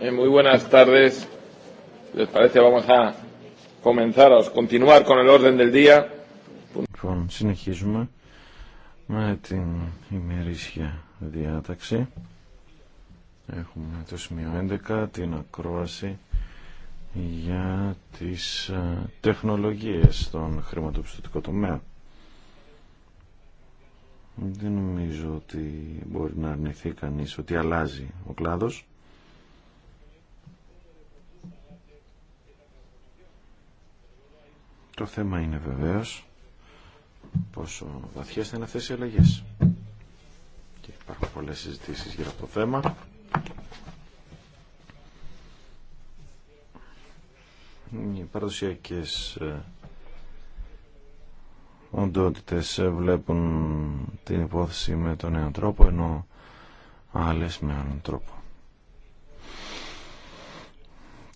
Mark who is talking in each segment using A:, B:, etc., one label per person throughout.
A: Λοιπόν, συνεχίζουμε με την ημερήσια διάταξη. Έχουμε το σημείο 11, την ακρόαση για τις ε, τεχνολογίες στον χρηματοπιστωτικό τομέα. Δεν νομίζω ότι μπορεί να αρνηθεί κανείς ότι αλλάζει ο κλάδος. Το θέμα είναι βεβαίω πόσο βαθιές θα είναι αυτές οι αλλαγές. Και υπάρχουν πολλές συζητήσεις γύρω από το θέμα. Οι παραδοσιακές ε, οντότητες ε, βλέπουν την υπόθεση με τον νέο τρόπο, ενώ άλλες με άλλον τρόπο.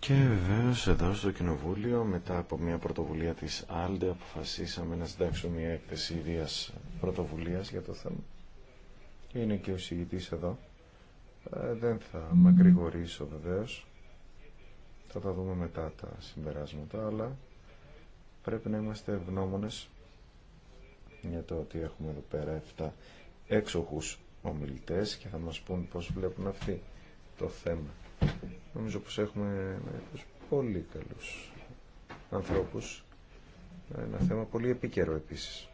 A: Και βεβαίω εδώ στο Κοινοβούλιο, μετά από μια πρωτοβουλία της Άλντε, αποφασίσαμε να συντάξουμε μια έκθεση ιδία πρωτοβουλία για το θέμα. είναι και ο συγητής εδώ. Ε, δεν θα μακρηγορήσω βεβαίω. Θα τα δούμε μετά τα συμπεράσματα, αλλά πρέπει να είμαστε ευγνώμονε για το ότι έχουμε εδώ πέρα 7 έξοχους ομιλητέ και θα μα πούν πώ βλέπουν αυτοί το θέμα. Νομίζω πως έχουμε μερικούς πολύ καλούς ανθρώπους. Ένα θέμα πολύ επίκαιρο επίσης.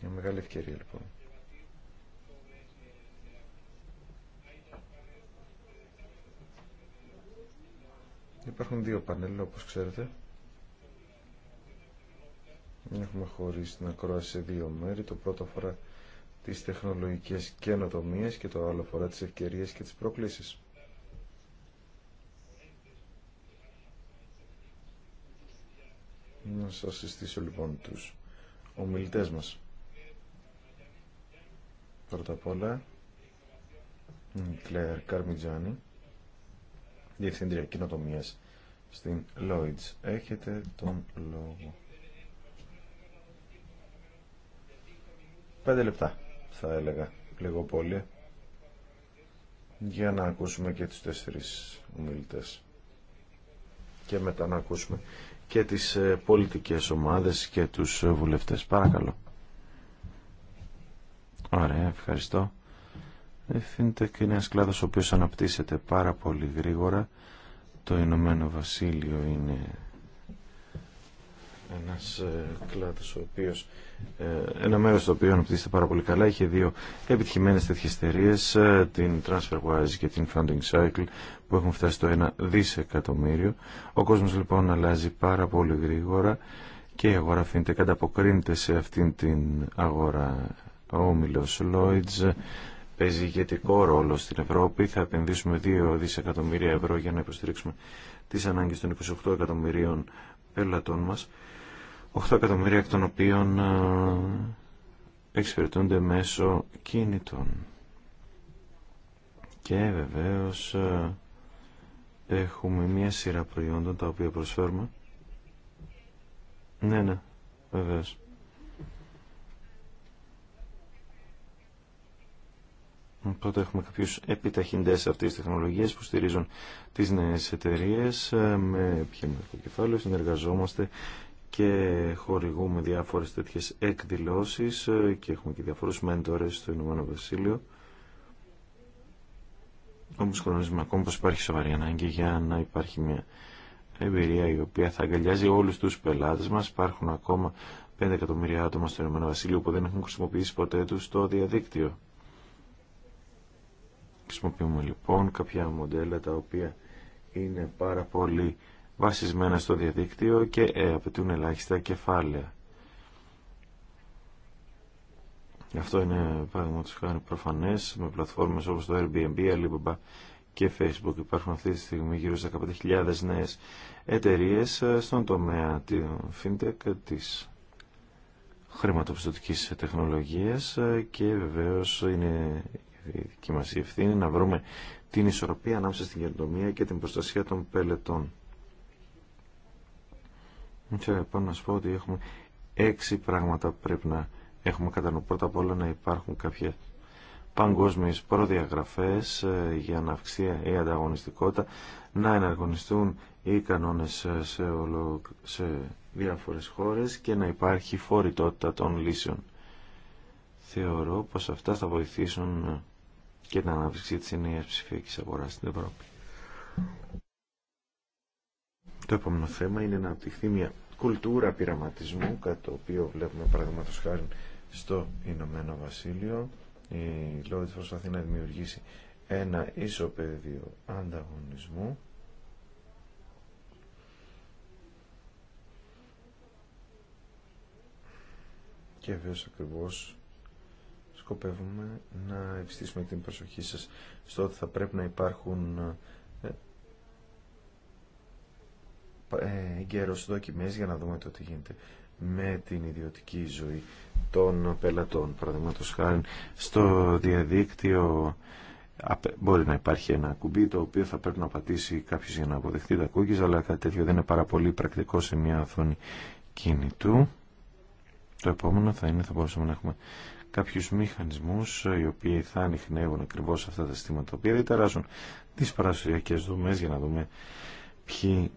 A: Μια μεγάλη ευκαιρία λοιπόν. Υπάρχουν δύο πανέλ, όπως ξέρετε. Έχουμε χωρίσει την ακρόαση σε δύο μέρη. Το πρώτο αφορά τις τεχνολογικές καινοτομίες και το άλλο φορά τις ευκαιρίες και τις προκλήσεις. Να σας συστήσω λοιπόν τους ομιλητές μας. Πρώτα απ' όλα, η Κλέρ Καρμιτζάνη, Διευθύντρια Κοινοτομίας στην Lloyds. Έχετε τον λόγο. Πέντε λεπτά θα έλεγα λίγο πολύ για να ακούσουμε και τους τέσσερις ομιλητές και μετά να ακούσουμε και τις ε, πολιτικές ομάδες και τους ε, βουλευτές. Παρακαλώ. Ωραία, ευχαριστώ. Ευθύνεται και ένας κλάδος ο οποίος αναπτύσσεται πάρα πολύ γρήγορα. Το Ηνωμένο Βασίλειο είναι ένας ε, κλάδος ο οποίος ε, ένα μέρος το οποίο αναπτύσσεται πάρα πολύ καλά είχε δύο επιτυχημένες τέτοιες εταιρείε, ε, την TransferWise και την Funding Cycle που έχουν φτάσει στο 1 δισεκατομμύριο ο κόσμος λοιπόν αλλάζει πάρα πολύ γρήγορα και η αγορά φαίνεται καταποκρίνεται σε αυτήν την αγορά ο Όμιλος Lloyds παίζει ηγετικό ρόλο στην Ευρώπη θα επενδύσουμε 2 δισεκατομμύρια ευρώ για να υποστηρίξουμε τις ανάγκες των 28 εκατομμυρίων πελατών μας 8 εκατομμύρια εκ των οποίων ε, εξυπηρετούνται μέσω κινητών. Και βεβαίως ε, έχουμε μία σειρά προϊόντων τα οποία προσφέρουμε. Ναι, ναι, βεβαίως. Οπότε έχουμε κάποιους επιταχυντές αυτής της τεχνολογίας που στηρίζουν τις νέες εταιρείες ε, με επιχειρηματικό κεφάλαιο. Συνεργαζόμαστε και χορηγούμε διάφορες τέτοιες εκδηλώσεις ε, και έχουμε και διάφορους μέντορες στο Ηνωμένο Βασίλειο. Όμως χρονίζουμε ακόμα πως υπάρχει σοβαρή ανάγκη για να υπάρχει μια εμπειρία η οποία θα αγκαλιάζει όλους τους πελάτες μας. Υπάρχουν ακόμα 5 εκατομμύρια άτομα στο Ηνωμένο Βασίλειο που δεν έχουν χρησιμοποιήσει ποτέ τους το διαδίκτυο. Χρησιμοποιούμε λοιπόν κάποια μοντέλα τα οποία είναι πάρα πολύ βασισμένα στο διαδίκτυο και ε, απαιτούν ελάχιστα κεφάλαια. Αυτό είναι πράγμα τους χάρη προφανές με πλατφόρμες όπως το Airbnb, Alibaba και Facebook. Υπάρχουν αυτή τη στιγμή γύρω στις 15.000 νέες εταιρείες ε, στον τομέα του FinTech, της χρηματοπιστωτικής τεχνολογίας ε, και βεβαίως είναι η δική μας ευθύνη να βρούμε την ισορροπία ανάμεσα στην καινοτομία και την προστασία των πελετών. Και πάνω να σου πω ότι έχουμε έξι πράγματα που πρέπει να έχουμε κατά νου. Πρώτα απ' όλα να υπάρχουν κάποιε παγκόσμιες προδιαγραφές ε, για να αυξηθεί η ανταγωνιστικότητα, να εναργωνιστούν οι κανόνες ε, σε, ολο... σε διάφορες χώρες και να υπάρχει φορητότητα των λύσεων. Θεωρώ πως αυτά θα βοηθήσουν ε, και την ανάπτυξη της νέα ψηφιακή αγορά στην Ευρώπη. Το επόμενο θέμα είναι να απτυχθεί μια κουλτούρα πειραματισμού, κατά το οποίο βλέπουμε παραδείγματος χάρη στο Ηνωμένο Βασίλειο. Η Λόιτ προσπαθεί να δημιουργήσει ένα ίσο πεδίο ανταγωνισμού. Και βέβαια ακριβώς σκοπεύουμε να επιστήσουμε την προσοχή σας στο ότι θα πρέπει να υπάρχουν Ε, εγκαίρω δοκιμέ για να δούμε το τι γίνεται με την ιδιωτική ζωή των πελατών. Παραδείγματο χάρη στο διαδίκτυο μπορεί να υπάρχει ένα κουμπί το οποίο θα πρέπει να πατήσει κάποιο για να αποδεχτεί τα κούκκι, αλλά κάτι τέτοιο δεν είναι πάρα πολύ πρακτικό σε μια οθόνη κινητού. Το επόμενο θα είναι θα μπορούσαμε να έχουμε κάποιους μηχανισμούς ε, οι οποίοι θα ανοιχνεύουν ακριβώς αυτά τα στήματα, τα οποία διαταράσσουν τις παρασυριακές δομές για να δούμε ποιοι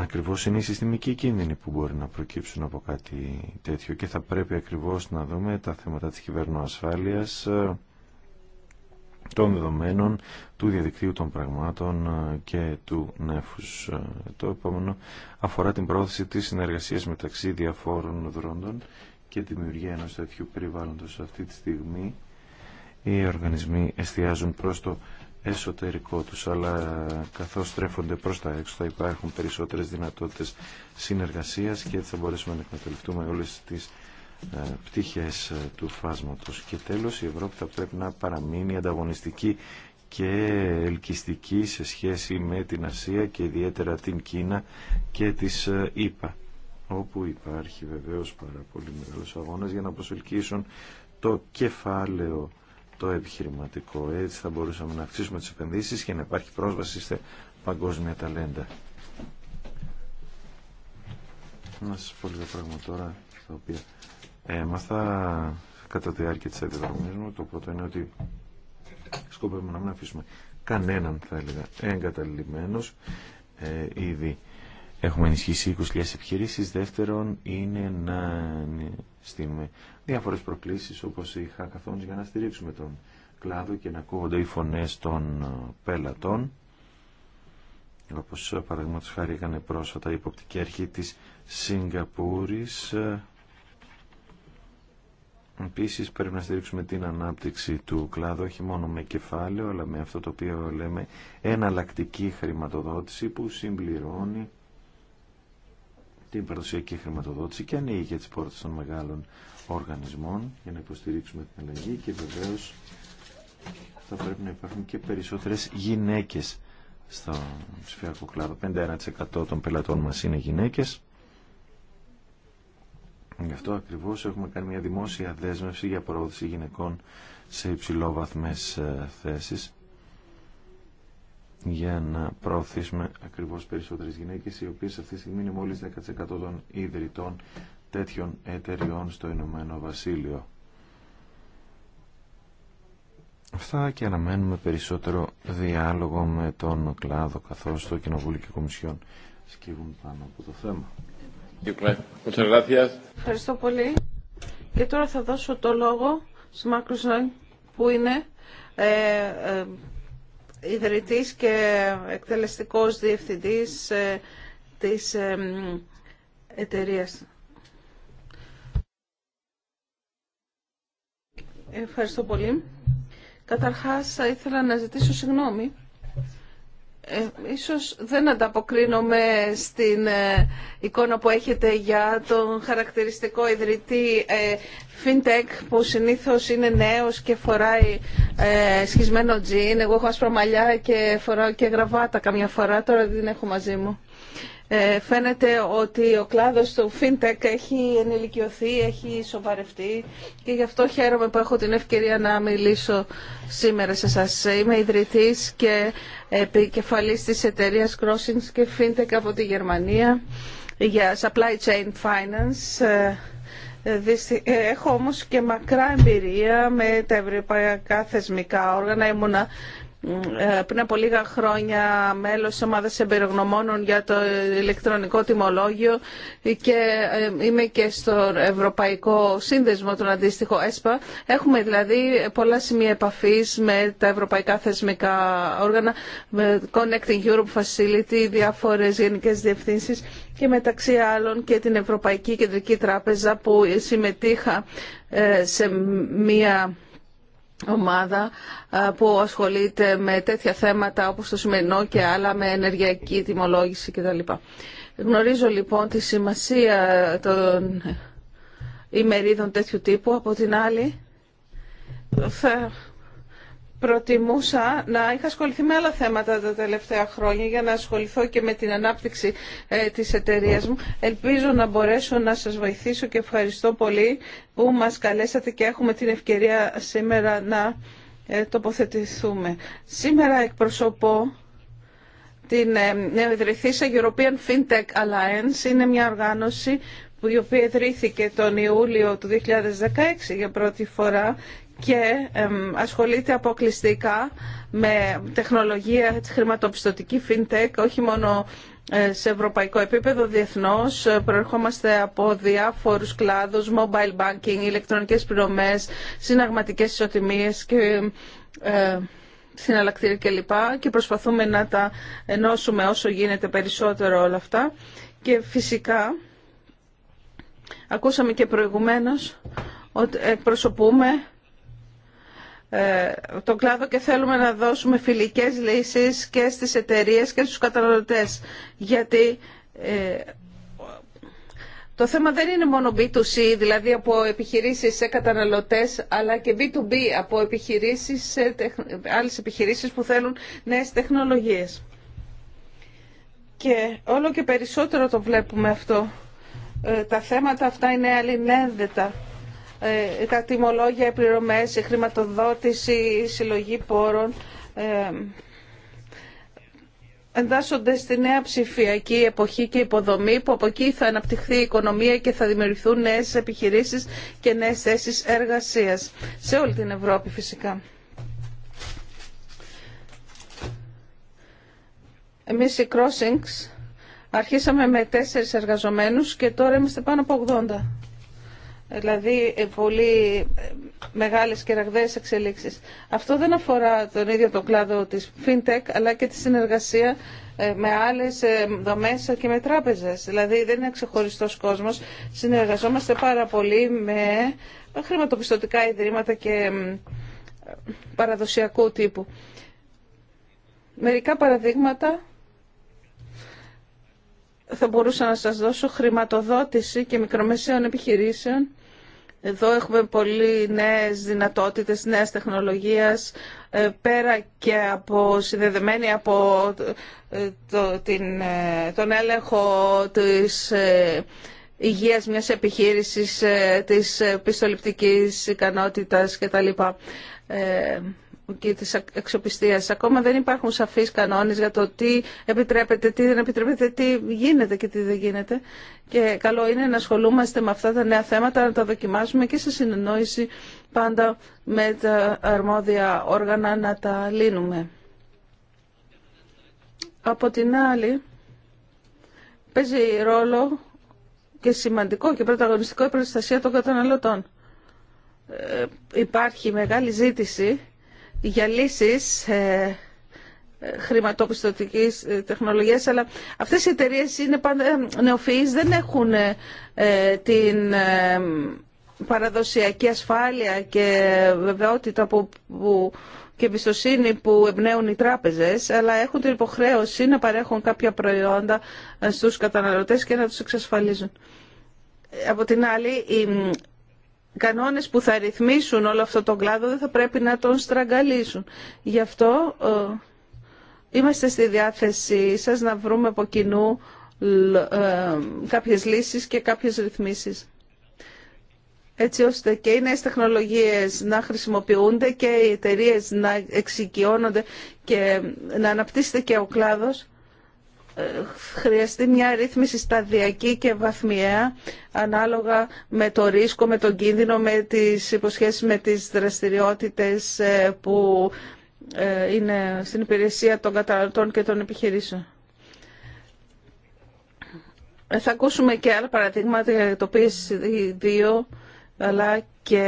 A: Ακριβώς είναι οι συστημικοί κίνδυνοι που μπορεί να προκύψουν από κάτι τέτοιο και θα πρέπει ακριβώς να δούμε τα θέματα της κυβερνοασφάλειας ε, των δεδομένων, του διαδικτύου των πραγμάτων ε, και του νέφους. Ε. Το επόμενο αφορά την πρόθεση της συνεργασίας μεταξύ διαφόρων δρόντων και τη δημιουργία ενός τέτοιου περιβάλλοντος αυτή τη στιγμή. Οι οργανισμοί εστιάζουν προς το εσωτερικό τους, αλλά καθώς στρέφονται προς τα έξω θα υπάρχουν περισσότερες δυνατότητες συνεργασίας και θα μπορέσουμε να εκμεταλλευτούμε όλες τις ε, πτυχές ε, του φάσματος. Και τέλος η Ευρώπη θα πρέπει να παραμείνει ανταγωνιστική και ελκυστική σε σχέση με την Ασία και ιδιαίτερα την Κίνα και τις ΙΠΑ ε, όπου υπάρχει βεβαίως πάρα πολύ μεγάλος αγώνας για να προσελκύσουν το κεφάλαιο το επιχειρηματικό. Έτσι θα μπορούσαμε να αυξήσουμε τις επενδύσεις και να υπάρχει πρόσβαση σε παγκόσμια ταλέντα. Να σας πω πράγματα τώρα τα οποία έμαθα κατά τη διάρκεια της αντιδρομής μου. Το πρώτο είναι ότι σκοπεύουμε να μην αφήσουμε κανέναν θα έλεγα εγκαταλειμμένος ε, ήδη έχουμε ενισχύσει 20.000 επιχειρήσεις δεύτερον είναι να στην διάφορες προκλήσεις όπως καθόλου για να στηρίξουμε τον κλάδο και να ακούγονται οι φωνές των ε, πελατών όπως ε, παραδείγματος χάρη έκανε πρόσφατα η υποπτική αρχή της Σιγκαπούρης ε, Επίση πρέπει να στηρίξουμε την ανάπτυξη του κλάδου όχι μόνο με κεφάλαιο αλλά με αυτό το οποίο λέμε εναλλακτική χρηματοδότηση που συμπληρώνει την παραδοσιακή χρηματοδότηση και ανοίγει για τις πόρτες των μεγάλων οργανισμών για να υποστηρίξουμε την αλλαγή και βεβαίω θα πρέπει να υπάρχουν και περισσότερες γυναίκες στο ψηφιακό κλάδο. 51% των πελατών μας είναι γυναίκες. Γι' αυτό ακριβώς έχουμε κάνει μια δημόσια δέσμευση για προώθηση γυναικών σε υψηλόβαθμες ε, θέσεις για να προωθήσουμε ακριβώς περισσότερες γυναίκες οι οποίες αυτή τη στιγμή είναι μόλις 10% των ιδρυτών τέτοιων εταιριών στο Ηνωμένο Βασίλειο. Αυτά και αναμένουμε περισσότερο διάλογο με τον κλάδο καθώς το Κοινοβούλιο και η Κομισιόν σκύβουν πάνω από το θέμα.
B: Ευχαριστώ πολύ. Και τώρα θα δώσω το λόγο στον Μάρκο που είναι ε, ε ιδρυτής και εκτελεστικός διευθυντής ε, της ε, εταιρείας. Ευχαριστώ πολύ. Καταρχάς, ήθελα να ζητήσω συγγνώμη ε, ίσως δεν ανταποκρίνομαι στην ε, εικόνα που έχετε για τον χαρακτηριστικό ιδρυτή ε, FinTech που συνήθως είναι νέος και φοράει σχισμένο τζιν. Εγώ έχω άσπρα μαλλιά και φοράω και γραβάτα καμιά φορά, τώρα δεν έχω μαζί μου. Ε, φαίνεται ότι ο κλάδος του FinTech έχει ενηλικιωθεί, έχει σοβαρευτεί και γι' αυτό χαίρομαι που έχω την ευκαιρία να μιλήσω σήμερα σε σας. Είμαι ιδρυτής και επικεφαλής της εταιρείας Crossings και FinTech από τη Γερμανία για Supply Chain Finance. Ε, ε, έχω όμως και μακρά εμπειρία με τα ευρωπαϊκά θεσμικά όργανα. Ήμουνα ε, πριν από λίγα χρόνια μέλος της ομάδας εμπειρογνωμόνων για το ηλεκτρονικό τιμολόγιο και ε, είμαι και στο Ευρωπαϊκό Σύνδεσμο, τον αντίστοιχο ΕΣΠΑ. Έχουμε δηλαδή πολλά σημεία επαφής με τα ευρωπαϊκά θεσμικά όργανα, με Connecting Europe Facility, διάφορες γενικές διευθύνσεις και μεταξύ άλλων και την Ευρωπαϊκή Κεντρική Τράπεζα που συμμετείχα ε, σε μία ομάδα που ασχολείται με τέτοια θέματα όπως το σημερινό και άλλα με ενεργειακή τιμολόγηση κτλ. Γνωρίζω λοιπόν τη σημασία των ημερίδων τέτοιου τύπου. Από την άλλη θα προτιμούσα να είχα ασχοληθεί με άλλα θέματα τα τελευταία χρόνια για να ασχοληθώ και με την ανάπτυξη ε, της εταιρείας μου. Ελπίζω να μπορέσω να σας βοηθήσω και ευχαριστώ πολύ που μας καλέσατε και έχουμε την ευκαιρία σήμερα να ε, τοποθετηθούμε. Σήμερα εκπροσωπώ την ιδρυθήσα ε, European FinTech Alliance. Είναι μια οργάνωση που η οποία ιδρύθηκε τον Ιούλιο του 2016 για πρώτη φορά και ασχολείται αποκλειστικά με τεχνολογία τη χρηματοπιστωτική fintech, όχι μόνο ε, σε ευρωπαϊκό επίπεδο, διεθνώς. Ε, προερχόμαστε από διάφορους κλάδους, mobile banking, ηλεκτρονικές πληρωμές, συναγματικές ισοτιμίες και ε, συναλλακτήρια κλπ. Και προσπαθούμε να τα ενώσουμε όσο γίνεται περισσότερο όλα αυτά. Και φυσικά, ακούσαμε και προηγουμένως ότι εκπροσωπούμε ε, τον κλάδο και θέλουμε να δώσουμε φιλικές λύσεις και στις εταιρείες και στους καταναλωτές. Γιατί ε, το θέμα δεν είναι μόνο B2C, δηλαδή από επιχειρήσεις σε καταναλωτές, αλλά και B2B από επιχειρήσεις σε άλλες επιχειρήσεις που θέλουν νέες τεχνολογίες. Και όλο και περισσότερο το βλέπουμε αυτό. Ε, τα θέματα αυτά είναι αλληλένδετα ε, τα τιμολόγια, οι πληρωμές, η χρηματοδότηση, η συλλογή πόρων ε, εντάσσονται στη νέα ψηφιακή εποχή και υποδομή που από εκεί θα αναπτυχθεί η οικονομία και θα δημιουργηθούν νέες επιχειρήσεις και νέες θέσεις εργασίας σε όλη την Ευρώπη φυσικά. Εμείς οι Crossings αρχίσαμε με τέσσερις εργαζομένους και τώρα είμαστε πάνω από δηλαδή ε, πολύ ε, μεγάλες και ραγδαίες εξελίξεις. Αυτό δεν αφορά τον ίδιο τον κλάδο της FinTech, αλλά και τη συνεργασία ε, με άλλες δομές και με τράπεζες. Δηλαδή δεν είναι ξεχωριστός κόσμος. Συνεργαζόμαστε πάρα πολύ με χρηματοπιστωτικά ιδρύματα και παραδοσιακού τύπου. Μερικά παραδείγματα θα μπορούσα να σας δώσω χρηματοδότηση και μικρομεσαίων επιχειρήσεων. Εδώ έχουμε πολύ νέες δυνατότητες, νέες τεχνολογίες, ε, πέρα και από συνδεδεμένη από ε, το, την, ε, τον έλεγχο της υγείας μιας επιχείρησης, της πιστοληπτικής ικανότητας κτλ και της εξοπιστίας. Ακόμα δεν υπάρχουν σαφείς κανόνες για το τι επιτρέπεται, τι δεν επιτρέπεται, τι γίνεται και τι δεν γίνεται. Και καλό είναι να ασχολούμαστε με αυτά τα νέα θέματα, να τα δοκιμάσουμε και σε συνεννόηση πάντα με τα αρμόδια όργανα να τα λύνουμε. Από την άλλη, παίζει ρόλο και σημαντικό και πρωταγωνιστικό η προστασία των καταναλωτών. Ε, υπάρχει μεγάλη ζήτηση για λύσεις ε, ε, χρηματοπιστωτικής ε, τεχνολογίας, αλλά αυτές οι εταιρείες είναι πάντα νεοφυείς, δεν έχουν την παραδοσιακή ασφάλεια και βεβαιότητα που, που, και εμπιστοσύνη που εμπνέουν οι τράπεζες, αλλά έχουν την υποχρέωση να παρέχουν κάποια προϊόντα στους καταναλωτές και να τους εξασφαλίζουν. Από την άλλη, κανόνες που θα ρυθμίσουν όλο αυτό το κλάδο δεν θα πρέπει να τον στραγγαλίσουν. Γι' αυτό ε, είμαστε στη διάθεσή σας να βρούμε από κοινού ε, κάποιες λύσεις και κάποιες ρυθμίσεις. Έτσι ώστε και οι νέες τεχνολογίες να χρησιμοποιούνται και οι εταιρείε να εξοικειώνονται και να αναπτύσσεται και ο κλάδος χρειαστεί μια ρύθμιση σταδιακή και βαθμιαία ανάλογα με το ρίσκο, με τον κίνδυνο, με τις υποσχέσεις, με τις δραστηριότητες ε, που ε, είναι στην υπηρεσία των καταναλωτών και των επιχειρήσεων. Ε, θα ακούσουμε και άλλα παραδείγματα για το PS2 αλλά και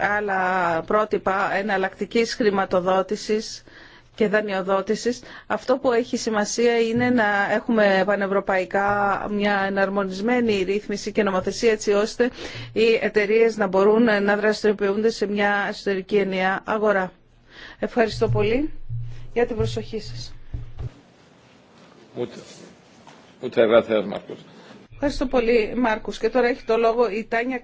B: άλλα πρότυπα εναλλακτικής χρηματοδότησης και δανειοδότησης. Αυτό που έχει σημασία είναι να έχουμε πανευρωπαϊκά μια εναρμονισμένη ρύθμιση και νομοθεσία έτσι ώστε οι εταιρείε να μπορούν να δραστηριοποιούνται σε μια εσωτερική ενιαία αγορά. Ευχαριστώ πολύ για την προσοχή σας.
C: Ε,
B: Ευχαριστώ πολύ Μάρκους. Και τώρα έχει το λόγο η Τάνια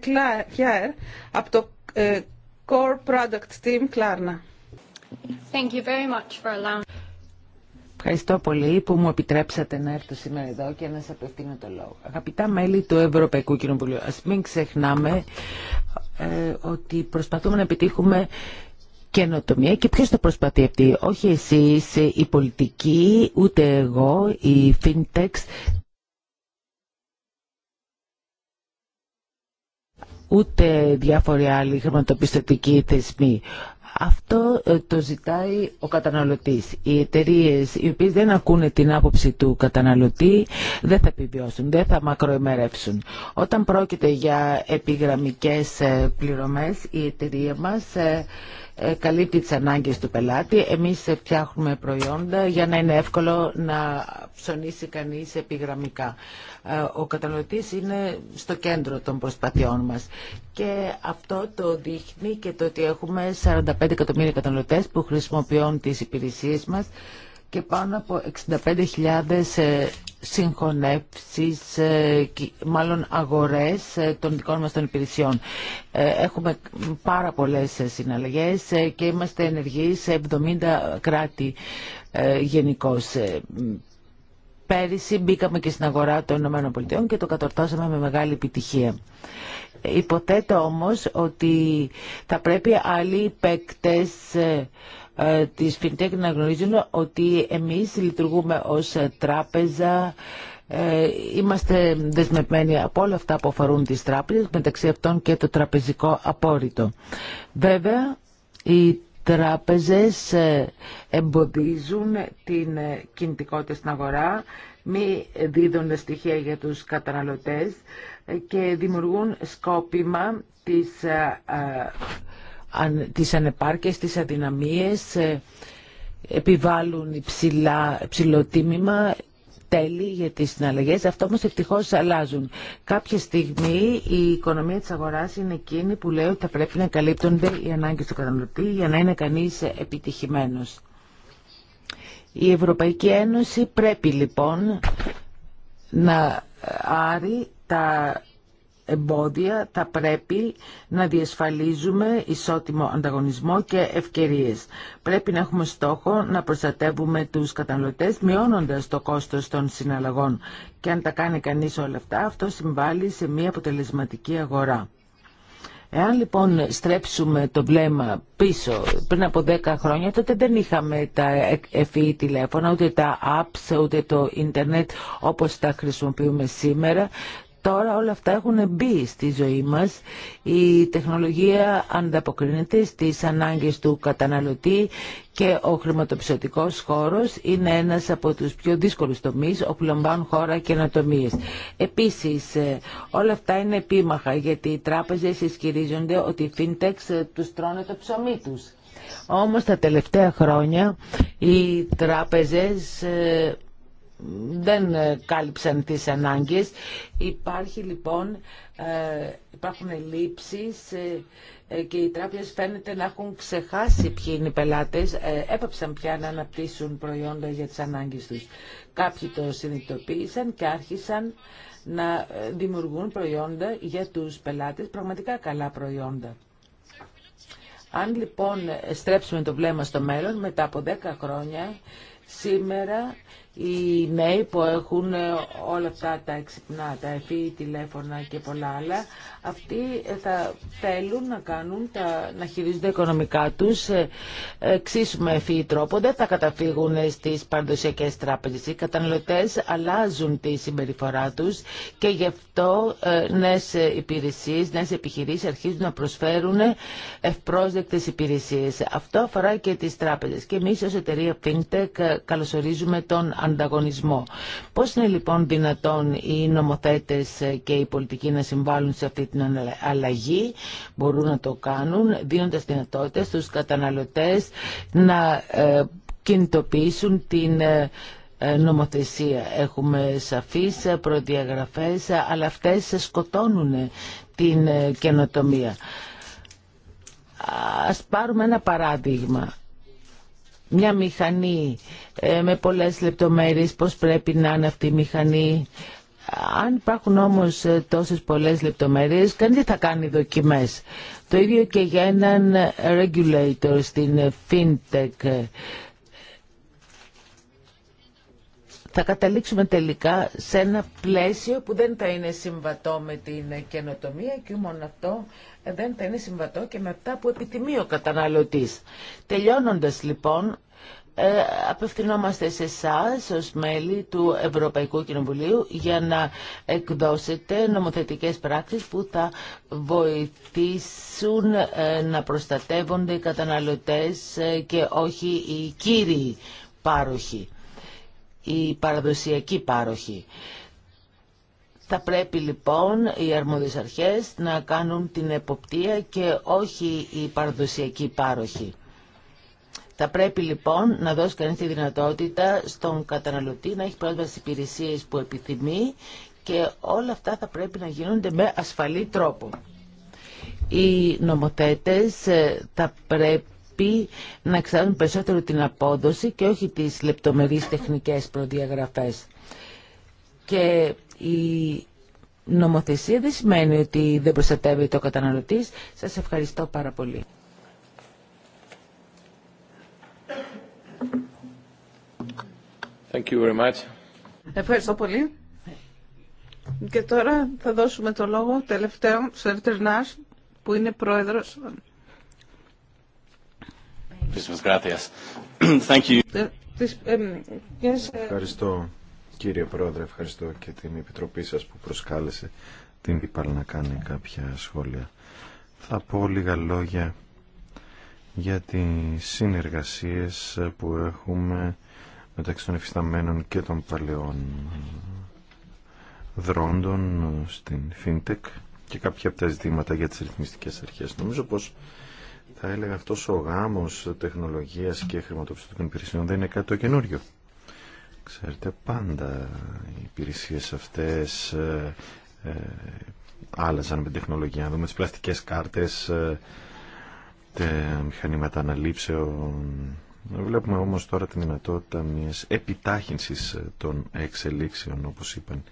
B: Κλάερ από το ε, Core Product Team Κλάρνα.
D: Ευχαριστώ πολύ που μου επιτρέψατε να έρθω σήμερα εδώ και να σας απευθύνω το λόγο. Αγαπητά μέλη του Ευρωπαϊκού Κοινοβουλίου, ας μην ξεχνάμε ε, ότι προσπαθούμε να επιτύχουμε καινοτομία και ποιος το προσπαθεί αυτή. Όχι εσείς, η πολιτική, ούτε εγώ, η fintechs, ούτε διάφοροι άλλοι χρηματοπιστωτικοί θεσμοί. Αυτό ε, το ζητάει ο καταναλωτής. Οι εταιρείε οι οποίες δεν ακούνε την άποψη του καταναλωτή δεν θα επιβιώσουν, δεν θα μακροημερεύσουν. Όταν πρόκειται για επιγραμμικές ε, πληρωμές, η εταιρεία μας ε, ε, καλύπτει τις ανάγκες του πελάτη. Εμείς φτιάχνουμε προϊόντα για να είναι εύκολο να ψωνίσει κανείς επιγραμμικά. Ε, ο καταναλωτής είναι στο κέντρο των προσπαθειών μας. Και αυτό το δείχνει και το ότι έχουμε 45 εκατομμύρια καταναλωτές που χρησιμοποιούν τις υπηρεσίες μας και πάνω από 65.000 ε, συγχωνεύσεις, ε, μάλλον αγορές ε, των δικών μας των υπηρεσιών. Έχουμε πάρα πολλές συναλλαγές και είμαστε ενεργοί σε 70 κράτη γενικώ. Πέρυσι μπήκαμε και στην αγορά των πολιτειών και το κατορτάσαμε με μεγάλη επιτυχία. Υποθέτω όμως ότι θα πρέπει άλλοι παίκτες ε, της FinTech να γνωρίζουν ότι εμείς λειτουργούμε ως τράπεζα ε, είμαστε δεσμευμένοι από όλα αυτά που αφορούν τις τράπεζες, μεταξύ αυτών και το τραπεζικό απόρριτο. Βέβαια, οι τράπεζες ε, εμποδίζουν την κινητικότητα στην αγορά, μη δίδουν στοιχεία για τους καταναλωτές και δημιουργούν σκόπιμα της τις ανεπάρκειες, τις αδυναμίες, ε, επιβάλλουν υψηλά, υψηλό τίμημα, τέλη για τις συναλλαγές. Αυτό όμως ευτυχώς αλλάζουν. Κάποια στιγμή η οικονομία της αγοράς είναι εκείνη που λέει ότι θα πρέπει να καλύπτονται οι ανάγκες του καταναλωτή για να είναι κανείς επιτυχημένος. Η Ευρωπαϊκή Ένωση πρέπει λοιπόν να άρει τα εμπόδια θα πρέπει να διασφαλίζουμε ισότιμο ανταγωνισμό και ευκαιρίες. Πρέπει να έχουμε στόχο να προστατεύουμε τους καταναλωτές μειώνοντας το κόστος των συναλλαγών. Και αν τα κάνει κανείς όλα αυτά, αυτό συμβάλλει σε μια αποτελεσματική αγορά. Εάν λοιπόν στρέψουμε το βλέμμα πίσω πριν από 10 χρόνια, τότε δεν είχαμε τα FE τηλέφωνα, ούτε τα apps, ούτε το ίντερνετ όπως τα χρησιμοποιούμε σήμερα. Τώρα όλα αυτά έχουν μπει στη ζωή μας. Η τεχνολογία ανταποκρίνεται στις ανάγκες του καταναλωτή και ο χρηματοπιστωτικός χώρος είναι ένας από τους πιο δύσκολους τομείς όπου λαμβάνουν χώρα και ανατομίες. Επίσης, ε, όλα αυτά είναι επίμαχα γιατί οι τράπεζες ισχυρίζονται ότι οι fintechs ε, τους τρώνε το ψωμί τους. Όμως τα τελευταία χρόνια οι τράπεζες ε, δεν ε, κάλυψαν τις ανάγκες. Υπάρχει λοιπόν, ε, υπάρχουν λήψεις ε, και οι τράπεζες φαίνεται να έχουν ξεχάσει ποιοι είναι οι πελάτες, έπαψαν πια να αναπτύσσουν προϊόντα για τις ανάγκες τους. Κάποιοι το συνειδητοποίησαν και άρχισαν να δημιουργούν προϊόντα για τους πελάτες, πραγματικά καλά προϊόντα. Αν λοιπόν στρέψουμε το βλέμμα στο μέλλον, μετά από 10 χρόνια, σήμερα οι νέοι που έχουν ε, όλα αυτά τα εξυπνά, τα εφή, τηλέφωνα και πολλά άλλα, αυτοί ε, θα θέλουν να κάνουν, τα, να χειρίζονται οικονομικά τους ε, εξίσου με τρόπο, δεν θα καταφύγουν στις παραδοσιακές τράπεζες. Οι καταναλωτές αλλάζουν τη συμπεριφορά τους και γι' αυτό νέες υπηρεσίες, νέες επιχειρήσεις αρχίζουν να προσφέρουν ευπρόσδεκτες υπηρεσίες. Αυτό αφορά και τις τράπεζες. Και εμείς ως εταιρεία FinTech καλωσορίζουμε τον ανταγωνισμό. Πώς είναι λοιπόν δυνατόν οι νομοθέτες και οι πολιτικοί να συμβάλλουν σε αυτή την αλλαγή, μπορούν να το κάνουν δίνοντας δυνατότητα στους καταναλωτές να ε, κινητοποιήσουν την ε, ε, νομοθεσία. Έχουμε σαφείς προδιαγραφές, αλλά αυτές σκοτώνουν την καινοτομία. Ας πάρουμε ένα παράδειγμα μια μηχανή ε, με πολλές λεπτομέρειες, πώς πρέπει να είναι αυτή η μηχανή. Αν υπάρχουν όμως ε, τόσες πολλές λεπτομέρειες, κανείς δεν θα κάνει δοκιμές. Το ίδιο και για έναν regulator στην FinTech. Θα καταλήξουμε τελικά σε ένα πλαίσιο που δεν θα είναι συμβατό με την καινοτομία και μόνο αυτό δεν θα είναι συμβατό και με αυτά που επιτιμεί ο καταναλωτής. Τελειώνοντας λοιπόν, ε, απευθυνόμαστε σε εσά ως μέλη του Ευρωπαϊκού Κοινοβουλίου για να εκδώσετε νομοθετικές πράξεις που θα βοηθήσουν ε, να προστατεύονται οι καταναλωτές ε, και όχι οι κύριοι πάροχοι, οι παραδοσιακοί πάροχοι. Θα πρέπει λοιπόν οι αρμόδιες αρχές να κάνουν την εποπτεία και όχι η παραδοσιακοί πάροχοι. Θα πρέπει λοιπόν να δώσει κανείς τη δυνατότητα στον καταναλωτή να έχει πρόσβαση στις υπηρεσίες που επιθυμεί και όλα αυτά θα πρέπει να γίνονται με ασφαλή τρόπο. Οι νομοθέτες ε, θα πρέπει να εξάρουν περισσότερο την απόδοση και όχι τις λεπτομερείς τεχνικές προδιαγραφές. Και η νομοθεσία δεν σημαίνει ότι δεν προστατεύεται ο καταναλωτής. Σας ευχαριστώ πάρα πολύ.
A: Thank you very much.
B: Ευχαριστώ πολύ. Και τώρα θα δώσουμε το λόγο τελευταίο σε Ερτερνάς που είναι πρόεδρος. Ε, ευχαριστώ.
A: Ευχαριστώ. Κύριε Πρόεδρε, ευχαριστώ και την Επιτροπή σας που προσκάλεσε την ΥΠΑΛ να κάνει κάποια σχόλια. Θα πω λίγα λόγια για τις συνεργασίες που έχουμε μεταξύ των εφισταμένων και των παλαιών δρόντων στην FinTech και κάποια από τα ζητήματα για τις ρυθμιστικές αρχές. Νομίζω πως θα έλεγα αυτός ο γάμος τεχνολογίας και χρηματοπιστωτικών υπηρεσιών δεν είναι κάτι το καινούριο. Ξέρετε, πάντα οι υπηρεσίες αυτές ε, ε, άλλαζαν με την τεχνολογία. Αν δούμε τις πλαστικές κάρτες, ε, τα μηχανήματα αναλήψεων. Βλέπουμε όμως τώρα τη δυνατότητα μιας επιτάχυνσης ε, των εξελίξεων, όπως είπαν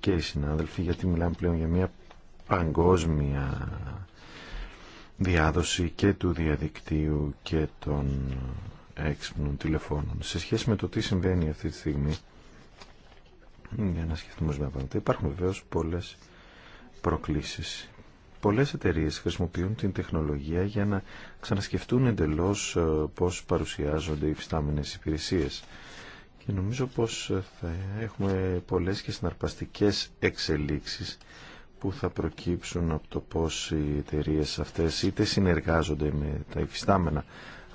A: και οι συνάδελφοι, γιατί μιλάμε πλέον για μια παγκόσμια διάδοση και του διαδικτύου και των έξυπνων τηλεφώνων. Σε σχέση με το τι συμβαίνει αυτή τη στιγμή, για να σκεφτούμε με πράγματα, υπάρχουν βεβαίω πολλέ προκλήσει. Πολλέ εταιρείε χρησιμοποιούν την τεχνολογία για να ξανασκεφτούν εντελώ ε, πώ παρουσιάζονται οι φυστάμενε υπηρεσίε. Και νομίζω πως ε, θα έχουμε πολλέ και συναρπαστικέ εξελίξει που θα προκύψουν από το πώς οι εταιρείε αυτές είτε συνεργάζονται με τα υφιστάμενα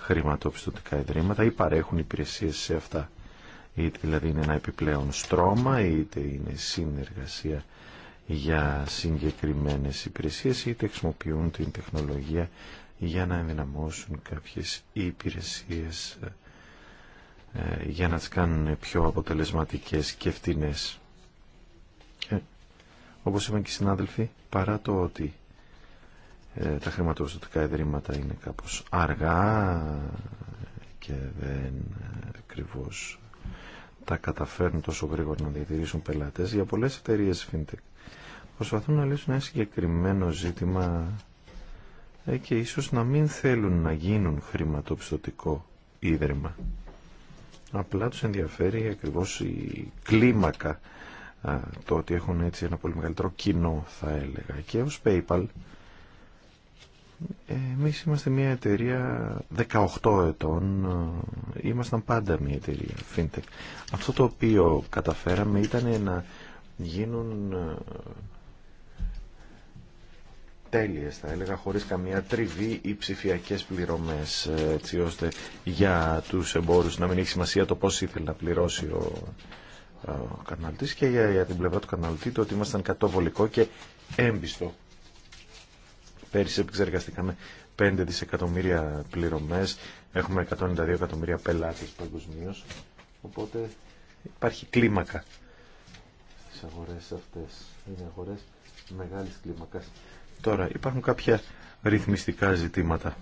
A: χρηματοπιστωτικά ιδρύματα ή παρέχουν υπηρεσίες σε αυτά. Είτε δηλαδή είναι ένα επιπλέον στρώμα, είτε είναι συνεργασία για συγκεκριμένες υπηρεσίες, είτε χρησιμοποιούν την τεχνολογία για να ενδυναμώσουν κάποιες υπηρεσίες ε, για να τις κάνουν πιο αποτελεσματικές και φτηνές. Ε, όπως είπαν και οι συνάδελφοι, παρά το ότι ε, τα χρηματοδοτικά ιδρύματα είναι κάπως αργά και δεν ακριβώ τα καταφέρνουν τόσο γρήγορα να διατηρήσουν πελάτες για πολλές εταιρείες fintech προσπαθούν να λύσουν ένα συγκεκριμένο ζήτημα ε, και ίσως να μην θέλουν να γίνουν χρηματοπιστωτικό ίδρυμα απλά τους ενδιαφέρει ακριβώς η κλίμακα ε, το ότι έχουν έτσι ένα πολύ μεγαλύτερο κοινό θα έλεγα και ως PayPal εμείς είμαστε μια εταιρεία 18 ετών, ε, ήμασταν πάντα μια εταιρεία fintech. Αυτό το οποίο καταφέραμε ήταν να γίνουν ε, τέλειες θα έλεγα χωρίς καμία τριβή ή ψηφιακές πληρωμές ε, έτσι ώστε για τους εμπόρους να μην έχει σημασία το πώς ήθελε να πληρώσει ο, ο και για, την πλευρά του καναλτή το ότι ήμασταν κατοβολικό και έμπιστο Πέρυσι επεξεργαστήκαμε 5 δισεκατομμύρια πληρωμές, έχουμε 192 εκατομμύρια πελάτες παγκοσμίω. οπότε υπάρχει κλίμακα στις αγορές αυτές. Είναι αγορές μεγάλης κλίμακας. Τώρα υπάρχουν κάποια ρυθμιστικά ζητήματα.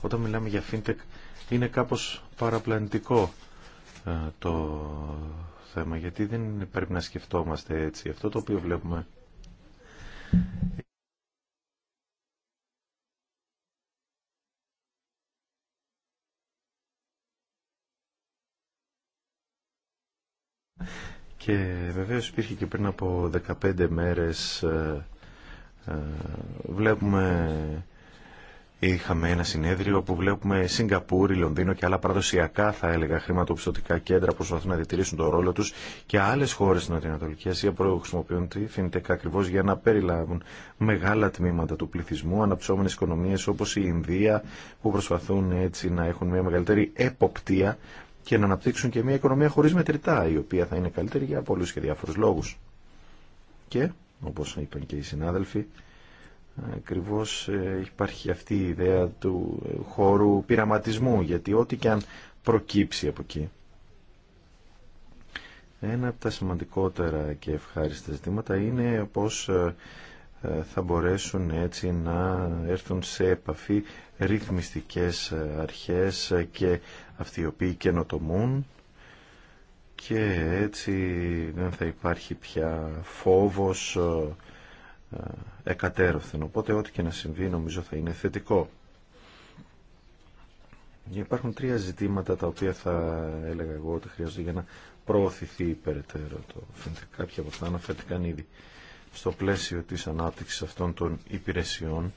A: Όταν μιλάμε για fintech είναι κάπως παραπλανητικό ε, το θέμα, γιατί δεν πρέπει να σκεφτόμαστε έτσι. Αυτό το οποίο βλέπουμε Και βεβαίω υπήρχε και πριν από 15 μέρες ε, ε, βλέπουμε Είχαμε ένα συνέδριο που βλέπουμε Σιγκαπούρη, Λονδίνο και άλλα παραδοσιακά θα έλεγα χρηματοπιστωτικά κέντρα που προσπαθούν να διατηρήσουν τον ρόλο του και άλλε χώρε στην Νοτιοανατολική Ασία που χρησιμοποιούν τη φινιτεκ ακριβώ για να περιλάβουν μεγάλα τμήματα του πληθυσμού, αναψώμενες οικονομίε όπω η Ινδία που προσπαθούν έτσι να έχουν μια μεγαλύτερη εποπτεία και να αναπτύξουν και μια οικονομία χωρί μετρητά η οποία θα είναι καλύτερη για πολλού και διάφορου λόγου. Και όπω είπαν και οι συνάδελφοι, ακριβώς ε, υπάρχει αυτή η ιδέα του ε, χώρου πειραματισμού γιατί ό,τι και αν προκύψει από εκεί ένα από τα σημαντικότερα και ευχάριστα ζητήματα είναι πως ε, θα μπορέσουν έτσι να έρθουν σε επαφή ρυθμιστικές αρχές και αυτοί οι οποίοι καινοτομούν και έτσι δεν θα υπάρχει πια φόβος ε, εκατέρωθεν. Οπότε ό,τι και να συμβεί νομίζω θα είναι θετικό. Υπάρχουν τρία ζητήματα τα οποία θα έλεγα εγώ ότι χρειάζεται για να προωθηθεί υπεραιτέρω το Κάποια από αυτά αναφέρθηκαν ήδη. Στο πλαίσιο της ανάπτυξης αυτών των υπηρεσιών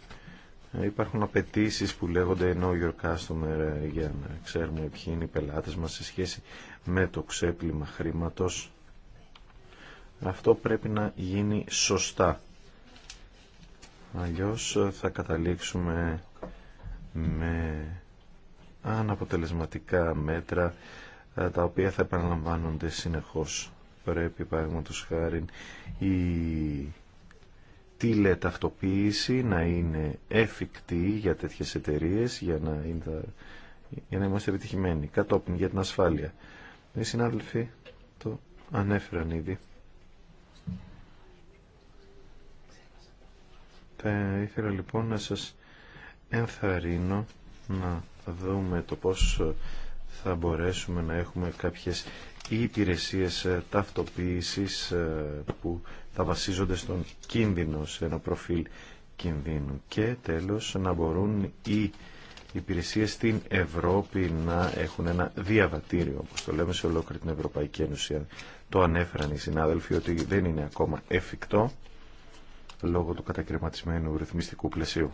A: ε, υπάρχουν απαιτήσει που λέγονται know your customer ε, για να ξέρουμε ποιοι είναι οι πελάτες μας σε σχέση με το ξέπλυμα χρήματος. Αυτό πρέπει να γίνει σωστά Αλλιώς ε, θα καταλήξουμε με αναποτελεσματικά μέτρα ε, τα οποία θα επαναλαμβάνονται συνεχώς. Πρέπει παραδείγματος χάρη η τηλεταυτοποίηση να είναι εφικτή για τέτοιες εταιρείες για να, είναι, για να είμαστε επιτυχημένοι. Κατόπιν για την ασφάλεια. Οι συνάδελφοι το ανέφεραν ήδη. Θα ήθελα λοιπόν να σας ενθαρρύνω να δούμε το πώς θα μπορέσουμε να έχουμε κάποιες υπηρεσίες ταυτοποίησης ε, που θα βασίζονται στον κίνδυνο, σε ένα προφίλ κινδύνου. Και τέλος να μπορούν οι υπηρεσίες στην Ευρώπη να έχουν ένα διαβατήριο, όπως το λέμε σε ολόκληρη την Ευρωπαϊκή Ένωση. Το ανέφεραν οι συνάδελφοι ότι δεν είναι ακόμα εφικτό λόγω του κατακρεματισμένου ρυθμιστικού πλαισίου.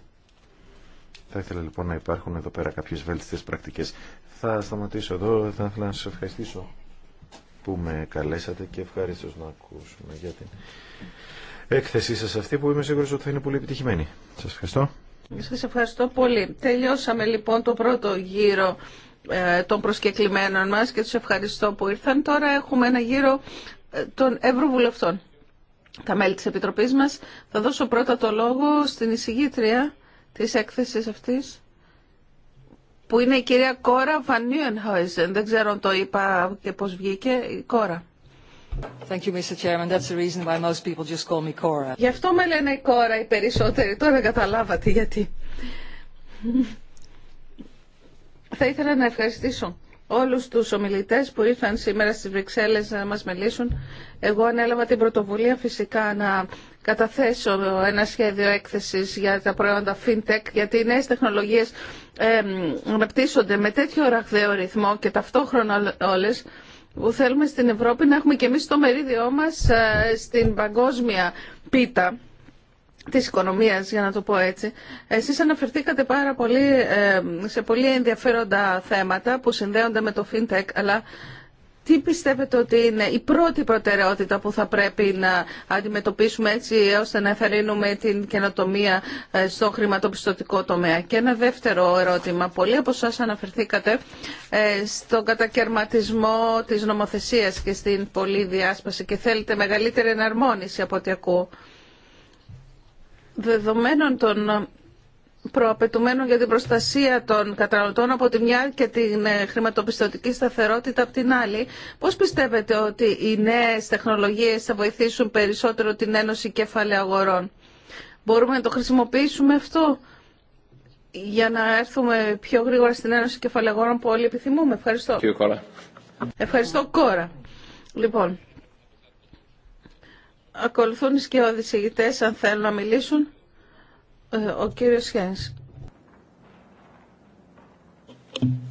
A: Θα ήθελα λοιπόν να υπάρχουν εδώ πέρα κάποιες βέλτιστες πρακτικές. Θα σταματήσω εδώ, θα ήθελα να σας ευχαριστήσω που με καλέσατε και ευχαριστώ να ακούσουμε για την έκθεσή σας αυτή που είμαι σίγουρος ότι θα είναι πολύ επιτυχημένη. Σας ευχαριστώ.
B: Σας ευχαριστώ πολύ. Τελειώσαμε λοιπόν το πρώτο γύρο ε, των προσκεκλημένων μας και τους ευχαριστώ που ήρθαν. Τώρα έχουμε ένα γύρο ε, των Ευρωβουλευτών τα μέλη της Επιτροπής μας. Θα δώσω πρώτα το λόγο στην εισηγήτρια της έκθεσης αυτής, που είναι η κυρία Κόρα Βανιουενχόιζεν. Δεν ξέρω αν το είπα και πώς βγήκε η Κόρα. Thank you, Mr. Chairman.
D: That's the reason why most people just call me
B: Cora. Γι' αυτό με λένε η Κόρα οι περισσότεροι. Τώρα καταλάβατε γιατί. Θα ήθελα να ευχαριστήσω όλους τους ομιλητές που ήρθαν σήμερα στις Βρυξέλλες να μας μιλήσουν. Εγώ ανέλαβα την πρωτοβουλία φυσικά να καταθέσω ένα σχέδιο έκθεσης για τα προϊόντα FinTech, γιατί οι νέες τεχνολογίες αναπτύσσονται με τέτοιο ραχδαίο ρυθμό και ταυτόχρονα όλες, που θέλουμε στην Ευρώπη να έχουμε και εμείς το μερίδιό μας ε, στην παγκόσμια πίτα της οικονομίας, για να το πω έτσι. Εσείς αναφερθήκατε πάρα πολύ ε, σε πολύ ενδιαφέροντα θέματα που συνδέονται με το FinTech, αλλά τι πιστεύετε ότι είναι η πρώτη προτεραιότητα που θα πρέπει να αντιμετωπίσουμε έτσι ώστε να εθαρρύνουμε την καινοτομία ε, στο χρηματοπιστωτικό τομέα. Και ένα δεύτερο ερώτημα. Πολλοί από εσά αναφερθήκατε ε, στον κατακαιρματισμό της νομοθεσίας και στην πολλή διάσπαση και θέλετε μεγαλύτερη εναρμόνιση από ό,τι ακούω δεδομένων των προαπαιτουμένων για την προστασία των καταναλωτών από τη μια και την ε, χρηματοπιστωτική σταθερότητα από την άλλη. Πώς πιστεύετε ότι οι νέες τεχνολογίες θα βοηθήσουν περισσότερο την Ένωση Κεφαλαίου Αγορών. Μπορούμε να το χρησιμοποιήσουμε αυτό για να έρθουμε πιο γρήγορα στην Ένωση Κεφαλαίου Αγορών που όλοι επιθυμούμε. Ευχαριστώ. Ευχαριστώ, Κόρα. Λοιπόν, Ακολουθούν οι σκιώδεις αν θέλουν να μιλήσουν. Ε, ο κύριος Χένς.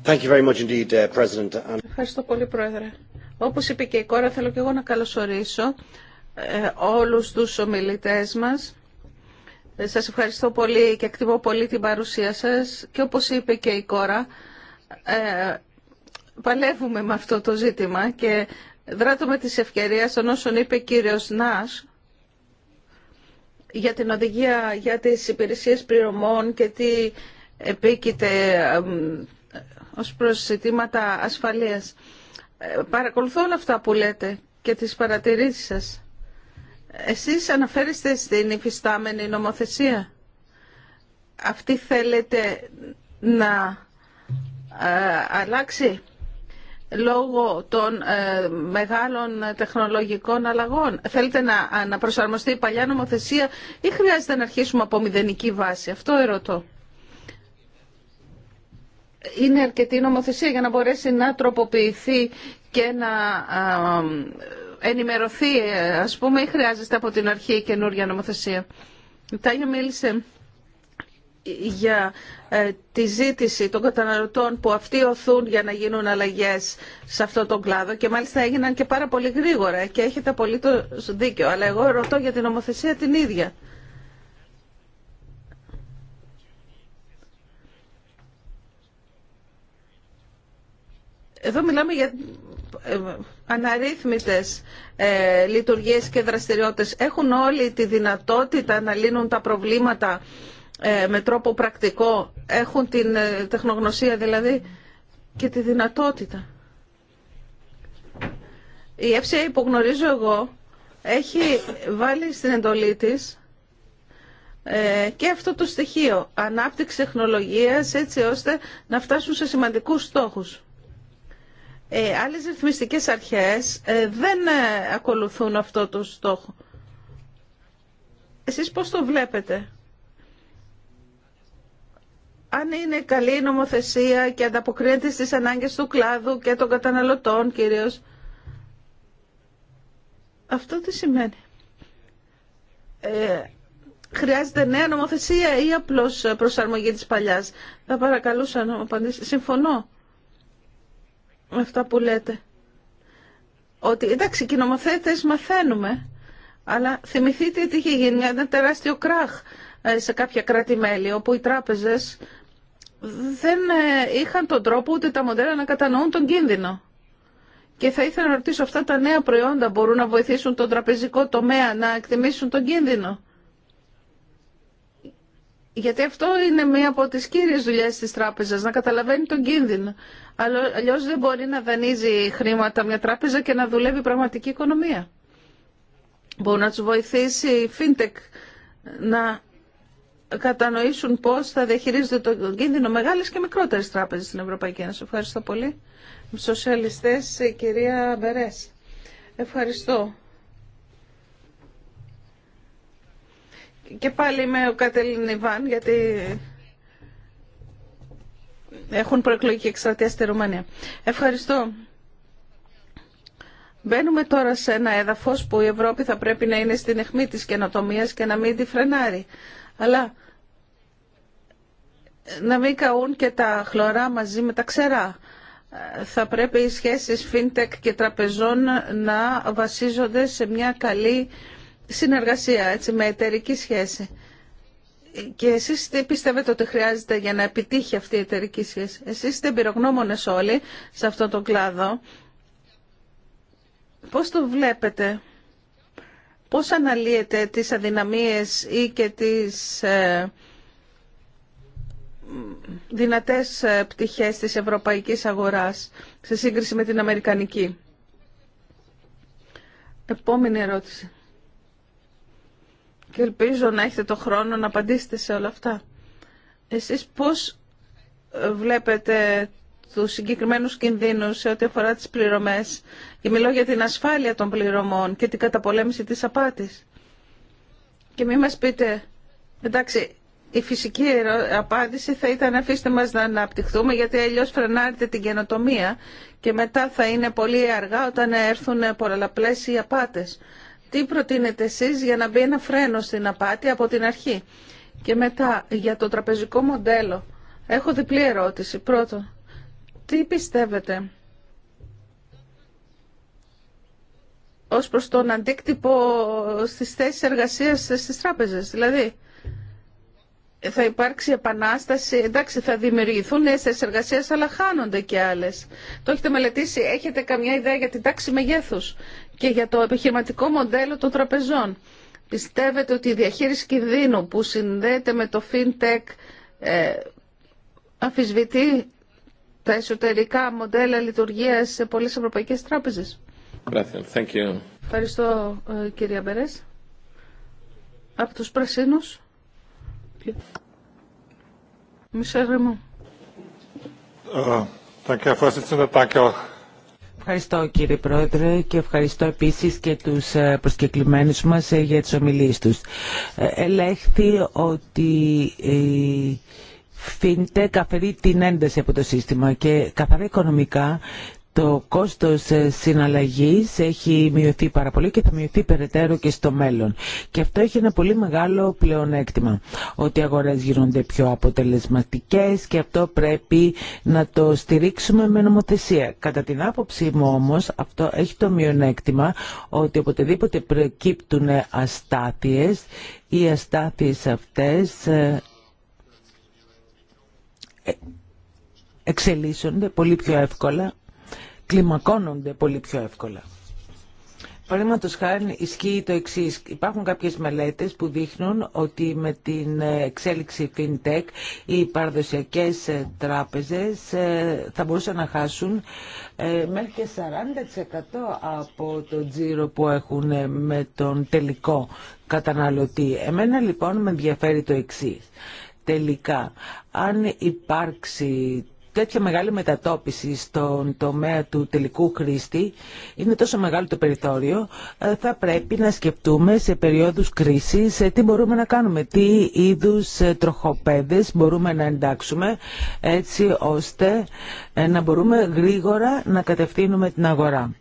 A: Thank you very much indeed, uh, President. Um,
B: ευχαριστώ πολύ, Πρόεδρε. Όπως είπε και η κόρα, θέλω και εγώ να καλωσορίσω ε, όλους τους ομιλητές μας. Ε, σας ευχαριστώ πολύ και εκτιμώ πολύ την παρουσία σας. Και όπως είπε και η κόρα, παλεύουμε με αυτό το ζήτημα και Δράτω με τις ευκαιρίες των όσων είπε κύριος Νάς για την οδηγία για τις υπηρεσίες πληρωμών και τι επίκειται ως προς ζητήματα ασφαλείας. Ε, παρακολουθώ όλα αυτά που λέτε και τις παρατηρήσεις σας. Εσείς αναφέρεστε στην υφιστάμενη νομοθεσία. Αυτή θέλετε να ε, αλλάξει λόγω των ε, μεγάλων τεχνολογικών αλλαγών. Θέλετε να, να προσαρμοστεί η παλιά νομοθεσία ή χρειάζεται να αρχίσουμε από μηδενική βάση. Αυτό ερωτώ. Είναι αρκετή νομοθεσία για να μπορέσει να τροποποιηθεί και να ενημερωθεί, ε, ας πούμε, ή χρειάζεστε από την αρχή η χρειάζεται απο την νομοθεσία. Τάνια ταγια μιλησε για ε, τη ζήτηση των καταναλωτών που αυτοί οθούν για να γίνουν αλλαγές σε αυτό τον κλάδο και μάλιστα έγιναν και πάρα πολύ γρήγορα και έχετε απολύτω δίκιο. Αλλά εγώ ρωτώ για την νομοθεσία την ίδια. Εδώ μιλάμε για ε, αναρρύθμιτες ε, λειτουργίες και δραστηριότητες. Έχουν όλοι τη δυνατότητα να λύνουν τα προβλήματα ε, με τρόπο πρακτικό, έχουν την ε, τεχνογνωσία δηλαδή και τη δυνατότητα. Η FCA που γνωρίζω εγώ έχει βάλει στην εντολή της ε, και αυτό το στοιχείο ανάπτυξη τεχνολογίας έτσι ώστε να φτάσουν σε σημαντικούς στόχους. Ε, άλλες ρυθμιστικές αρχές δεν ακολουθούν αυτό το στόχο. Εσείς πώς το βλέπετε αν είναι καλή η νομοθεσία και ανταποκρίνεται στις ανάγκες του κλάδου και των καταναλωτών κυρίως. Αυτό τι σημαίνει. Ε, χρειάζεται νέα νομοθεσία ή απλώς προσαρμογή της παλιάς. Θα παρακαλούσα να μου απαντήσει. Συμφωνώ με αυτά που λέτε. Ότι εντάξει και οι νομοθέτες μαθαίνουμε, αλλά θυμηθείτε τι είχε γίνει, ένα τεράστιο κράχ ε, σε κάποια κράτη-μέλη, όπου οι τράπεζες δεν ε, είχαν τον τρόπο ούτε τα μοντέλα να κατανοούν τον κίνδυνο. Και θα ήθελα να ρωτήσω αυτά τα νέα προϊόντα μπορούν να βοηθήσουν τον τραπεζικό τομέα να εκτιμήσουν τον κίνδυνο. Γιατί αυτό είναι μία από τις κύριες δουλειές της τράπεζας, να καταλαβαίνει τον κίνδυνο. Αλλιώς δεν μπορεί να δανείζει χρήματα μια τράπεζα και να δουλεύει πραγματική οικονομία. Μπορεί να τους βοηθήσει η fintech να κατανοήσουν πώς θα διαχειρίζονται το κίνδυνο μεγάλες και μικρότερες τράπεζες στην Ευρωπαϊκή Ένωση. Ευχαριστώ πολύ. Σοσιαλιστές, η κυρία Μπερέ. Ευχαριστώ. Και πάλι με ο Κατελίν Ιβάν, γιατί έχουν προεκλογική εκστρατεία στη Ρουμανία. Ευχαριστώ. Μπαίνουμε τώρα σε ένα έδαφος που η Ευρώπη θα πρέπει να είναι στην αιχμή της καινοτομίας και να μην τη φρενάρει αλλά να μην καούν και τα χλωρά μαζί με τα ξερά. Θα πρέπει οι σχέσεις fintech και τραπεζών να βασίζονται σε μια καλή συνεργασία, έτσι, με εταιρική σχέση. Και εσείς τι πιστεύετε ότι χρειάζεται για να επιτύχει αυτή η εταιρική σχέση. Εσείς είστε εμπειρογνώμονες όλοι σε αυτόν τον κλάδο. Πώς το βλέπετε. Πώς αναλύεται τις αδυναμίες ή και τις ε, δυνατές ε, πτυχές της ευρωπαϊκής αγοράς σε σύγκριση με την αμερικανική. Επόμενη ερώτηση. Και ελπίζω να έχετε το χρόνο να απαντήσετε σε όλα αυτά. Εσείς πώς ε, βλέπετε τους συγκεκριμένους κινδύνους σε ό,τι αφορά τις πληρωμές και μιλώ για την ασφάλεια των πληρωμών και την καταπολέμηση της απάτης. Και μη μας πείτε, εντάξει, η φυσική απάντηση θα ήταν αφήστε μας να αναπτυχθούμε γιατί αλλιώς φρενάρετε την καινοτομία και μετά θα είναι πολύ αργά όταν έρθουν πολλαπλές οι απάτες. Τι προτείνετε εσείς για να μπει ένα φρένο στην απάτη από την αρχή. Και μετά για το τραπεζικό μοντέλο. Έχω διπλή ερώτηση. Πρώτον, τι πιστεύετε ως προς τον αντίκτυπο στις θέσεις εργασίας στις τράπεζες. Δηλαδή, θα υπάρξει επανάσταση, εντάξει θα δημιουργηθούν νέες θέσεις εργασίας, αλλά χάνονται και άλλες. Το έχετε μελετήσει, έχετε καμιά ιδέα για την τάξη μεγέθους και για το επιχειρηματικό μοντέλο των τραπεζών. Πιστεύετε ότι η διαχείριση κινδύνου που συνδέεται με το FinTech ε, αμφισβητεί τα εσωτερικά μοντέλα λειτουργίας σε πολλές ευρωπαϊκές τράπεζες. Ευχαριστώ ε, κυρία Μπερές. Από τους Πρασίνους.
D: Ευχαριστώ κύριε Πρόεδρε και ευχαριστώ επίσης και τους ε, προσκεκλημένους μας ε, για τις ομιλίες τους. Ελέγχθη ότι FinTech αφαιρεί την ένταση από το σύστημα και καθαρά οικονομικά το κόστος ε, συναλλαγής έχει μειωθεί πάρα πολύ και θα μειωθεί περαιτέρω και στο μέλλον. Και αυτό έχει ένα πολύ μεγάλο πλεονέκτημα, ότι οι αγορές γίνονται πιο αποτελεσματικές και αυτό πρέπει να το στηρίξουμε με νομοθεσία. Κατά την άποψή μου όμως αυτό έχει το μειονέκτημα ότι οποτεδήποτε προκύπτουν αστάθειες, οι αστάθειες αυτές ε, ε, εξελίσσονται πολύ πιο εύκολα κλιμακώνονται πολύ πιο εύκολα. Παραδείγματο χάρη ισχύει το εξή. Υπάρχουν κάποιε μελέτε που δείχνουν ότι με την ε, εξέλιξη FinTech οι παραδοσιακέ ε, τράπεζε ε, θα μπορούσαν να χάσουν μέχρι και 40% από το τζίρο που έχουν με τον τελικό καταναλωτή. Εμένα λοιπόν με ενδιαφέρει το εξή. Τελικά, αν υπάρξει τέτοια μεγάλη μετατόπιση στον τομέα του τελικού χρήστη είναι τόσο μεγάλο το περιθώριο, ε, θα πρέπει να σκεφτούμε σε περίοδους κρίσης ε, τι μπορούμε να κάνουμε, τι είδους ε, τροχοπέδες μπορούμε να εντάξουμε έτσι ώστε να μπορούμε γρήγορα να κατευθύνουμε την αγορά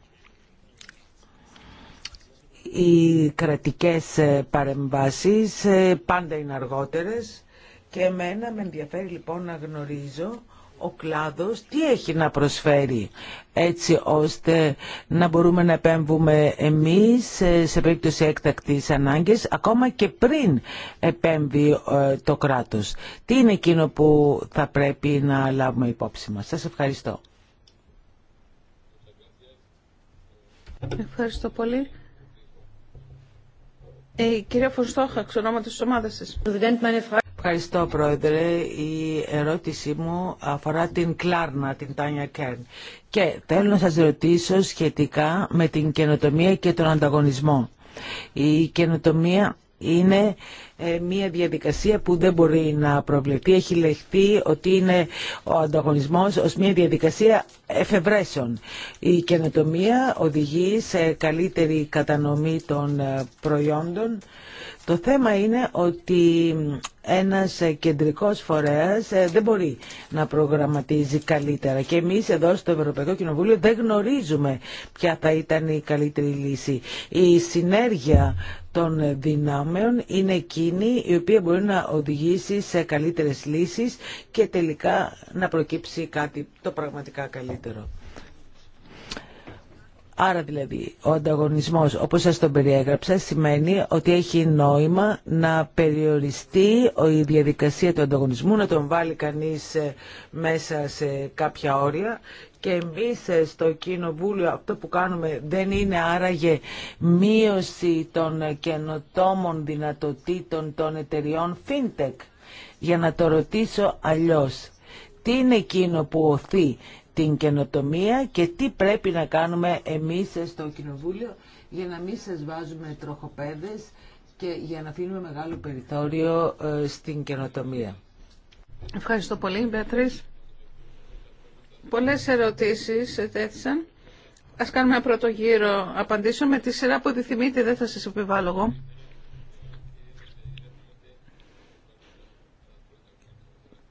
D: οι κρατικές παρεμβάσεις πάντα είναι αργότερες και εμένα με ενδιαφέρει λοιπόν να γνωρίζω ο κλάδος τι έχει να προσφέρει έτσι ώστε να μπορούμε να επέμβουμε εμείς σε περίπτωση έκτακτης ανάγκης ακόμα και πριν επέμβει ε, το κράτος. Τι είναι εκείνο που θα πρέπει να λάβουμε υπόψη μας. Σας ευχαριστώ.
B: Ευχαριστώ πολύ. Ε, κυρία Φωστόχα,
D: Ευχαριστώ Πρόεδρε. Η ερώτησή μου αφορά την Κλάρνα, την Τάνια Κέρν. Και θέλω να σας ρωτήσω σχετικά με την καινοτομία και τον ανταγωνισμό. Η καινοτομία είναι ε, μια διαδικασία που δεν μπορεί να προβλεφθεί. Έχει λεχθεί ότι είναι ο ανταγωνισμός ως μια διαδικασία εφευρέσεων. Η καινοτομία οδηγεί σε καλύτερη κατανομή των ε, προϊόντων το θέμα είναι ότι ένας κεντρικός φορέας ε, δεν μπορεί να προγραμματίζει καλύτερα και εμείς εδώ στο Ευρωπαϊκό Κοινοβούλιο δεν γνωρίζουμε ποια θα ήταν η καλύτερη λύση. Η συνέργεια των δυνάμεων είναι εκείνη η οποία μπορεί να οδηγήσει σε καλύτερες λύσεις και τελικά να προκύψει κάτι το πραγματικά καλύτερο. Άρα δηλαδή ο ανταγωνισμός όπως σας τον περιέγραψα σημαίνει ότι έχει νόημα να περιοριστεί η διαδικασία του ανταγωνισμού, να τον βάλει κανείς ε, μέσα σε κάποια όρια και εμείς ε, στο Κοινοβούλιο αυτό που κάνουμε δεν είναι άραγε μείωση των καινοτόμων δυνατοτήτων των εταιριών FinTech. Για να το ρωτήσω αλλιώς, τι είναι εκείνο που οθεί την καινοτομία και τι πρέπει να κάνουμε εμείς στο Κοινοβούλιο για να μην σας βάζουμε τροχοπέδες
B: και για να αφήνουμε μεγάλο
D: περιθώριο ε, στην καινοτομία.
B: Ευχαριστώ πολύ, Μπέτρης. Πολλές ερωτήσεις τέθησαν. Ας κάνουμε ένα πρώτο γύρο απαντήσω με τη σειρά που επιθυμείτε, δεν θα σας επιβάλλω εγώ.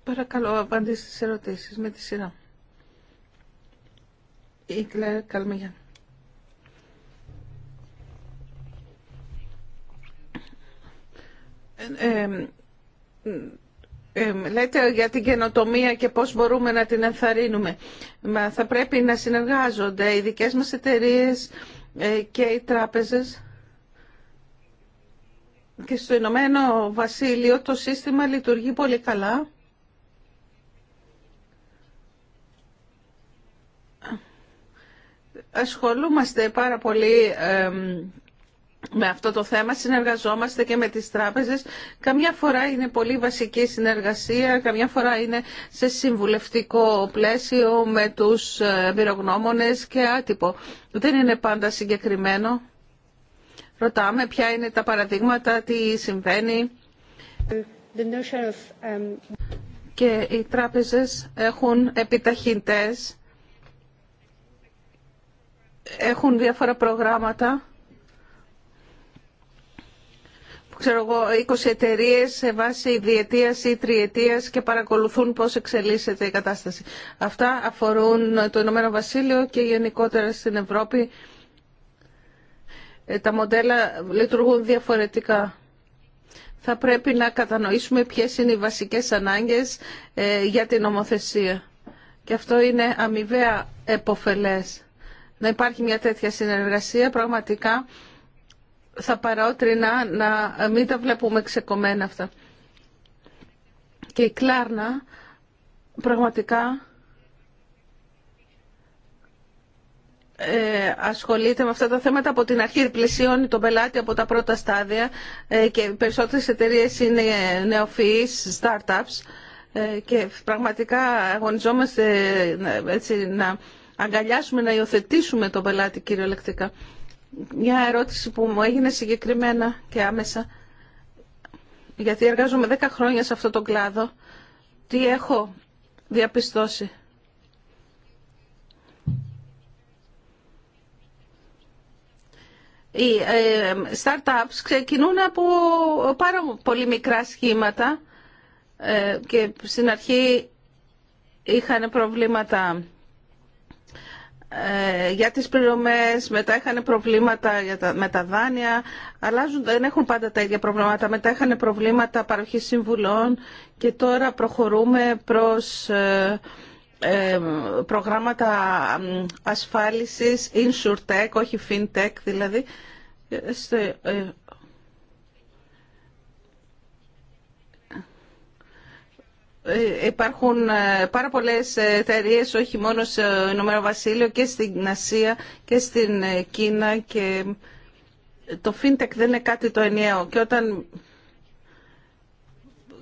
B: Παρακαλώ, απαντήστε στις ερωτήσεις με τη σειρά. Η ε, ε, ε, λέτε για την καινοτομία και πώς μπορούμε να την ενθαρρύνουμε. θα πρέπει να συνεργάζονται οι δικές μας εταιρείες και οι τράπεζες. Και στο Ηνωμένο Βασίλειο το σύστημα λειτουργεί πολύ καλά. ασχολούμαστε πάρα πολύ με αυτό το θέμα, συνεργαζόμαστε και με τις τράπεζες. Καμιά φορά είναι πολύ βασική συνεργασία, καμιά φορά είναι σε συμβουλευτικό πλαίσιο με τους ε, εμπειρογνώμονες και άτυπο. Δεν είναι πάντα συγκεκριμένο. Ρωτάμε ποια είναι τα παραδείγματα, τι συμβαίνει. Um, και οι τράπεζες έχουν επιταχυντές έχουν διάφορα προγράμματα ξέρω εγώ, 20 εταιρείε σε βάση διετία ή τριετία και παρακολουθούν πώ εξελίσσεται η κατάσταση. Αυτά αφορούν το Ηνωμένο Βασίλειο και γενικότερα στην Ευρώπη. Ε, τα μοντέλα λειτουργούν διαφορετικά. Θα πρέπει να κατανοήσουμε ποιες είναι οι βασικές ανάγκες ε, για την νομοθεσία. Και αυτό είναι αμοιβαία εποφελές να υπάρχει μια τέτοια συνεργασία πραγματικά θα παρότρινα να μην τα βλέπουμε ξεκομμένα αυτά. Και η Κλάρνα πραγματικά ε, ασχολείται με αυτά τα θέματα από την αρχή, πλησιώνει τον πελάτη από τα πρώτα στάδια ε, και οι περισσότερες εταιρείες είναι νεοφυείς, startups ε, και πραγματικά αγωνιζόμαστε έτσι να αγκαλιάσουμε, να υιοθετήσουμε τον πελάτη κυριολεκτικά. Μια ερώτηση που μου έγινε συγκεκριμένα και άμεσα, γιατί εργάζομαι 10 χρόνια σε αυτό τον κλάδο, τι έχω διαπιστώσει. Οι ε, startups ξεκινούν από πάρα πολύ μικρά σχήματα ε, και στην αρχή είχαν προβλήματα ε, για τις πληρωμές, μετά είχαν προβλήματα με τα δάνεια, αλλάζουν, δεν έχουν πάντα τα ίδια προβλήματα, μετά είχαν προβλήματα παροχής συμβουλών και τώρα προχωρούμε προς ε, ε προγράμματα ασφάλισης, insurtech, όχι fintech δηλαδή, ε, στο Ε, υπάρχουν ε, πάρα πολλές ε, εταιρείε, όχι μόνο στο Ηνωμένο Βασίλειο και στην Ασία και στην Κίνα και το fintech δεν είναι κάτι το ενιαίο και όταν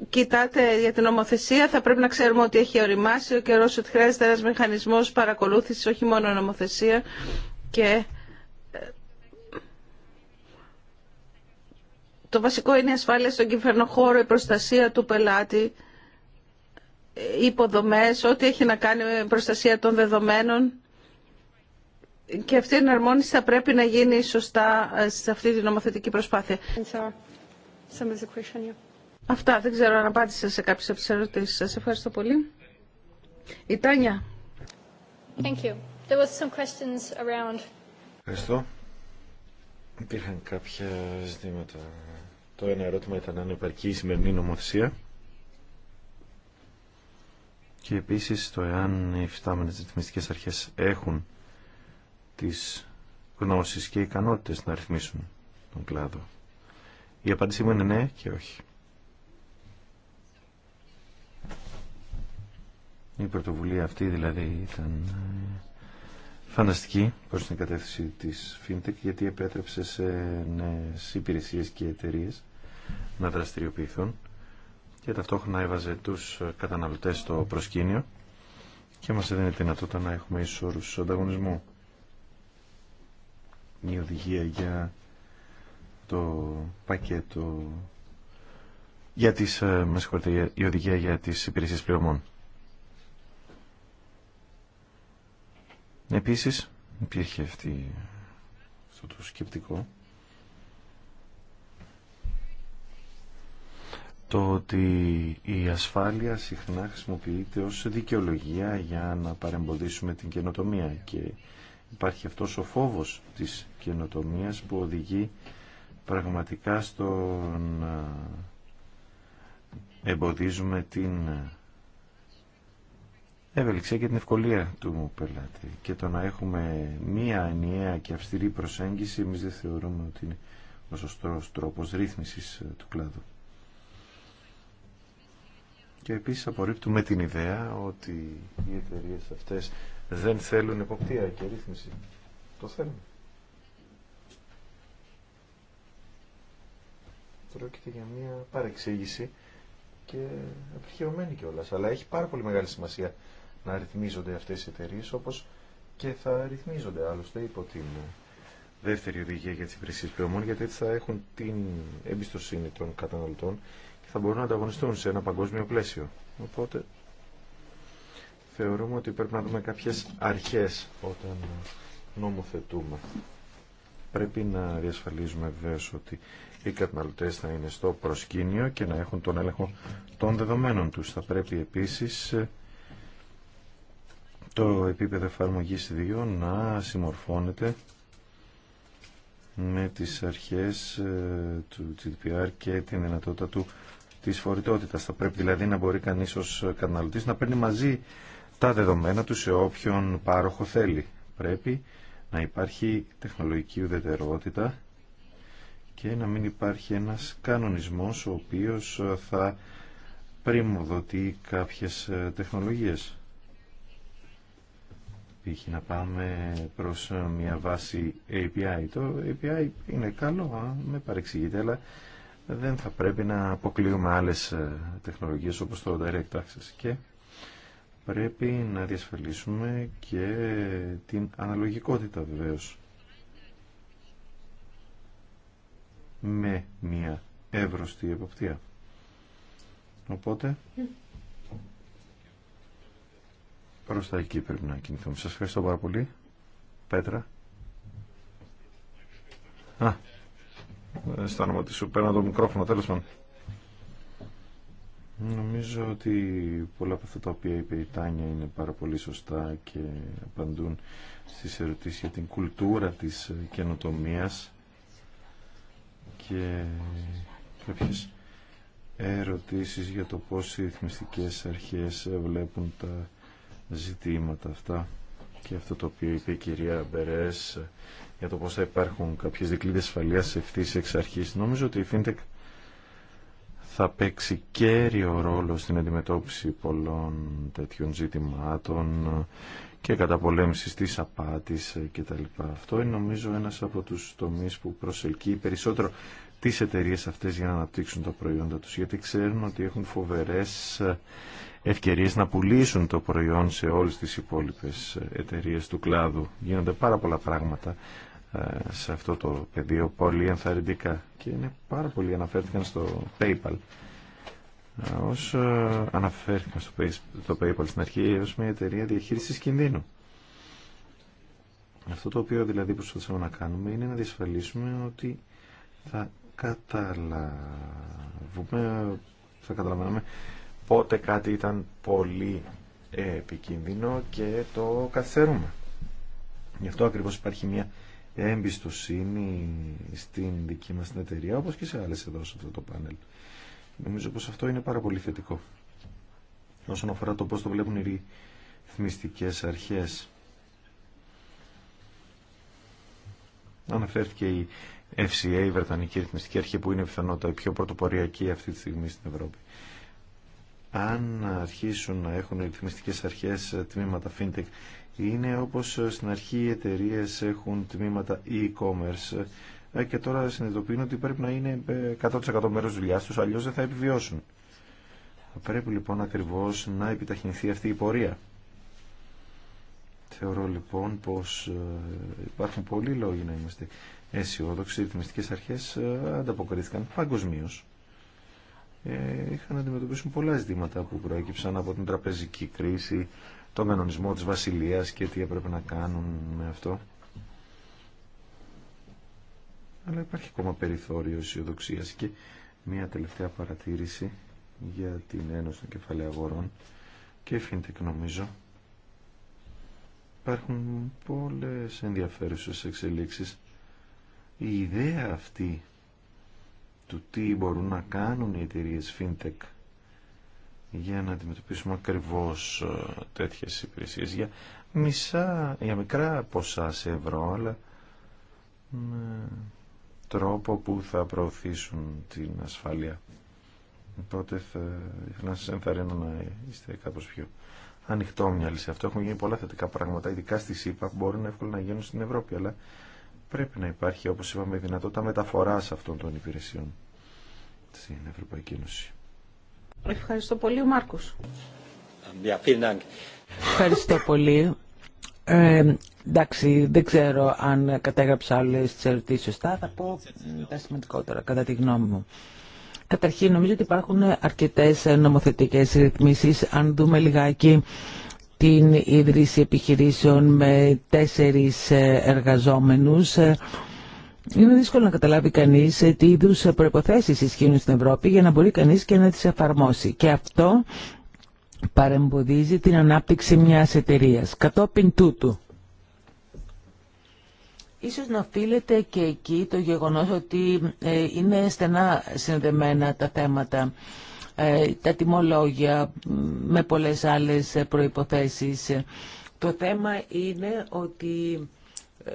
B: κοιτάτε για την νομοθεσία θα πρέπει να ξέρουμε ότι έχει οριμάσει ο καιρός ότι χρειάζεται ένας μηχανισμός παρακολούθησης όχι μόνο νομοθεσία και το βασικό είναι η ασφάλεια στον κυβερνοχώρο, η προστασία του πελάτη υποδομές, ό,τι έχει να κάνει με προστασία των δεδομένων και αυτή η εναρμόνιση θα πρέπει να γίνει σωστά ε, σε αυτή τη νομοθετική προσπάθεια. Αυτά, δεν ξέρω αν απάντησα σε κάποιες από τις ερωτήσει, σας. Ευχαριστώ πολύ. Η Τάνια.
A: Ευχαριστώ. Υπήρχαν κάποια ζητήματα. Το ένα ερώτημα ήταν αν υπάρχει η σημερινή νομοθεσία και επίσης το εάν οι φυτάμενες ρυθμιστικές αρχές έχουν τις γνώσεις και ικανότητες να ρυθμίσουν τον κλάδο. Η απάντησή μου είναι ναι και όχι. Η πρωτοβουλία αυτή δηλαδή ήταν ε, φανταστική προς την κατεύθυνση της FinTech γιατί επέτρεψε σε νέες υπηρεσίες και εταιρείες να δραστηριοποιηθούν και ταυτόχρονα έβαζε τους ε, καταναλωτές στο προσκήνιο και μας έδινε δυνατότητα να έχουμε ίσορους ανταγωνισμού. Η οδηγία για το πακέτο για τις, ε, με η οδηγία για τις υπηρεσίες πληρωμών. Επίσης, υπήρχε αυτή αυτό το σκεπτικό το ότι η ασφάλεια συχνά χρησιμοποιείται ως δικαιολογία για να παρεμποδίσουμε την καινοτομία και υπάρχει αυτός ο φόβος της καινοτομίας που οδηγεί πραγματικά στο να εμποδίζουμε την ευελιξία και την ευκολία του πελάτη και το να έχουμε μία ενιαία και αυστηρή προσέγγιση εμείς δεν θεωρούμε ότι είναι ο σωστός τρόπος ρύθμισης του κλάδου και επίσης απορρίπτουμε την ιδέα ότι οι εταιρείε αυτές δεν θέλουν εποπτεία και ρύθμιση. Το θέλουν. Πρόκειται για μια παρεξήγηση και επιχειρωμένη κιόλα. Αλλά έχει πάρα πολύ μεγάλη σημασία να ρυθμίζονται αυτές οι εταιρείε όπως και θα ρυθμίζονται άλλωστε υπό την δεύτερη οδηγία για τις υπηρεσίες πληρωμών γιατί έτσι θα έχουν την εμπιστοσύνη των καταναλωτών θα μπορούν να ανταγωνιστούν σε ένα παγκόσμιο πλαίσιο. Οπότε θεωρούμε ότι πρέπει να δούμε κάποιες αρχές όταν νομοθετούμε. Πρέπει να διασφαλίζουμε βέβαια ότι οι καταναλωτέ θα είναι στο προσκήνιο και να έχουν τον έλεγχο των δεδομένων τους. Θα πρέπει επίσης ε, το επίπεδο εφαρμογή 2 να συμμορφώνεται με τις αρχές ε, του GDPR και την δυνατότητα του της φορητότητας. Θα πρέπει δηλαδή να μπορεί κανείς ως καταναλωτής να παίρνει μαζί τα δεδομένα του σε όποιον πάροχο θέλει. Πρέπει να υπάρχει τεχνολογική ουδετερότητα και να μην υπάρχει ένας κανονισμός ο οποίος θα πριμοδοτεί κάποιες ε, τεχνολογίες. Π.χ. να πάμε προς ε, μια βάση API. Το API είναι καλό, με παρεξηγείτε, αλλά δεν θα πρέπει να αποκλείουμε άλλες ε, τεχνολογίες όπως το direct access και πρέπει να διασφαλίσουμε και την αναλογικότητα βεβαίως με μια εύρωστη εποπτεία. Οπότε προς τα εκεί πρέπει να κινηθούμε. Σας ευχαριστώ πάρα πολύ. Πέτρα. Α, αισθάνομαι ότι σου παίρνω το μικρόφωνο τέλος πάντων. Νομίζω ότι πολλά από αυτά τα οποία είπε η Τάνια είναι πάρα πολύ σωστά και απαντούν στις ερωτήσεις για την κουλτούρα της ε, καινοτομίας και κάποιες ερωτήσεις για το πώς οι ρυθμιστικές αρχές βλέπουν τα ζητήματα αυτά και αυτό το οποίο είπε η κυρία Μπερές για το πώς θα υπάρχουν κάποιες δικλείδες ασφαλείας ευθύς εξ αρχής. Νομίζω ότι η FinTech θα παίξει κέριο ρόλο στην αντιμετώπιση πολλών τέτοιων ζητημάτων και καταπολέμησης της απάτης κτλ. Αυτό είναι νομίζω ένας από τους τομείς που προσελκύει περισσότερο τις εταιρείε αυτές για να αναπτύξουν τα προϊόντα τους γιατί ξέρουν ότι έχουν φοβερές ευκαιρίες να πουλήσουν το προϊόν σε όλες τις υπόλοιπες εταιρείε του κλάδου. Γίνονται πάρα πολλά πράγματα ε, σε αυτό το πεδίο πολύ ενθαρρυντικά και είναι πάρα πολύ αναφέρθηκαν στο PayPal. Ε, ως ε, αναφέρθηκαν στο PayPal στην αρχή ως μια εταιρεία διαχείρισης κινδύνου. Αυτό το οποίο δηλαδή προσπαθήσαμε να κάνουμε είναι να διασφαλίσουμε ότι θα καταλαβούμε, θα καταλαβαίνουμε πότε κάτι ήταν πολύ επικίνδυνο και το καθαίρουμε Γι' αυτό ακριβώς υπάρχει μια εμπιστοσύνη στην δική μας εταιρεία, όπως και σε άλλες εδώ σε αυτό το πάνελ. Νομίζω πως αυτό είναι πάρα πολύ θετικό. Όσον αφορά το πώς το βλέπουν οι ρυθμιστικές αρχές. Αναφέρθηκε η FCA, η Βρετανική Ρυθμιστική Αρχή, που είναι πιθανότατα η πιο πρωτοποριακή αυτή τη στιγμή στην Ευρώπη αν αρχίσουν να έχουν ρυθμιστικές αρχές ε, τμήματα fintech είναι όπως ε, στην αρχή οι εταιρείε έχουν τμήματα e-commerce ε, και τώρα συνειδητοποιούν ότι πρέπει να είναι 100% μέρος δουλειά τους, αλλιώς δεν θα επιβιώσουν. Πρέπει λοιπόν ακριβώς να επιταχυνθεί αυτή η πορεία. Θεωρώ λοιπόν πως υπάρχουν πολλοί λόγοι να είμαστε αισιόδοξοι. Οι ρυθμιστικές αρχές ανταποκρίθηκαν παγκοσμίω ε, είχαν να αντιμετωπίσουν πολλά ζητήματα που προέκυψαν από την τραπεζική κρίση, τον κανονισμό της βασιλείας και τι έπρεπε να κάνουν με αυτό. Αλλά υπάρχει ακόμα περιθώριο αισιοδοξία και μια τελευταία παρατήρηση για την Ένωση των Κεφαλαίων Αγορών και Φίντεκ νομίζω. Υπάρχουν πολλές ενδιαφέρουσες εξελίξεις. Η ιδέα αυτή του τι μπορούν να κάνουν οι εταιρείε fintech για να αντιμετωπίσουμε ακριβώς ε, τέτοιες υπηρεσίες για μισά, για μικρά ποσά σε ευρώ αλλά με τρόπο που θα προωθήσουν την ασφάλεια τότε θα ήθελα να σα ενθαρρύνω να είστε κάπως πιο ανοιχτό μυαλί σε αυτό. Έχουν γίνει πολλά θετικά πράγματα, ειδικά στη ΣΥΠΑ, που μπορούν εύκολα να γίνουν στην Ευρώπη, αλλά πρέπει να υπάρχει, όπως είπαμε, δυνατότητα μεταφοράς αυτών των υπηρεσιών στην Ευρωπαϊκή Ένωση.
B: Ευχαριστώ πολύ, Μάρκος.
D: Ευχαριστώ πολύ. Ε, εντάξει, δεν ξέρω αν κατέγραψα όλες τις ερωτήσει σωστά. Θα πω τα σημαντικότερα, κατά τη γνώμη μου. Καταρχήν, νομίζω ότι υπάρχουν αρκετέ νομοθετικέ ρυθμίσει, Αν δούμε λιγάκι την ίδρυση επιχειρήσεων με τέσσερις ε, εργαζόμενους. Ε, είναι δύσκολο να καταλάβει κανείς ε, τι είδου προποθέσει ισχύουν στην Ευρώπη για να μπορεί κανείς και να τις εφαρμόσει. Και αυτό παρεμποδίζει την ανάπτυξη μιας εταιρεία. Κατόπιν τούτου. Ίσως να οφείλεται και εκεί το γεγονός ότι είναι στενά συνδεμένα τα θέματα. Ε, τα τιμολόγια με πολλές άλλες προϋποθέσεις. Το θέμα είναι ότι ε,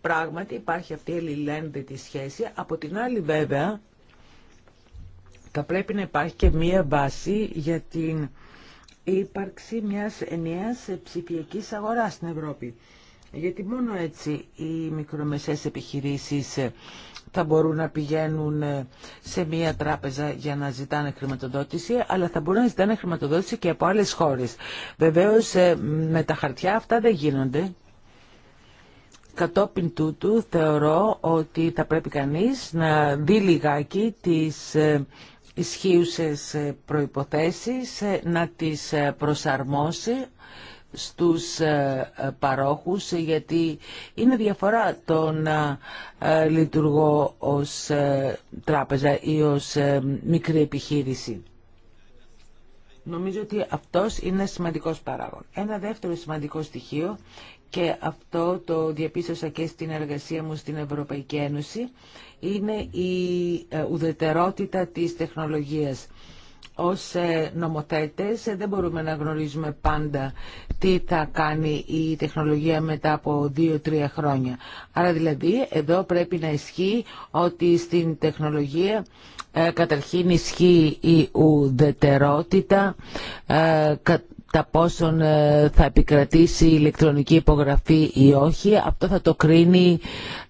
D: πράγματι υπάρχει αυτή η της σχέση. Από την άλλη βέβαια θα πρέπει να υπάρχει και μία βάση για την ύπαρξη μιας ενιαίας ψηφιακής αγοράς στην Ευρώπη. Γιατί μόνο έτσι οι μικρομεσαίες επιχειρήσεις ε, θα μπορούν να πηγαίνουν ε, σε μία τράπεζα για να ζητάνε χρηματοδότηση, αλλά θα μπορούν να ζητάνε χρηματοδότηση και από άλλες χώρες. Βεβαίως ε, με τα χαρτιά αυτά δεν γίνονται. Κατόπιν τούτου θεωρώ ότι θα πρέπει κανείς να δει λιγάκι τις ε, ισχύουσες προϋποθέσεις, να τις προσαρμόσει στους ε, ε, παρόχους γιατί είναι διαφορά το να ε, λειτουργώ ως τράπεζα ή ως μικρή επιχείρηση. Νομίζω ότι αυτός είναι σημαντικός παράγον. Ένα δεύτερο σημαντικό στοιχείο και αυτό το διαπίστωσα και στην εργασία μου στην Ευρωπαϊκή Ένωση είναι η ουδετερότητα της τεχνολογίας ως ε, νομοθέτες ε, δεν μπορούμε να γνωρίζουμε πάντα τι θα κάνει η τεχνολογία μετά από 2-3 χρόνια. Άρα δηλαδή εδώ πρέπει να ισχύει ότι στην τεχνολογία ε, καταρχήν ισχύει η ουδετερότητα, τα πόσον ε, θα επικρατήσει η ηλεκτρονική υπογραφή ή όχι, αυτό θα το κρίνει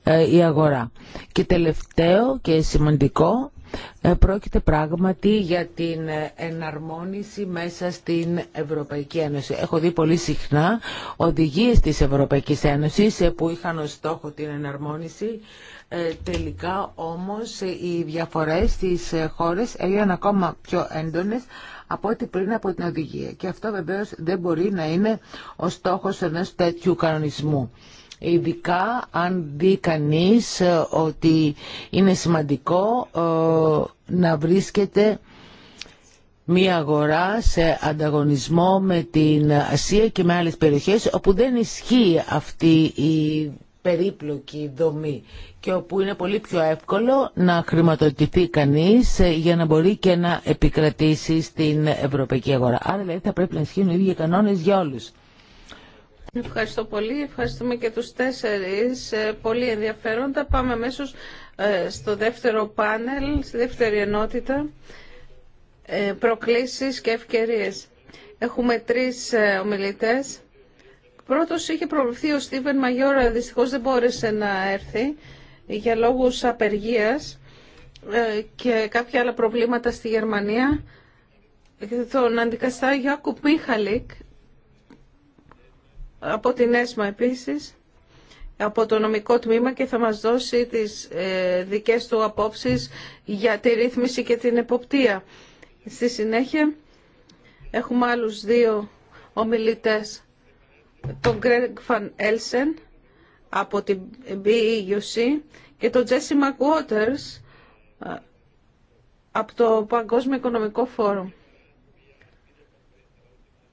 D: ε, η αγορά. Και τελευταίο και σημαντικό, ε, πρόκειται πράγματι για την εναρμόνιση μέσα στην Ευρωπαϊκή Ένωση. Έχω δει πολύ συχνά οδηγίες της Ευρωπαϊκής Ένωσης που είχαν ως στόχο την εναρμόνιση τελικά όμως οι διαφορές στις χώρες έγιναν ακόμα πιο έντονες από ό,τι πριν από την οδηγία. Και αυτό βεβαίως δεν μπορεί να είναι ο στόχος ενός τέτοιου κανονισμού. Ειδικά αν δει κανεί ε, ότι είναι σημαντικό ε, να βρίσκεται μια αγορά σε ανταγωνισμό με την Ασία και με άλλες περιοχές όπου δεν ισχύει αυτή η περίπλοκη δομή και όπου είναι πολύ πιο εύκολο να χρηματοδοτηθεί κανείς ε, για να μπορεί και να επικρατήσει στην ευρωπαϊκή αγορά. Άρα δηλαδή θα πρέπει να ισχύουν οι ίδιοι κανόνες για όλους.
B: Ευχαριστώ πολύ. Ευχαριστούμε και τους τέσσερις. Ε, πολύ ενδιαφέροντα. Πάμε αμέσω ε, στο δεύτερο πάνελ, στη δεύτερη ενότητα. Προκλήσεις και ευκαιρίες. Έχουμε τρεις ομιλητές. Πρώτος είχε προβληθεί ο Στίβεν Μαγιόρα, δυστυχώς δεν μπόρεσε να έρθει για λόγους απεργίας ε, και κάποια άλλα προβλήματα στη Γερμανία. Τον αντικαστά Γιάκου Μίχαλικ από την ΕΣΜΑ επίσης από το νομικό τμήμα και θα μας δώσει τις ε, δικές του απόψεις για τη ρύθμιση και την εποπτεία. Στη συνέχεια έχουμε άλλους δύο ομιλητές τον Greg Φαν Έλσεν από την BEUC και τον Τζέσι Μακουότερς από το Παγκόσμιο Οικονομικό Φόρουμ.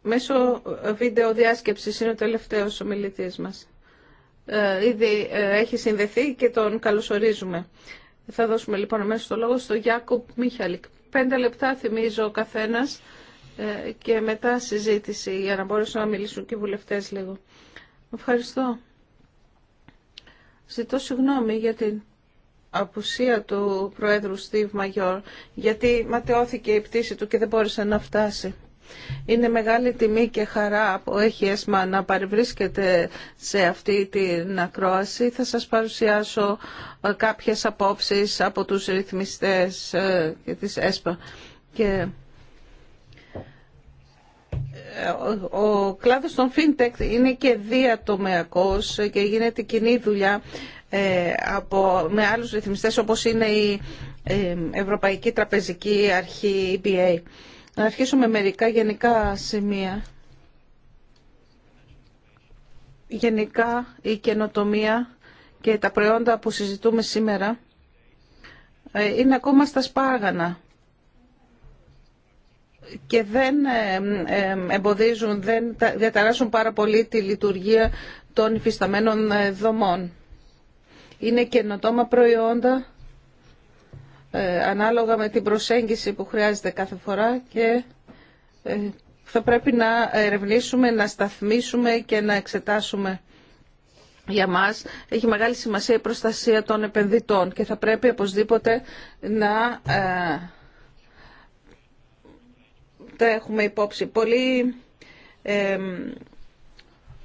B: Μέσω βίντεο διάσκεψης είναι ο τελευταίος ομιλητής μας. Ε, ήδη ε, έχει συνδεθεί και τον καλωσορίζουμε. Θα δώσουμε λοιπόν αμέσως το λόγο στον Γιάκοπ Μίχαλικ. Πέντε λεπτά θυμίζω ο καθένας ε, και μετά συζήτηση για να μπορέσουν να μιλήσουν και οι βουλευτές λίγο. Ευχαριστώ. Ζητώ συγγνώμη για την απουσία του Προέδρου Στίβ Μαγιόρ, γιατί ματαιώθηκε η πτήση του και δεν μπόρεσε να φτάσει. Είναι μεγάλη τιμή και χαρά που έχει έσμα να παρευρίσκεται σε αυτή την ακρόαση. Θα σας παρουσιάσω ε, κάποιες απόψεις από τους ρυθμιστές ε, της ΕΣΠΑ ο κλάδος των fintech είναι και διατομεακός και γίνεται κοινή δουλειά ε, από, με άλλους ρυθμιστές όπως είναι η ε, Ευρωπαϊκή Τραπεζική Αρχή EBA. Να αρχίσουμε μερικά γενικά σημεία. Γενικά η καινοτομία και τα προϊόντα που συζητούμε σήμερα ε, είναι ακόμα στα σπάργανα και δεν ε, ε, ε, εμποδίζουν, δεν διαταράσσουν πάρα πολύ τη λειτουργία των υφισταμένων δομών. Είναι καινοτόμα προϊόντα ανάλογα με την προσέγγιση που χρειάζεται κάθε φορά και θα πρέπει να ερευνήσουμε, να σταθμίσουμε και να εξετάσουμε για μας έχει μεγάλη σημασία η προστασία των επενδυτών και θα πρέπει οπωσδήποτε να τα έχουμε υπόψη. Πολλοί ε,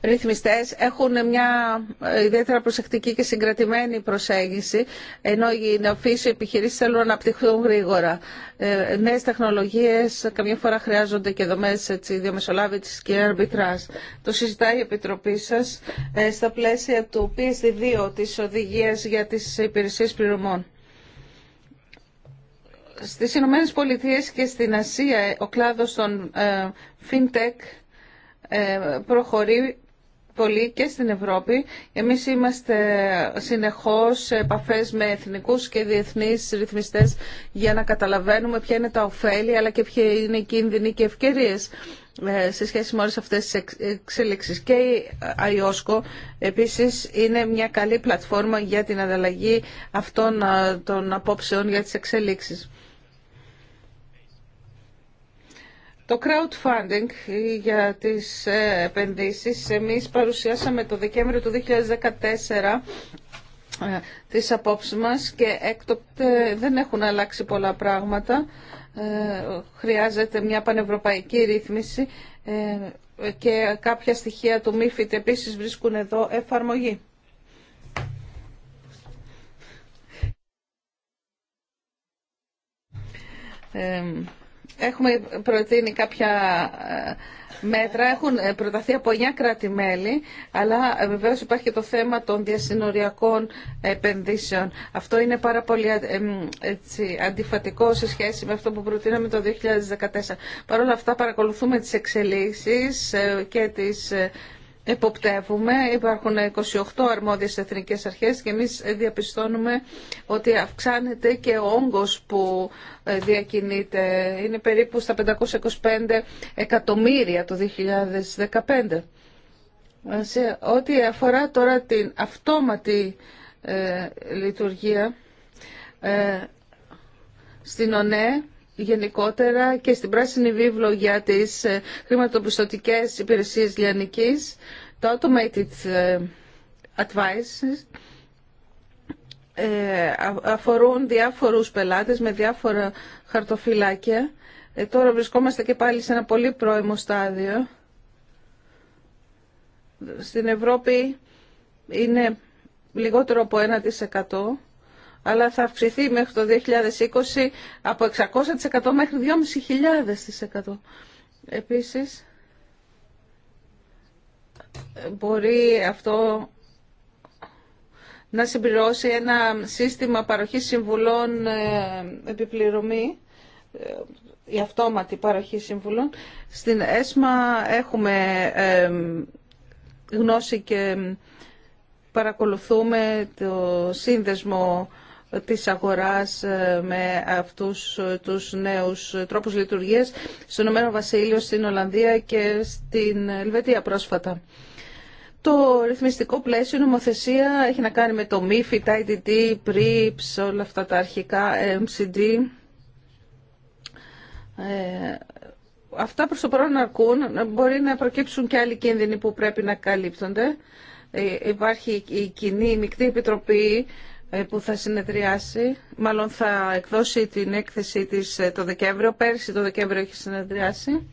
B: ρυθμιστές έχουν μια ε, ιδιαίτερα προσεκτική και συγκρατημένη προσέγγιση, ενώ οι νεοφύσιοι επιχειρήσεις θέλουν να αναπτυχθούν γρήγορα. Ε, νέες τεχνολογίες καμιά φορά χρειάζονται και δομές έτσι, διαμεσολάβησης και αρμπιτρά. Το συζητάει η Επιτροπή σας ε, στα πλαίσια του PSD2 της Οδηγίας για τις Υπηρεσίες Πληρωμών. Στις Ηνωμένε Πολιτείε και στην Ασία ο κλάδος των ε, fintech ε, προχωρεί πολύ και στην Ευρώπη. Εμείς είμαστε συνεχώς σε επαφές με εθνικούς και διεθνείς ρυθμιστές για να καταλαβαίνουμε ποια είναι τα ωφέλη αλλά και ποια είναι οι κίνδυνοι και ευκαιρίες ε, σε σχέση με αυτές τις εξέλιξεις. Και η IOSCO επίσης είναι μια καλή πλατφόρμα για την ανταλλαγή αυτών των απόψεων για τις εξέλιξεις. Το crowdfunding για τις ε, επενδύσεις, εμείς παρουσιάσαμε το Δεκέμβριο του 2014 ε, τις απόψεις μας και έκτοτε δεν έχουν αλλάξει πολλά πράγματα. Ε, χρειάζεται μια πανευρωπαϊκή ρύθμιση και κάποια στοιχεία του MIFID επίσης βρίσκουν εδώ εφαρμογή. Έχουμε προτείνει κάποια ε, μέτρα, έχουν ε, προταθεί από 9 κράτη-μέλη, αλλά ε, βεβαίω υπάρχει και το θέμα των διασυνοριακών επενδύσεων. Αυτό είναι πάρα πολύ έτσι, αντιφατικό σε σχέση με αυτό που προτείναμε το 2014. Παρ' όλα αυτά παρακολουθούμε τις εξελίξεις και τις εποπτεύουμε. Υπάρχουν 28 αρμόδιες εθνικές αρχές και εμείς διαπιστώνουμε ότι αυξάνεται και ο όγκος που ε, διακινείται. Είναι περίπου στα 525 εκατομμύρια το 2015. Σε ό,τι αφορά τώρα την αυτόματη ε, λειτουργία ε, στην ΟΝΕ, γενικότερα και στην πράσινη βίβλο για τις ε, χρηματοπιστωτικές υπηρεσίες λιανικής, το Automated ε, Advice, ε, αφορούν διάφορους πελάτες με διάφορα χαρτοφυλάκια. τώρα βρισκόμαστε και πάλι σε ένα πολύ πρώιμο στάδιο. Στην Ευρώπη είναι λιγότερο από 1% αλλά θα αυξηθεί μέχρι το 2020 από 600% μέχρι 2.500%. Επίσης, μπορεί αυτό να συμπληρώσει ένα σύστημα παροχής συμβουλών ε, επιπληρωμή, ε, η αυτόματη παροχή συμβουλών. Στην ΕΣΜΑ έχουμε ε, γνώση και παρακολουθούμε το σύνδεσμο της αγοράς ε, με αυτούς ε, τους νέους ε, τρόπους λειτουργίας στον Ηνωμένο Βασίλειο, στην Ολλανδία και στην Ελβετία πρόσφατα. Το ρυθμιστικό πλαίσιο, νομοθεσία έχει να κάνει με το τα IDD, PRIPS, όλα αυτά τα αρχικά, MCD. Ε, αυτά προς το παρόν αρκούν. Μπορεί να προκύψουν και άλλοι κίνδυνοι που πρέπει να καλύπτονται. υπάρχει η κοινή η μεικτή επιτροπή ε, που θα συνεδριάσει, μάλλον θα εκδώσει την έκθεση της ε, το Δεκέμβριο. Πέρσι το Δεκέμβριο έχει συνεδριάσει.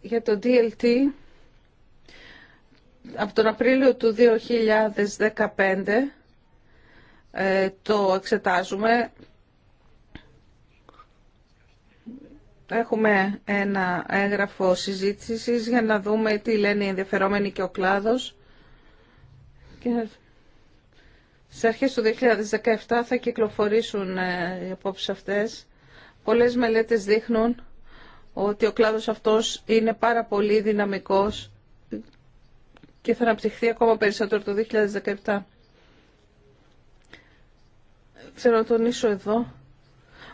B: Για το DLT, από τον Απρίλιο του 2015 ε, το εξετάζουμε. Έχουμε ένα έγγραφο συζήτησης για να δούμε τι λένε οι ενδιαφερόμενοι και ο κλάδος. Και σε αρχές του 2017 θα κυκλοφορήσουν ε, οι απόψεις αυτές. Πολλές μελέτες δείχνουν ότι ο κλάδος αυτός είναι πάρα πολύ δυναμικός και θα αναπτυχθεί ακόμα περισσότερο το 2017. Ξέρω να τονίσω εδώ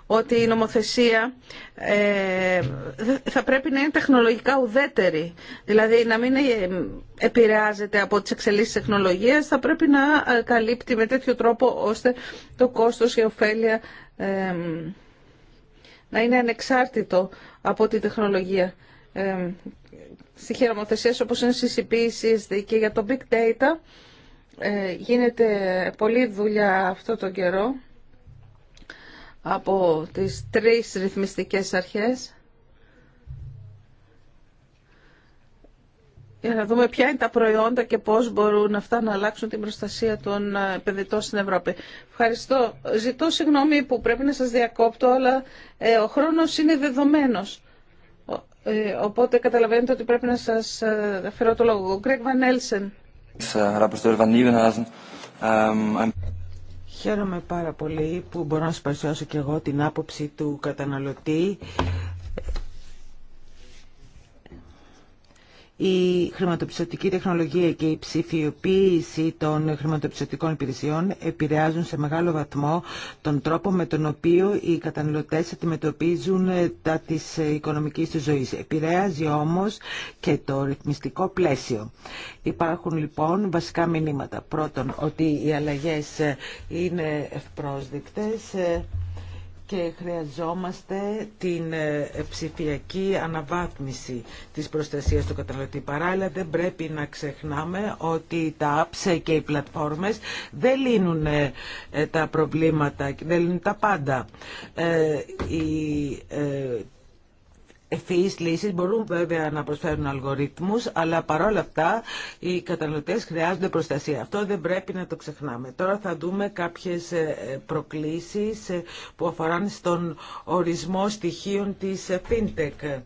B: ότι η νομοθεσία ε, θα πρέπει να είναι τεχνολογικά ουδέτερη. Δηλαδή να μην ε, επηρεάζεται από τις εξελίξεις τεχνολογίας, θα πρέπει να ε, καλύπτει με τέτοιο τρόπο ώστε το κόστος και ωφέλεια να είναι ανεξάρτητο από τη τεχνολογία. Στοιχεία νομοθεσίας όπως είναι CCP, CSD και για το Big Data γίνεται πολλή δουλειά αυτό τον καιρό από τις τρεις ρυθμιστικές αρχές για να δούμε ποια είναι τα προϊόντα και πώς μπορούν αυτά να αλλάξουν την προστασία των ε, παιδιτών στην Ευρώπη. Ευχαριστώ. Ζητώ συγγνώμη που πρέπει να σας διακόπτω, αλλά ε, ο χρόνος είναι δεδομένος. Ε, οπότε καταλαβαίνετε ότι πρέπει να σας αφαιρώ το λόγο. Ο Γκρέκ Βαν Έλσεν.
D: Χαίρομαι πάρα πολύ που μπορώ να σας παρουσιάσω και εγώ την άποψη του καταναλωτή Η χρηματοπιστωτική τεχνολογία και η ψηφιοποίηση των χρηματοπιστωτικών υπηρεσιών επηρεάζουν σε μεγάλο βαθμό τον τρόπο με τον οποίο οι καταναλωτές αντιμετωπίζουν ε, τα της ε, οικονομικής του ζωής. Επηρεάζει όμως και το ρυθμιστικό πλαίσιο. Υπάρχουν λοιπόν βασικά μηνύματα. Πρώτον, ότι οι αλλαγές ε, είναι ευπρόσδεκτες και χρειαζόμαστε την ε, ψηφιακή αναβάθμιση της προστασίας του καταναλωτή. Παράλληλα δεν πρέπει να ξεχνάμε ότι τα apps και οι πλατφόρμες δεν λύνουν ε, ε, τα προβλήματα, δεν λύνουν τα πάντα. Η Εφεί λύσει Μπορούν βέβαια να προσφέρουν αλγορίθμου, αλλά παρόλα αυτά οι καταναλωτέ χρειάζονται προστασία. Αυτό δεν πρέπει να το ξεχνάμε. Τώρα θα δούμε κάποιε ε, προκλήσεις ε, που αφορούν στον ορισμό στοιχείων της ε, FinTech.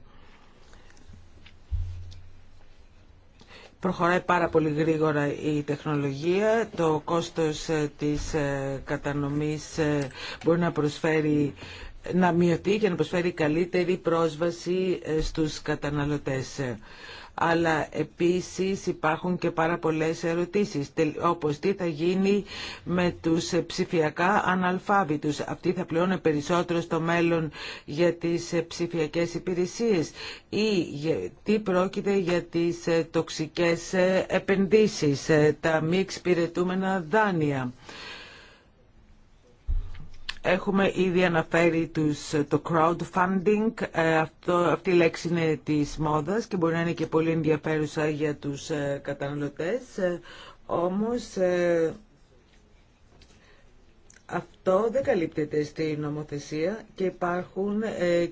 D: Προχωράει πάρα πολύ γρήγορα η τεχνολογία. Το κόστος της κατανομής μπορεί να προσφέρει να μειωθεί και να προσφέρει καλύτερη πρόσβαση ε, στους καταναλωτές. Αλλά επίσης υπάρχουν και πάρα πολλές ερωτήσεις, όπως τι θα γίνει με τους ε, ψηφιακά αναλφάβητους. Αυτοί θα πληρώνουν περισσότερο στο μέλλον για τις ε, ψηφιακές υπηρεσίες ή τι πρόκειται για τις τοξικές επενδύσεις, τα μη εξυπηρετούμενα δάνεια. Έχουμε ήδη αναφέρει τους, το crowdfunding, ε, αυτό, αυτή η λέξη είναι της μόδας και μπορεί να είναι και πολύ ενδιαφέρουσα για τους ε, καταναλωτές, ε, όμως αυτό δεν καλύπτεται στην νομοθεσία και υπάρχουν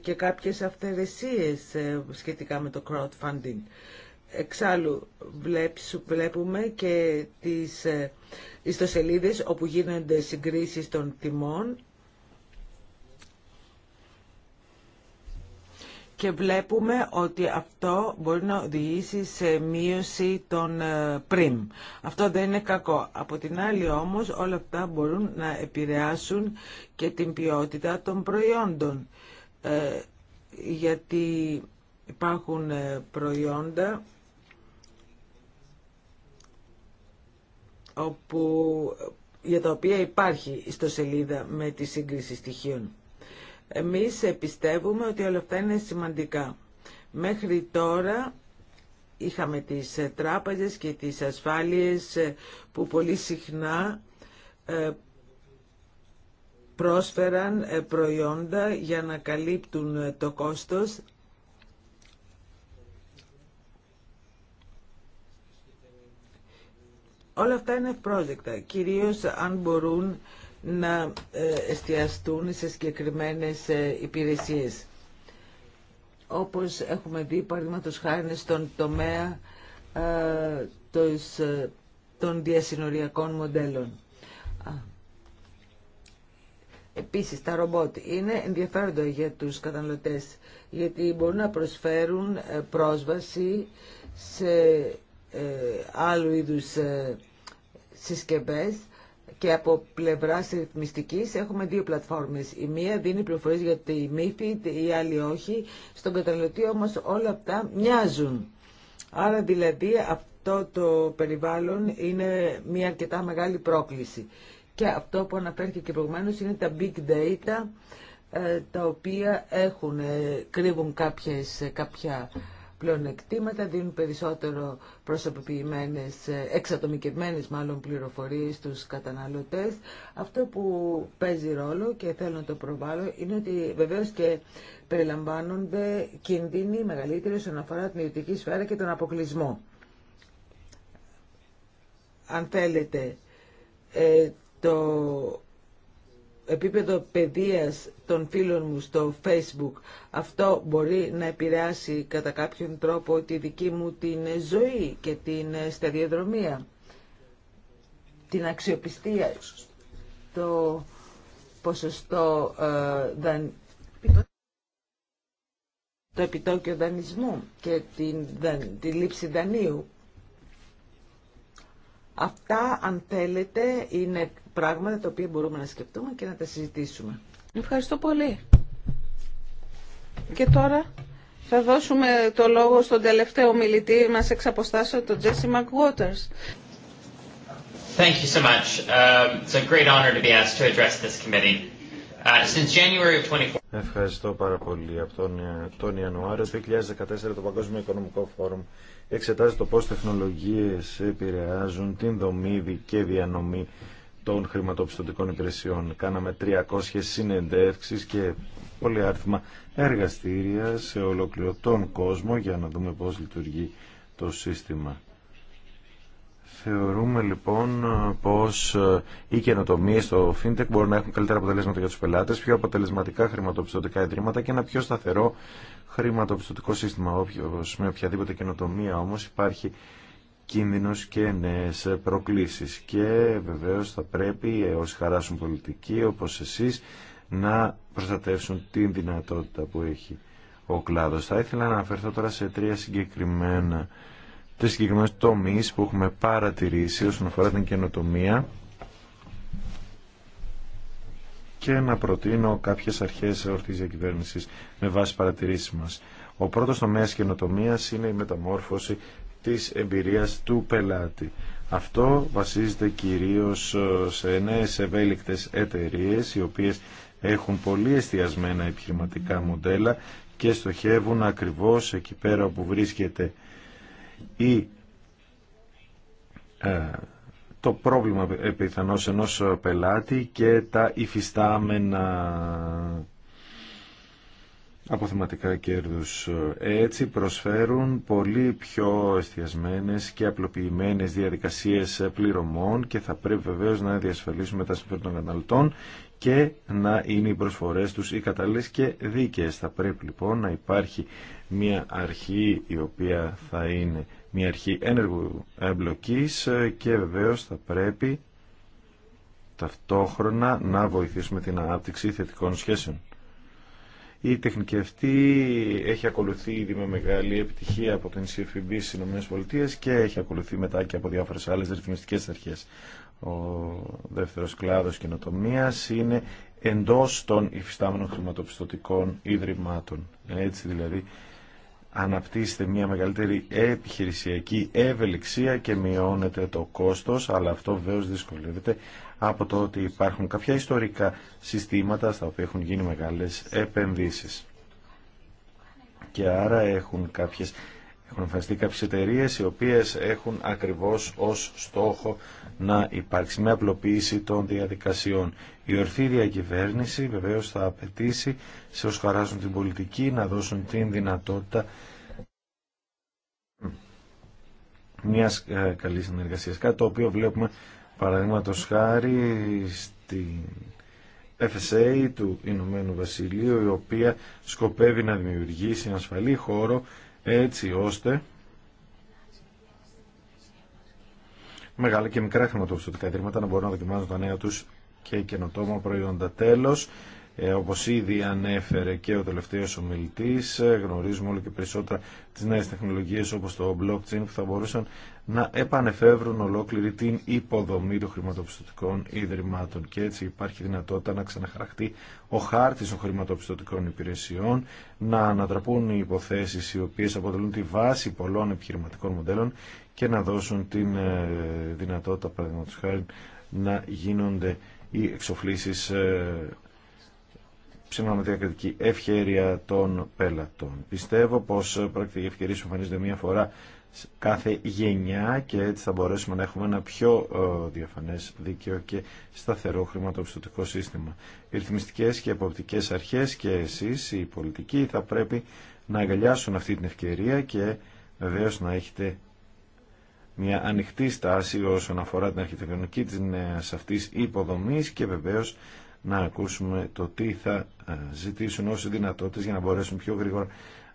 D: και κάποιες αυθαιρεσίες σχετικά με το crowdfunding. Εξάλλου βλέπουμε και τις ιστοσελίδες όπου γίνονται συγκρίσεις των τιμών και βλέπουμε ότι αυτό μπορεί να οδηγήσει σε μείωση των ε, πριμ. Αυτό δεν είναι κακό. Από την άλλη όμως όλα αυτά μπορούν να επηρεάσουν και την ποιότητα των προϊόντων. Ε, γιατί υπάρχουν ε, προϊόντα όπου, για τα οποία υπάρχει ιστοσελίδα με τη σύγκριση στοιχείων. Εμείς πιστεύουμε ότι όλα αυτά είναι σημαντικά. Μέχρι τώρα είχαμε τις ε, τράπεζες και τις ασφάλειες ε, που πολύ συχνά ε, πρόσφεραν προϊόντα για να καλύπτουν το κόστος Όλα αυτά είναι ευπρόζεκτα, κυρίως αν μπορούν να ε, εστιαστούν σε συγκεκριμένες ε, υπηρεσίες. Όπως έχουμε δει, παραδείγματο χάρη στον τομέα ε, των διασυνοριακών μοντέλων. Επίσης, τα ρομπότ είναι ενδιαφέροντα για τους καταναλωτές, γιατί μπορούν να προσφέρουν πρόσβαση σε άλλου είδους συσκευές, και από πλευρά ρυθμιστική έχουμε δύο πλατφόρμες. Η μία δίνει πληροφορίε για τη μύφη, η άλλη όχι. Στον καταναλωτή όμω όλα αυτά μοιάζουν. Άρα δηλαδή αυτό το περιβάλλον είναι μια αρκετά μεγάλη πρόκληση. Και αυτό που αναφέρθηκε και προηγουμένω είναι τα big data ε, τα οποία έχουν, ε, κρύβουν κάποιες, ε, κάποια πλεονεκτήματα, δίνουν περισσότερο προσωποποιημένες, ε, εξατομικευμένες μάλλον πληροφορίες στους καταναλωτές. Αυτό που παίζει ρόλο και θέλω να το προβάλλω είναι ότι βεβαίως και περιλαμβάνονται κινδύνοι μεγαλύτεροι όσον αφορά την ιδιωτική σφαίρα και τον αποκλεισμό. Αν θέλετε, ε, το επίπεδο παιδείας των φίλων μου στο facebook αυτό μπορεί να επηρεάσει κατά κάποιον τρόπο τη δική μου την ζωή και την σταδιοδρομία την αξιοπιστία το ποσοστό ε, το επιτόκιο δανεισμού και την, τη λήψη δανείου Αυτά, αν θέλετε, είναι πράγματα τα οποία μπορούμε να σκεφτούμε και να τα
B: συζητήσουμε. Ευχαριστώ πολύ. Και τώρα θα δώσουμε το λόγο στον τελευταίο μιλητή μας εξ αποστάσεων, τον Τζέσι McWaters.
C: Thank you so much. Um, it's a great honor to be asked to address this committee. Uh,
A: Ευχαριστώ πάρα πολύ. Από τον, τον Ιανουάριο του 2014 το Παγκόσμιο Οικονομικό Φόρουμ εξετάζει το πώς τεχνολογίες επηρεάζουν την δομή και διανομή των χρηματοπιστωτικών υπηρεσιών. Κάναμε 300 συνεντεύξεις και πολύ άριθμα εργαστήρια σε ολοκληρωτόν κόσμο για να δούμε πώς λειτουργεί το σύστημα. Θεωρούμε λοιπόν πως ε, οι καινοτομίε στο FinTech μπορούν να έχουν καλύτερα αποτελέσματα για τους πελάτες, πιο αποτελεσματικά χρηματοπιστωτικά ιδρύματα και ένα πιο σταθερό χρηματοπιστωτικό σύστημα. Όποιος, με οποιαδήποτε καινοτομία όμως υπάρχει κίνδυνος και νέες προκλήσεις. Και βεβαίως θα πρέπει ε, όσοι χαράσουν πολιτική όπως εσείς να προστατεύσουν την δυνατότητα που έχει ο κλάδος. Θα ήθελα να αναφερθώ τώρα σε τρία συγκεκριμένα τις συγκεκριμένες τομείς που έχουμε παρατηρήσει όσον αφορά την καινοτομία και να προτείνω κάποιες αρχές ορθής διακυβέρνησης με βάση παρατηρήσεις μας. Ο πρώτος τομέας καινοτομίας είναι η μεταμόρφωση της εμπειρίας του πελάτη. Αυτό βασίζεται κυρίως ε, σε νέες ευέλικτες εταιρείε, οι οποίες έχουν πολύ εστιασμένα επιχειρηματικά μοντέλα και στοχεύουν ακριβώς εκεί πέρα όπου βρίσκεται ή ε, το πρόβλημα πιθανώς ενός πελάτη και τα υφιστάμενα αποθεματικά κέρδους. Έτσι προσφέρουν πολύ πιο εστιασμένες και απλοποιημένες διαδικασίες πληρωμών και θα πρέπει βεβαίως να διασφαλίσουμε τα συμφέροντα των καταναλωτών και να είναι οι προσφορές τους οι κατάλληλες και δίκαιες. Θα πρέπει λοιπόν να υπάρχει μια αρχή η οποία θα είναι μια αρχή ένεργου εμπλοκής και βεβαίως θα πρέπει ταυτόχρονα να βοηθήσουμε την ανάπτυξη θετικών σχέσεων. Η τεχνική αυτή έχει ακολουθεί ήδη με μεγάλη επιτυχία από την CFB στι ΗΠΑ και έχει ακολουθεί μετά και από διάφορε άλλε ρυθμιστικέ αρχέ. Ο δεύτερο κλάδο καινοτομία είναι εντό των υφιστάμενων χρηματοπιστωτικών ιδρυμάτων. Έτσι δηλαδή αναπτύσσεται μια μεγαλύτερη επιχειρησιακή ευελιξία και μειώνεται το κόστος, αλλά αυτό βέβαια δυσκολεύεται από το ότι υπάρχουν κάποια ιστορικά συστήματα στα οποία έχουν γίνει μεγάλες επενδύσεις. Και άρα έχουν κάποιες έχουν εμφανιστεί κάποιες εταιρείε οι οποίες έχουν ακριβώς ως στόχο να υπάρξει μια απλοποίηση των διαδικασιών. Η ορθή διακυβέρνηση βεβαίω θα απαιτήσει σε όσου χαράζουν την πολιτική να δώσουν την δυνατότητα μια ε, καλή συνεργασία. Κάτι το οποίο βλέπουμε παραδείγματο χάρη στην FSA του Ηνωμένου Βασιλείου η οποία σκοπεύει να δημιουργήσει ένα ασφαλή χώρο έτσι ώστε μεγάλα και μικρά χρηματοπιστωτικά ιδρύματα να μπορούν να δοκιμάζουν τα νέα τους και καινοτόμα προϊόντα. Τέλος, ε, όπως ήδη ανέφερε και ο τελευταίος ομιλητής, ε, γνωρίζουμε όλο και περισσότερα τις νέες τεχνολογίες όπως το blockchain που θα μπορούσαν να επανεφεύρουν ολόκληρη την υποδομή των χρηματοπιστωτικών ιδρυμάτων και έτσι υπάρχει δυνατότητα να ξαναχαραχτεί ο χάρτης των χρηματοπιστωτικών υπηρεσιών, να ανατραπούν οι υποθέσεις οι οποίες αποτελούν τη βάση πολλών επιχειρηματικών μοντέλων και να δώσουν την ε, δυνατότητα, παραδείγματος χάρη, να γίνονται οι εξοφλήσεις ε, σύμφωνα με την ευχέρεια των πελατών. Πιστεύω πως πρόκειται για ευκαιρίες εμφανίζονται μία φορά κάθε γενιά και έτσι θα μπορέσουμε να έχουμε ένα πιο ε, διαφανές δίκαιο και σταθερό χρηματοπιστωτικό σύστημα. Οι και εποπτικές αρχές και εσείς οι πολιτικοί θα πρέπει να αγκαλιάσουν αυτή την ευκαιρία και βεβαίω να έχετε μια ανοιχτή στάση όσον αφορά την αρχιτεκτονική της νέας αυτής υποδομής και βεβαίως να ακούσουμε το τι θα ε, ζητήσουν όσοι δυνατότητες για να μπορέσουν πιο γρήγορα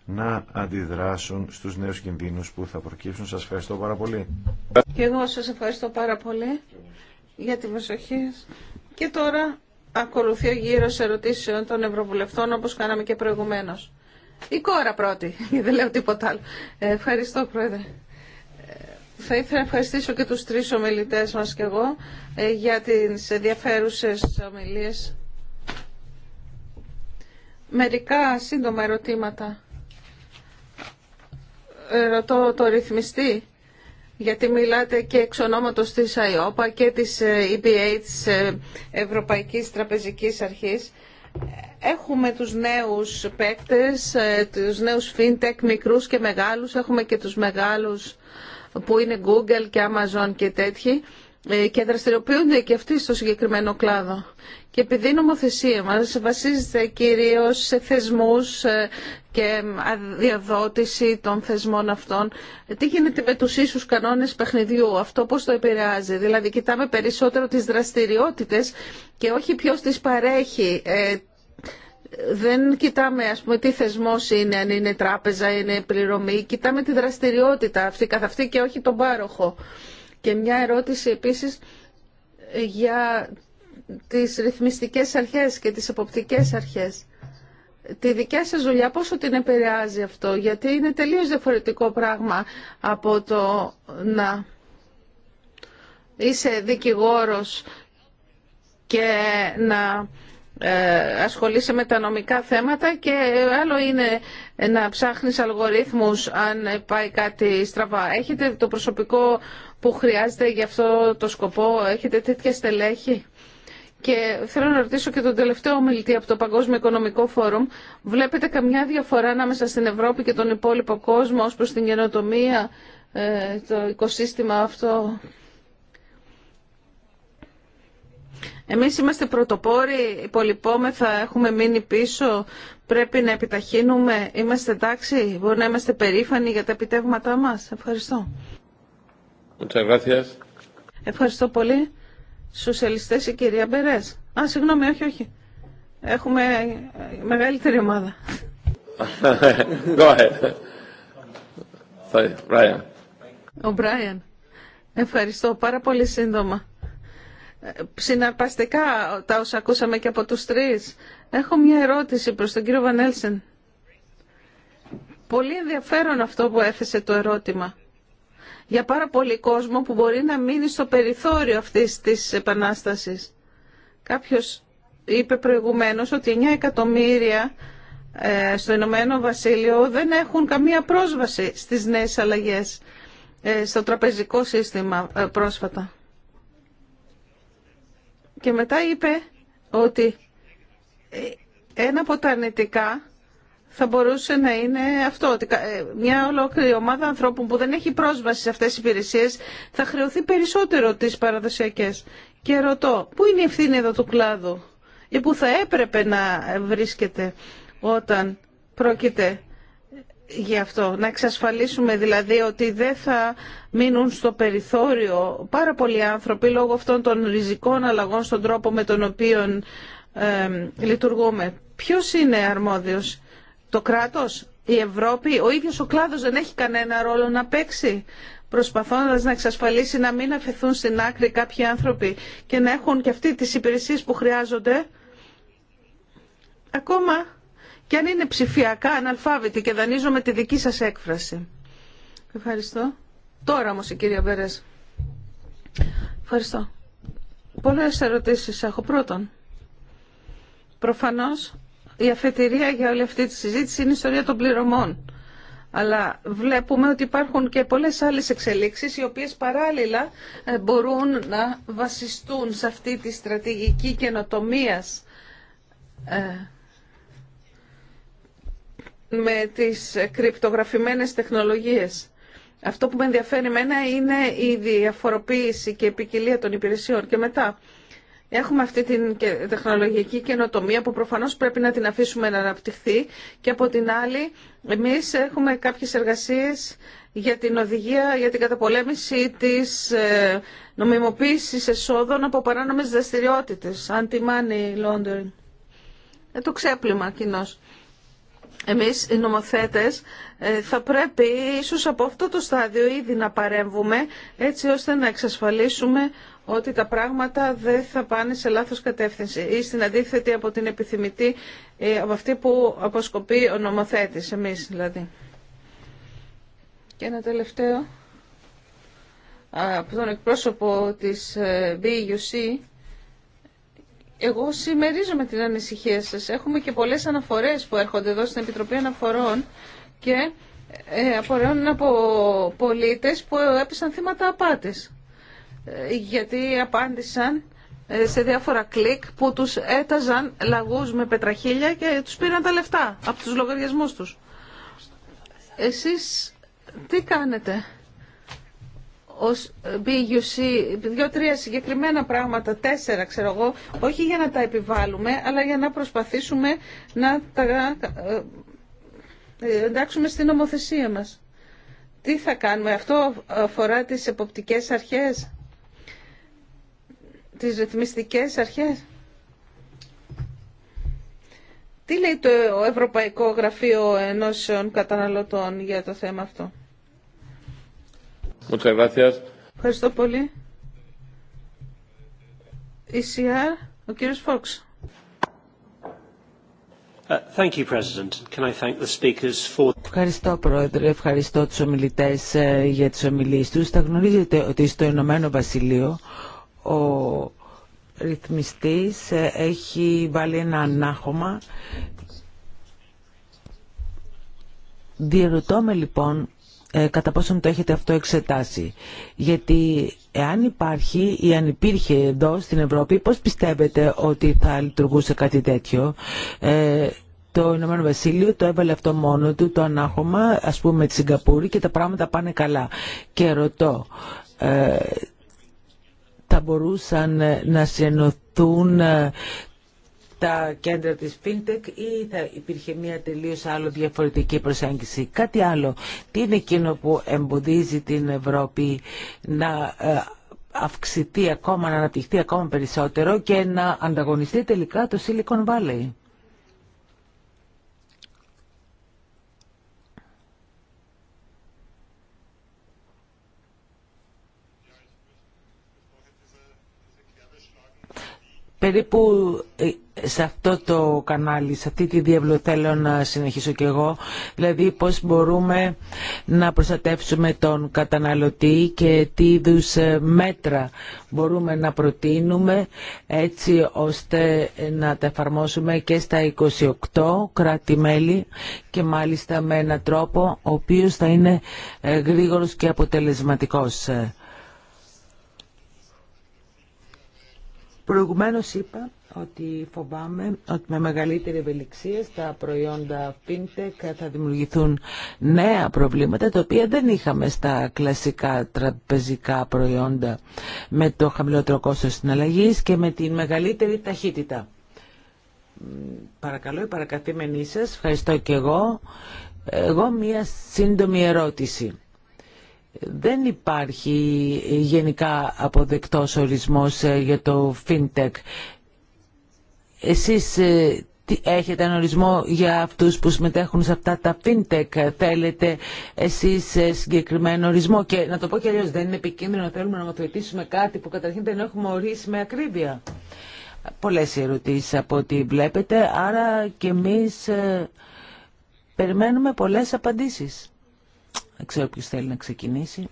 A: να αντιδράσουν στους νέους κινδύνους που θα προκύψουν. Σας ευχαριστώ πάρα πολύ.
B: Και εγώ σας ευχαριστώ πάρα πολύ για τη προσοχή. Και τώρα ακολουθεί ο γύρος ερωτήσεων των Ευρωβουλευτών όπως κάναμε και προηγουμένως. Η κόρα πρώτη, δεν λέω τίποτα άλλο. Ε, ευχαριστώ Πρόεδρε. Θα ήθελα να ευχαριστήσω και τους τρεις ομιλητές μας και εγώ ε, για τις ενδιαφέρουσες ομιλίες. Μερικά σύντομα ερωτήματα. Ρωτώ το ρυθμιστή, γιατί μιλάτε και εξ ονόματος της ΑΙΟΠΑ και της ε, EBA, της ε, Ευρωπαϊκής Τραπεζικής Αρχής. Έχουμε τους νέους παίκτες, τους νέους fintech, μικρούς και μεγάλους. Έχουμε και τους μεγάλους που είναι Google και Amazon και τέτοιοι ε, και δραστηριοποιούνται και αυτοί στο συγκεκριμένο κλάδο. Και επειδή η νομοθεσία μας βασίζεται κυρίως σε θεσμούς ε, και ε, διαδότηση των θεσμών αυτών, τι γίνεται με τους ίσους κανόνες παιχνιδιού, αυτό πώς το επηρεάζει. Δηλαδή κοιτάμε περισσότερο τις δραστηριότητες και όχι ποιος τις παρέχει δεν κοιτάμε ας πούμε, τι θεσμός είναι, αν είναι τράπεζα, είναι πληρωμή. Κοιτάμε τη δραστηριότητα αυτή καθ' αυτή και όχι τον πάροχο. Και μια ερώτηση επίσης για τις ρυθμιστικές αρχές και τις εποπτικές αρχές. Τη δικιά σας δουλειά πόσο την επηρεάζει αυτό, γιατί είναι τελείως διαφορετικό πράγμα από το να είσαι δικηγόρος και να ε, ασχολείσαι με τα νομικά θέματα και άλλο είναι να ψάχνεις αλγορίθμους αν πάει κάτι στραβά. Έχετε το προσωπικό που χρειάζεται για αυτό το σκοπό, έχετε τέτοια στελέχη. Και θέλω να ρωτήσω και τον τελευταίο ομιλητή από το Παγκόσμιο Οικονομικό Φόρουμ. Βλέπετε καμιά διαφορά ανάμεσα στην Ευρώπη και τον υπόλοιπο κόσμο ως προς την καινοτομία, ε, το οικοσύστημα αυτό εμείς είμαστε πρωτοπόροι, υπολοιπόμεθα, έχουμε μείνει πίσω, πρέπει να επιταχύνουμε, είμαστε εντάξει, μπορεί να είμαστε περήφανοι για τα επιτεύγματά μας. Ευχαριστώ. Ευχαριστώ πολύ. Σοσιαλιστές η κυρία Μπερές. Α, συγγνώμη, όχι, όχι. Έχουμε μεγαλύτερη ομάδα. Ο Μπράιαν. Ευχαριστώ πάρα πολύ σύντομα συναρπαστικά τα όσα ακούσαμε και από τους τρεις. Έχω μια ερώτηση προς τον κύριο Βανέλσεν. Πολύ ενδιαφέρον αυτό που έθεσε το ερώτημα. Για πάρα πολύ κόσμο που μπορεί να μείνει στο περιθώριο αυτής της επανάστασης. Κάποιος είπε προηγουμένως ότι 9 εκατομμύρια ε, στο Ηνωμένο Βασίλειο δεν έχουν καμία πρόσβαση στις νέες αλλαγές ε, στο τραπεζικό σύστημα ε, πρόσφατα. Και μετά είπε ότι ένα από τα αρνητικά θα μπορούσε να είναι αυτό, ότι ε, μια ολόκληρη ομάδα ανθρώπων που δεν έχει πρόσβαση σε αυτές τις υπηρεσίες θα χρεωθεί περισσότερο τις παραδοσιακές. Και ρωτώ, πού είναι η ευθύνη εδώ του κλάδου ή που θα έπρεπε να βρίσκεται όταν πρόκειται Γι' αυτό. Να εξασφαλίσουμε δηλαδή ότι δεν θα μείνουν στο περιθώριο πάρα πολλοί άνθρωποι λόγω αυτών των ριζικών αλλαγών στον τρόπο με τον οποίο λειτουργούμε. Ποιος είναι αρμόδιος, το κράτος, η Ευρώπη, ο ίδιος ο κλάδος δεν έχει κανένα ρόλο να παίξει προσπαθώντας να εξασφαλίσει να μην αφαιθούν στην άκρη κάποιοι άνθρωποι και να έχουν και αυτοί τις υπηρεσίες που χρειάζονται. Ακόμα και αν είναι ψηφιακά αναλφάβητη και δανείζομαι τη δική σας έκφραση. Ευχαριστώ. Τώρα όμως η κυρία Μπερές. Ευχαριστώ. Πολλές ερωτήσεις έχω. Πρώτον, προφανώς η αφετηρία για όλη αυτή τη συζήτηση είναι η ιστορία των πληρωμών. Αλλά βλέπουμε ότι υπάρχουν και πολλές άλλες εξελίξεις οι οποίες παράλληλα ε, μπορούν να βασιστούν σε αυτή τη στρατηγική καινοτομίας ε, με τις κρυπτογραφημένες τεχνολογίες. Αυτό που με ενδιαφέρει μένα είναι η διαφοροποίηση και η ποικιλία των υπηρεσιών. Και μετά έχουμε αυτή την τεχνολογική καινοτομία που προφανώς πρέπει να την αφήσουμε να αναπτυχθεί και από την άλλη εμείς έχουμε κάποιες εργασίες για την οδηγία για την καταπολέμηση της ε, νομιμοποίησης εσόδων από παράνομες δραστηριότητες, anti-money laundering, ε, το ξέπλυμα κοινώς εμείς οι νομοθέτες ε, θα πρέπει ίσως από αυτό το στάδιο ήδη να παρέμβουμε έτσι ώστε να εξασφαλίσουμε ότι τα πράγματα δεν θα πάνε σε λάθος κατεύθυνση ή στην αντίθετη από την επιθυμητή, ε, από αυτή που αποσκοπεί ο νομοθέτης, εμείς δηλαδή. Και ένα τελευταίο από τον εκπρόσωπο της ε, BUC εγώ συμμερίζομαι την ανησυχία σας. Έχουμε και πολλές αναφορές που έρχονται εδώ στην Επιτροπή Αναφορών και ε, απορρέουν από πολίτες που έπεσαν θύματα απάτης. Ε, γιατί απάντησαν ε, σε διάφορα κλικ που τους έταζαν λαγούς με πετραχίλια και τους πήραν τα λεφτά από τους λογαριασμούς τους. Εσείς τι κάνετε ως BUC δύο-τρία συγκεκριμένα πράγματα, τέσσερα ξέρω εγώ, όχι για να τα επιβάλλουμε, αλλά για να προσπαθήσουμε να τα ε, ε, εντάξουμε στην νομοθεσία μας. Τι θα κάνουμε, αυτό αφορά τις εποπτικές αρχές, τις ρυθμιστικές αρχές. Τι λέει το Ευρωπαϊκό Γραφείο Ενώσεων Καταναλωτών για το θέμα αυτό. Ευχαριστώ πολύ. ECR, ο κύριος Φόξ.
C: Uh, thank you, President. Can I thank the speakers for...
D: Ευχαριστώ Πρόεδρε, ευχαριστώ τους ομιλητές ε, για τις ομιλίες τους. Θα γνωρίζετε ότι στο Ηνωμένο Βασιλείο ο ρυθμιστής ε, έχει βάλει ένα ανάχωμα. Διερωτώ με λοιπόν ε, κατά πόσο το έχετε αυτό εξετάσει. Γιατί εάν υπάρχει ή αν υπήρχε εδώ στην Ευρώπη, πώς πιστεύετε ότι θα λειτουργούσε κάτι τέτοιο. Ε, το Ηνωμένο Βασίλειο το έβαλε αυτό μόνο του, το ανάχωμα, ας πούμε, τη Σιγκαπούρη και τα πράγματα πάνε καλά. Και ρωτώ, ε, θα μπορούσαν να συνενωθούν τα κέντρα της FinTech ή θα υπήρχε μια τελείως άλλο διαφορετική προσέγγιση. Κάτι άλλο. Τι είναι εκείνο που εμποδίζει την Ευρώπη να ε, αυξηθεί ακόμα, να αναπτυχθεί ακόμα περισσότερο και να ανταγωνιστεί τελικά το Silicon Valley. Περίπου ε, σε αυτό το κανάλι, σε αυτή τη διεύλο θέλω να συνεχίσω και εγώ, δηλαδή πώς μπορούμε να προστατεύσουμε τον καταναλωτή και τι είδου ε, μέτρα μπορούμε να προτείνουμε έτσι ώστε να τα εφαρμόσουμε και στα 28 κράτη-μέλη και μάλιστα με έναν τρόπο ο οποίος θα είναι ε, γρήγορος και αποτελεσματικός. Προηγουμένως είπα ότι φοβάμαι ότι με μεγαλύτερη ευελιξία στα προϊόντα fintech θα δημιουργηθούν νέα προβλήματα τα οποία δεν είχαμε στα κλασικά τραπεζικά προϊόντα με το χαμηλότερο κόστος συναλλαγής και με τη μεγαλύτερη ταχύτητα. Παρακαλώ, οι παρακαθήμενοι σας, ευχαριστώ και εγώ. Εγώ μία σύντομη ερώτηση δεν υπάρχει γενικά αποδεκτός ορισμός ε, για το FinTech. Εσείς ε, έχετε έναν ορισμό για αυτούς που συμμετέχουν σε αυτά τα FinTech. Θέλετε εσείς ε, συγκεκριμένο ορισμό. Και να το πω και αλλιώς, δεν είναι επικίνδυνο να θέλουμε να μαθητήσουμε κάτι που καταρχήν δεν έχουμε ορίσει με ακρίβεια. Πολλές ερωτήσεις από ό,τι βλέπετε, άρα και εμείς περιμένουμε πολλές απαντήσεις. Δεν ξέρω ποιος θέλει να ξεκινήσει.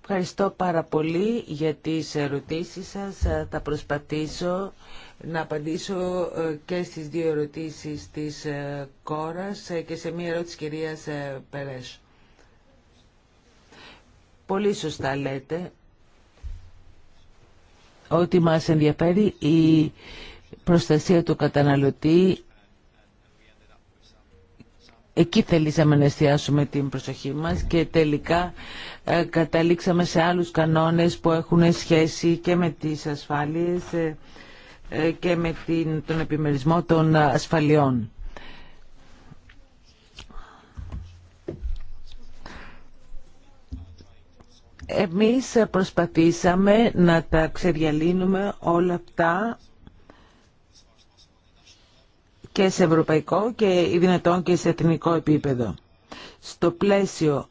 D: Ευχαριστώ πάρα πολύ για τις ερωτήσεις σας. Θα προσπαθήσω να απαντήσω ε, και στις δύο ερωτήσεις της ε, κόρας ε, και σε μία ερώτηση κυρίας Περές. Πολύ σωστά λέτε ότι μας ενδιαφέρει η προστασία του καταναλωτή Εκεί θέλησαμε να εστιάσουμε την προσοχή μας και τελικά ε, καταλήξαμε σε άλλους κανόνες που έχουν σχέση και με τις ασφάλειες ε, ε, και με τον επιμερισμό των ασφαλιών. Εμείς προσπαθήσαμε να τα ξεδιαλύνουμε όλα αυτά και σε ευρωπαϊκό και δυνατόν και σε εθνικό επίπεδο. Στο πλαίσιο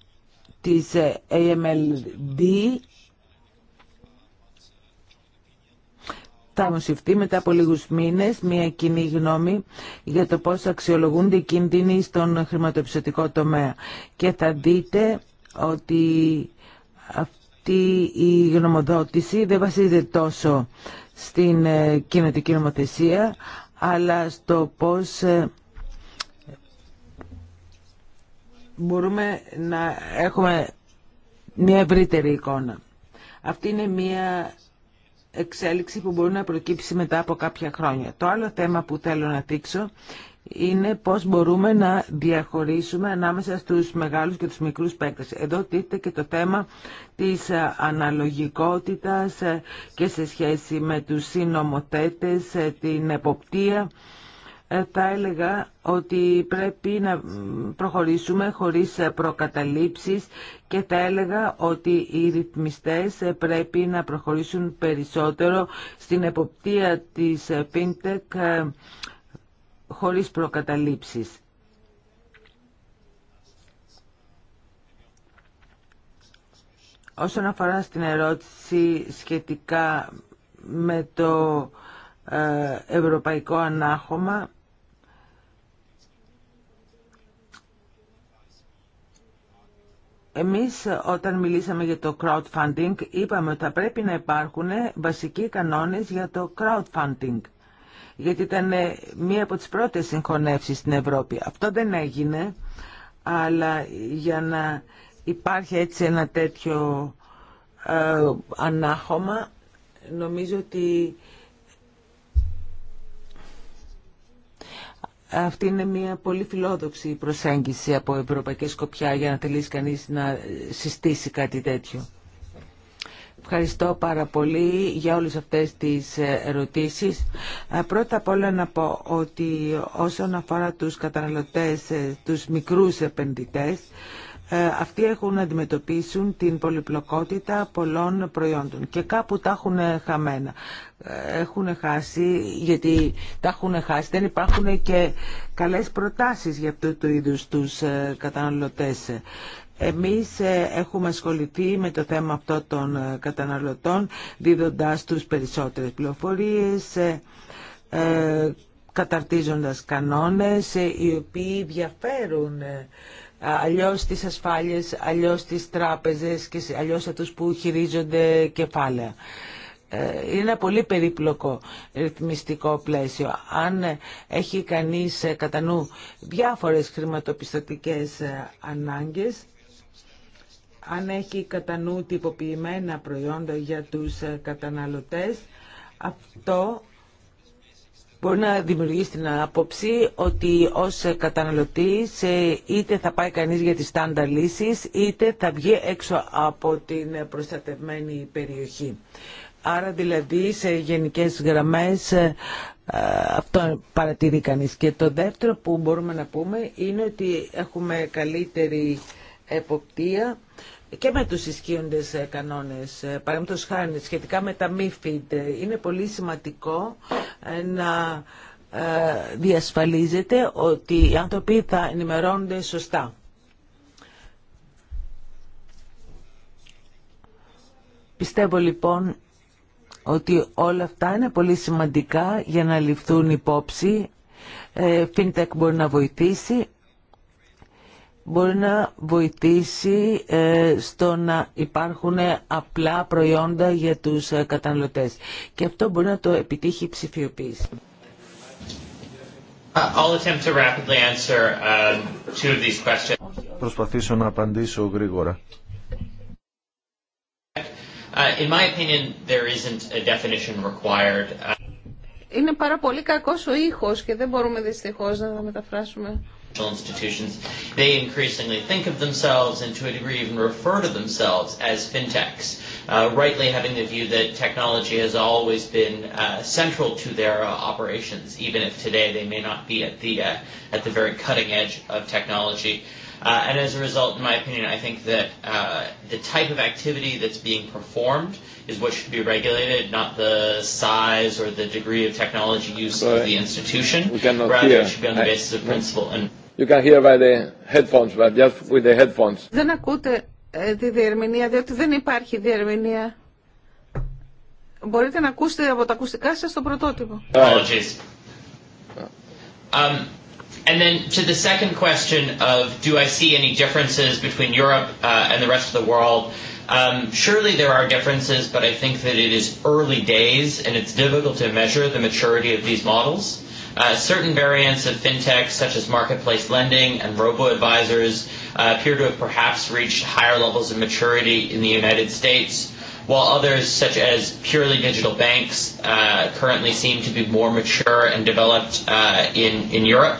D: της ε, AMLD θα συμφθεί μετά από λίγους μήνες μια κοινή γνώμη για το πώς αξιολογούνται οι κίνδυνοι στον χρηματοπιστωτικό τομέα. Και θα δείτε ότι αυτή η γνωμοδότηση δεν βασίζεται τόσο στην ε, κοινωτική νομοθεσία, αλλά στο πώς ε, μπορούμε να έχουμε μια ευρύτερη εικόνα. Αυτή είναι μια εξέλιξη που μπορεί να προκύψει μετά από κάποια χρόνια. Το άλλο θέμα που θέλω να δείξω είναι πώς μπορούμε να διαχωρίσουμε ανάμεσα στους μεγάλους και τους μικρούς παίκτες. Εδώ τίθεται και το θέμα της ε, αναλογικότητας ε, και σε σχέση με τους συνομοθέτες, ε, την εποπτεία. Θα έλεγα ότι πρέπει να προχωρήσουμε χωρίς προκαταλήψεις και θα έλεγα ότι οι ρυθμιστές πρέπει να προχωρήσουν περισσότερο στην εποπτεία της FinTech χωρίς προκαταλήψεις. Όσον αφορά στην ερώτηση σχετικά με το ε, ευρωπαϊκό ανάχωμα, Εμείς όταν μιλήσαμε για το crowdfunding είπαμε ότι θα πρέπει να υπάρχουν βασικοί κανόνες για το crowdfunding γιατί ήταν ε, μία από τις πρώτες συγχωνεύσεις στην Ευρώπη. Αυτό δεν έγινε, αλλά για να υπάρχει έτσι ένα τέτοιο ε, ανάχωμα, νομίζω ότι Αυτή είναι μια πολύ φιλόδοξη προσέγγιση από ευρωπαϊκή σκοπιά για να θελήσει κανείς να συστήσει κάτι τέτοιο. Ευχαριστώ πάρα πολύ για όλες αυτές τις ερωτήσεις. Ε, πρώτα απ' όλα να πω ότι όσον αφορά τους καταναλωτές, ε, τους μικρούς επενδυτές, ε, αυτοί έχουν να αντιμετωπίσουν την πολυπλοκότητα πολλών προϊόντων και κάπου τα έχουν χαμένα. Έχουν χάσει, γιατί τα έχουν χάσει, δεν υπάρχουν και καλές προτάσεις για αυτού του είδους τους καταναλωτές. Εμείς ε, έχουμε ασχοληθεί με το θέμα αυτό των ε, καταναλωτών δίδοντάς τους περισσότερες πληροφορίες, ε, καταρτίζοντας κανόνες οι οποίοι διαφέρουν αλλιώς τις ασφάλειες, αλλιώς τις τράπεζες και αλλιώς αυτούς που χειρίζονται κεφάλαια. Είναι ένα πολύ περίπλοκο ρυθμιστικό πλαίσιο. Αν έχει κανείς κατά νου διάφορες χρηματοπιστωτικές ανάγκες, αν έχει κατά νου τυποποιημένα προϊόντα για τους ε, καταναλωτές, αυτό μπορεί να δημιουργήσει την άποψη ότι ως ε, καταναλωτής ε, είτε θα πάει κανείς για τις στάντα λύσεις, είτε θα βγει έξω από την προστατευμένη περιοχή. Άρα δηλαδή σε γενικές γραμμές αυτό παρατηρεί κανείς. Και το δεύτερο που μπορούμε να πούμε είναι ότι έχουμε καλύτερη εποπτεία και με τους ισχύοντες ε, κανόνες, ε, παραδείγματος χάρη σχετικά με τα MIFID, ε, είναι πολύ σημαντικό να διασφαλίζεται ότι οι άνθρωποι θα ενημερώνονται σωστά. Πιστεύω λοιπόν ότι όλα αυτά είναι πολύ σημαντικά για να ληφθούν υπόψη. Φίντεκ μπορεί να βοηθήσει μπορεί να βοηθήσει ε, στο να υπάρχουν απλά προϊόντα για τους ε, καταναλωτές. Και αυτό μπορεί να το επιτύχει η ψηφιοποίηση.
C: Uh, um,
A: Προσπαθήσω να απαντήσω γρήγορα.
C: Είναι
B: πάρα πολύ κακός ο ήχος και δεν μπορούμε δυστυχώς να τα μεταφράσουμε
C: institutions, they increasingly think of themselves and to a degree even refer to themselves as fintechs, rightly having the view that technology has always been central to their operations, even if today they may not be at the at the very cutting edge of technology. And as a result, in my opinion, I think that the type of activity that's being performed is what should be regulated, not the size or the degree of technology use of the institution. Rather, it should be on the basis of principle and You can hear by the headphones, but just with the headphones.
B: Δεν ακούτε ε, τη διερμηνία, διότι δεν υπάρχει διερμηνία. Μπορείτε να ακούσετε από τα ακουστικά σας το πρωτότυπο.
C: Apologies. Um, and then to the second question of do I see any differences between Europe and the rest of the world? Um, surely there are differences, but I think that it is early days and it's difficult to measure the maturity of these models. Certain variants of fintech, such as marketplace lending and robo-advisors, appear to have perhaps reached higher levels of maturity in the United States, while others, such as purely digital banks, currently seem to be more mature and developed in Europe.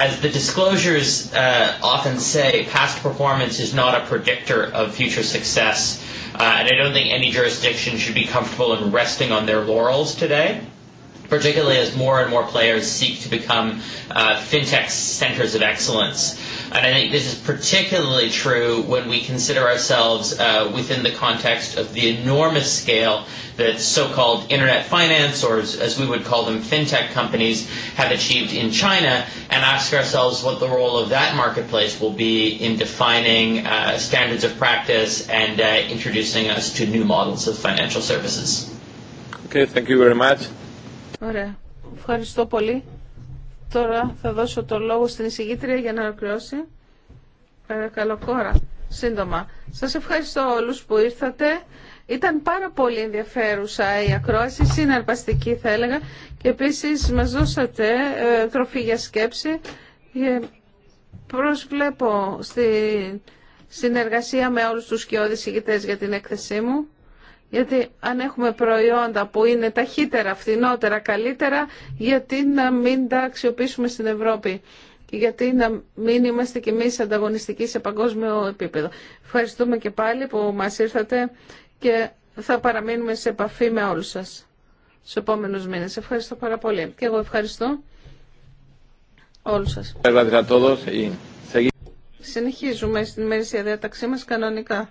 C: As the disclosures often say, past performance is not a predictor of future success, and I don't think any jurisdiction should be comfortable in resting on their laurels today, particularly as more and more players seek to become fintech centers of excellence. And I think this is particularly true when we consider ourselves within the context of the enormous scale that so-called internet finance, or as we would call them, fintech companies, have achieved in China, and ask ourselves what the role of that marketplace will be in defining standards of practice and introducing us to new models of financial services. Okay, thank you very much.
B: Ωραία. Ευχαριστώ Τώρα θα δώσω το λόγο στην εισηγήτρια για να ολοκληρώσει. Παρακαλώ, κόρα. Σύντομα. Σας ευχαριστώ όλους που ήρθατε. Ήταν πάρα πολύ ενδιαφέρουσα η ακρόαση, συναρπαστική θα έλεγα και επίσης μας δώσατε ε, τροφή για σκέψη. Και ε, προσβλέπω στη συνεργασία με όλους τους σκιώδεις ηγητές για την έκθεσή μου. Γιατί αν έχουμε προϊόντα που είναι ταχύτερα, φθηνότερα, καλύτερα, γιατί να μην τα αξιοποιήσουμε στην Ευρώπη και γιατί να μην είμαστε κι εμείς ανταγωνιστικοί σε παγκόσμιο επίπεδο. Ευχαριστούμε και πάλι που μας ήρθατε και θα παραμείνουμε σε επαφή με όλους σας στους επόμενους μήνες. Ευχαριστώ πάρα πολύ. Και εγώ ευχαριστώ όλους σας. Συνεχίζουμε στην ημερήσια διάταξή μας κανονικά.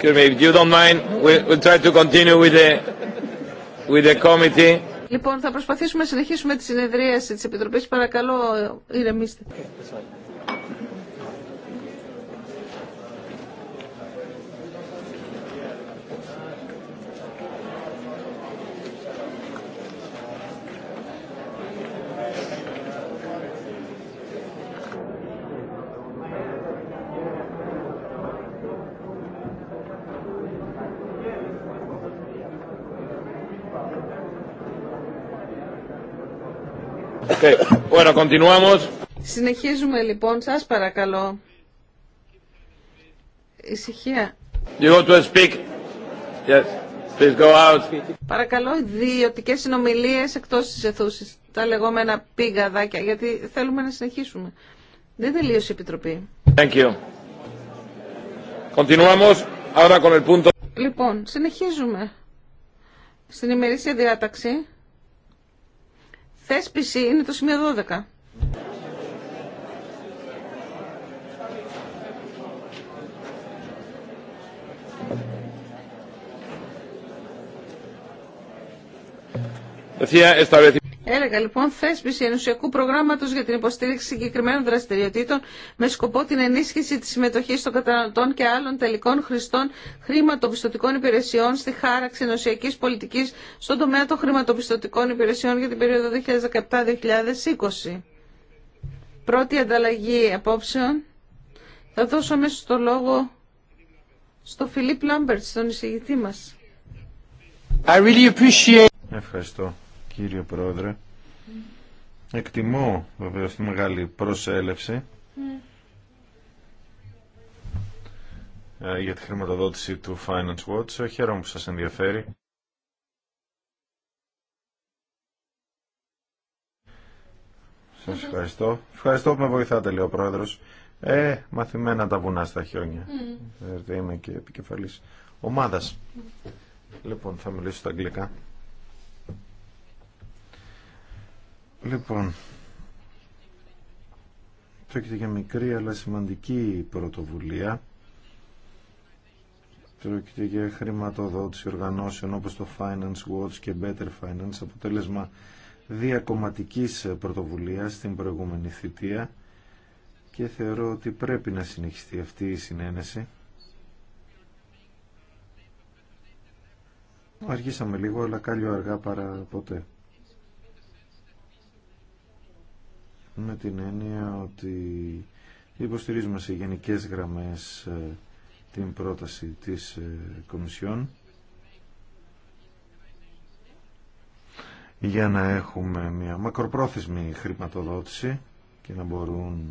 A: Excuse me, if you don't mind, we'll try to continue with the, with the committee.
B: Λοιπόν, θα προσπαθήσουμε να συνεχίσουμε τη συνεδρίαση της Επιτροπής. Παρακαλώ, ηρεμήστε. Okay,
A: Continuamos.
B: Συνεχίζουμε λοιπόν, σας παρακαλώ. Ησυχία. You go to speak. Yes. Please go out. Παρακαλώ, ιδιωτικέ συνομιλίε εκτό τη αιθούση. Τα λεγόμενα πηγαδάκια, γιατί θέλουμε να συνεχίσουμε. Δεν τελείωσε η Επιτροπή.
A: Thank you. Continuamos ahora con el punto.
B: Λοιπόν, συνεχίζουμε. Στην ημερήσια διάταξη θέσπιση είναι το σημείο 12. Έλεγα λοιπόν θέσπιση ενωσιακού προγράμματο για την υποστήριξη συγκεκριμένων δραστηριοτήτων με σκοπό την ενίσχυση τη συμμετοχή των καταναλωτών και άλλων τελικών χρηστών χρηματοπιστωτικών υπηρεσιών στη χάραξη ενωσιακή πολιτική στον τομέα των χρηματοπιστωτικών υπηρεσιών για την περίοδο 2017-2020. Πρώτη ανταλλαγή απόψεων. Θα δώσω αμέσω το λόγο στο Φιλίπ Λάμπερτ, στον εισηγητή μα.
A: Ευχαριστώ κύριε Πρόεδρε. Εκτιμώ βεβαίως τη μεγάλη προσέλευση ε, για τη χρηματοδότηση του Finance Watch. Χαίρομαι που σας ενδιαφέρει. Σας ευχαριστώ. Ευχαριστώ που με βοηθάτε, λέει ο Πρόεδρος. Ε, μαθημένα τα βουνά στα χιόνια. Mm. είμαι και επικεφαλής ομάδας. Λοιπόν, θα μιλήσω στα αγγλικά. Λοιπόν, πρόκειται για μικρή αλλά σημαντική πρωτοβουλία. Πρόκειται για χρηματοδότηση οργανώσεων όπως το Finance Watch και Better Finance, αποτέλεσμα διακομματικής πρωτοβουλίας στην προηγούμενη θητεία και θεωρώ ότι πρέπει να συνεχιστεί αυτή η συνένεση. Αργήσαμε λίγο, αλλά κάλλιο αργά παρά ποτέ. με την έννοια ότι υποστηρίζουμε σε γενικές γραμμές ε, την πρόταση της ε, Κομισιόν για να έχουμε μια μακροπρόθεσμη χρηματοδότηση και να μπορούν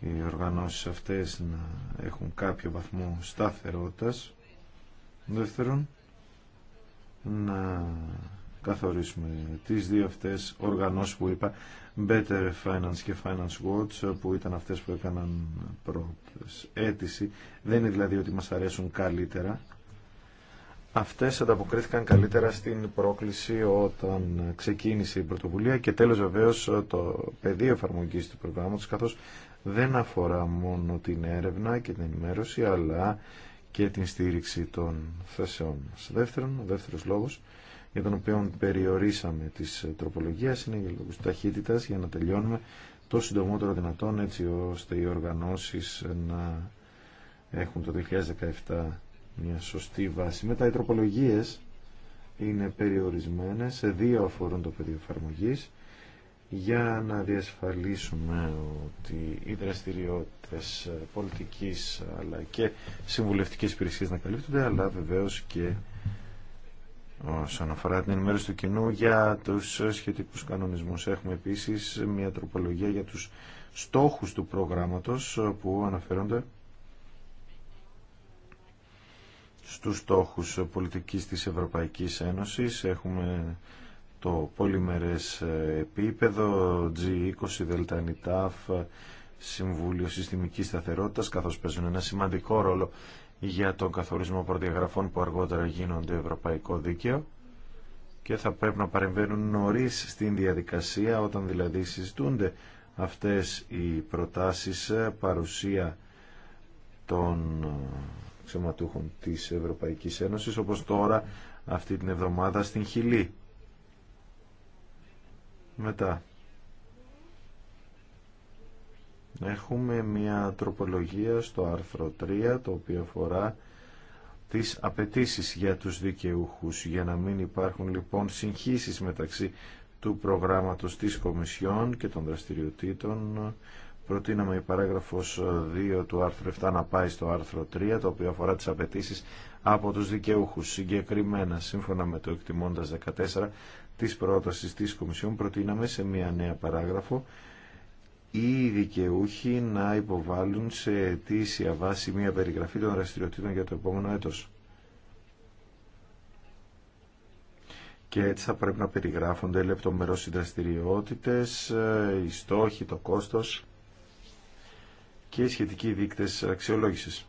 A: οι οργανώσεις αυτές να έχουν κάποιο βαθμό σταθερότητας. Δεύτερον, να καθορίσουμε τις δύο αυτές οργανώσεις που είπα Better Finance και Finance Watch που ήταν αυτές που έκαναν πρώτες αίτηση δεν είναι δηλαδή ότι μας αρέσουν καλύτερα Αυτές ανταποκρίθηκαν καλύτερα στην πρόκληση όταν ξεκίνησε η πρωτοβουλία και τέλος βεβαίως το πεδίο εφαρμογής του προγράμματος καθώς δεν αφορά μόνο την έρευνα και την ενημέρωση αλλά και την στήριξη των θέσεών μας. Δεύτερον, ο δεύτερος λόγος για τον οποίο περιορίσαμε τις τροπολογία είναι για λόγους ταχύτητας για να τελειώνουμε το συντομότερο δυνατόν έτσι ώστε οι οργανώσεις να έχουν το 2017 μια σωστή βάση. Μετά οι τροπολογίες είναι περιορισμένες, σε δύο αφορούν το πεδίο εφαρμογή για να διασφαλίσουμε ότι οι δραστηριότητε πολιτικής αλλά και συμβουλευτικής υπηρεσίας να καλύπτονται αλλά βεβαίως και όσον αφορά την ενημέρωση του κοινού για τους σχετικούς κανονισμούς. Έχουμε επίσης μια τροπολογία για τους στόχους του προγράμματος που αναφέρονται στους στόχους πολιτικής της Ευρωπαϊκής Ένωσης. Έχουμε το πολυμερές επίπεδο, G20, ΔΕΛΤΑΝΙΤΑΦ, Συμβούλιο Συστημικής Σταθερότητας, καθώς παίζουν ένα σημαντικό ρόλο για τον καθορισμό προδιαγραφών που αργότερα γίνονται ευρωπαϊκό δίκαιο και θα πρέπει να παρεμβαίνουν νωρί στην διαδικασία όταν δηλαδή συζητούνται αυτές οι προτάσεις ε, παρουσία των ε, ξεματούχων της Ευρωπαϊκής Ένωσης όπως τώρα αυτή την εβδομάδα στην Χιλή. Μετά Έχουμε μια τροπολογία στο άρθρο 3 το οποίο αφορά τις απαιτήσει για τους δικαιούχους για να μην υπάρχουν λοιπόν συγχύσεις μεταξύ του προγράμματος της Κομισιόν και των δραστηριοτήτων προτείναμε η παράγραφος 2 του άρθρου 7 να πάει στο άρθρο 3 το οποίο αφορά τις απαιτήσει από τους δικαιούχους συγκεκριμένα σύμφωνα με το εκτιμώντας 14 της πρότασης της Κομισιόν προτείναμε σε μια νέα παράγραφο οι δικαιούχοι να υποβάλουν σε αιτήσια βάση μια περιγραφή των δραστηριοτήτων για το επόμενο έτος. Και έτσι θα πρέπει να περιγράφονται λεπτομερώς οι δραστηριότητες, οι στόχοι, το κόστος και οι σχετικοί δείκτες αξιολόγησης.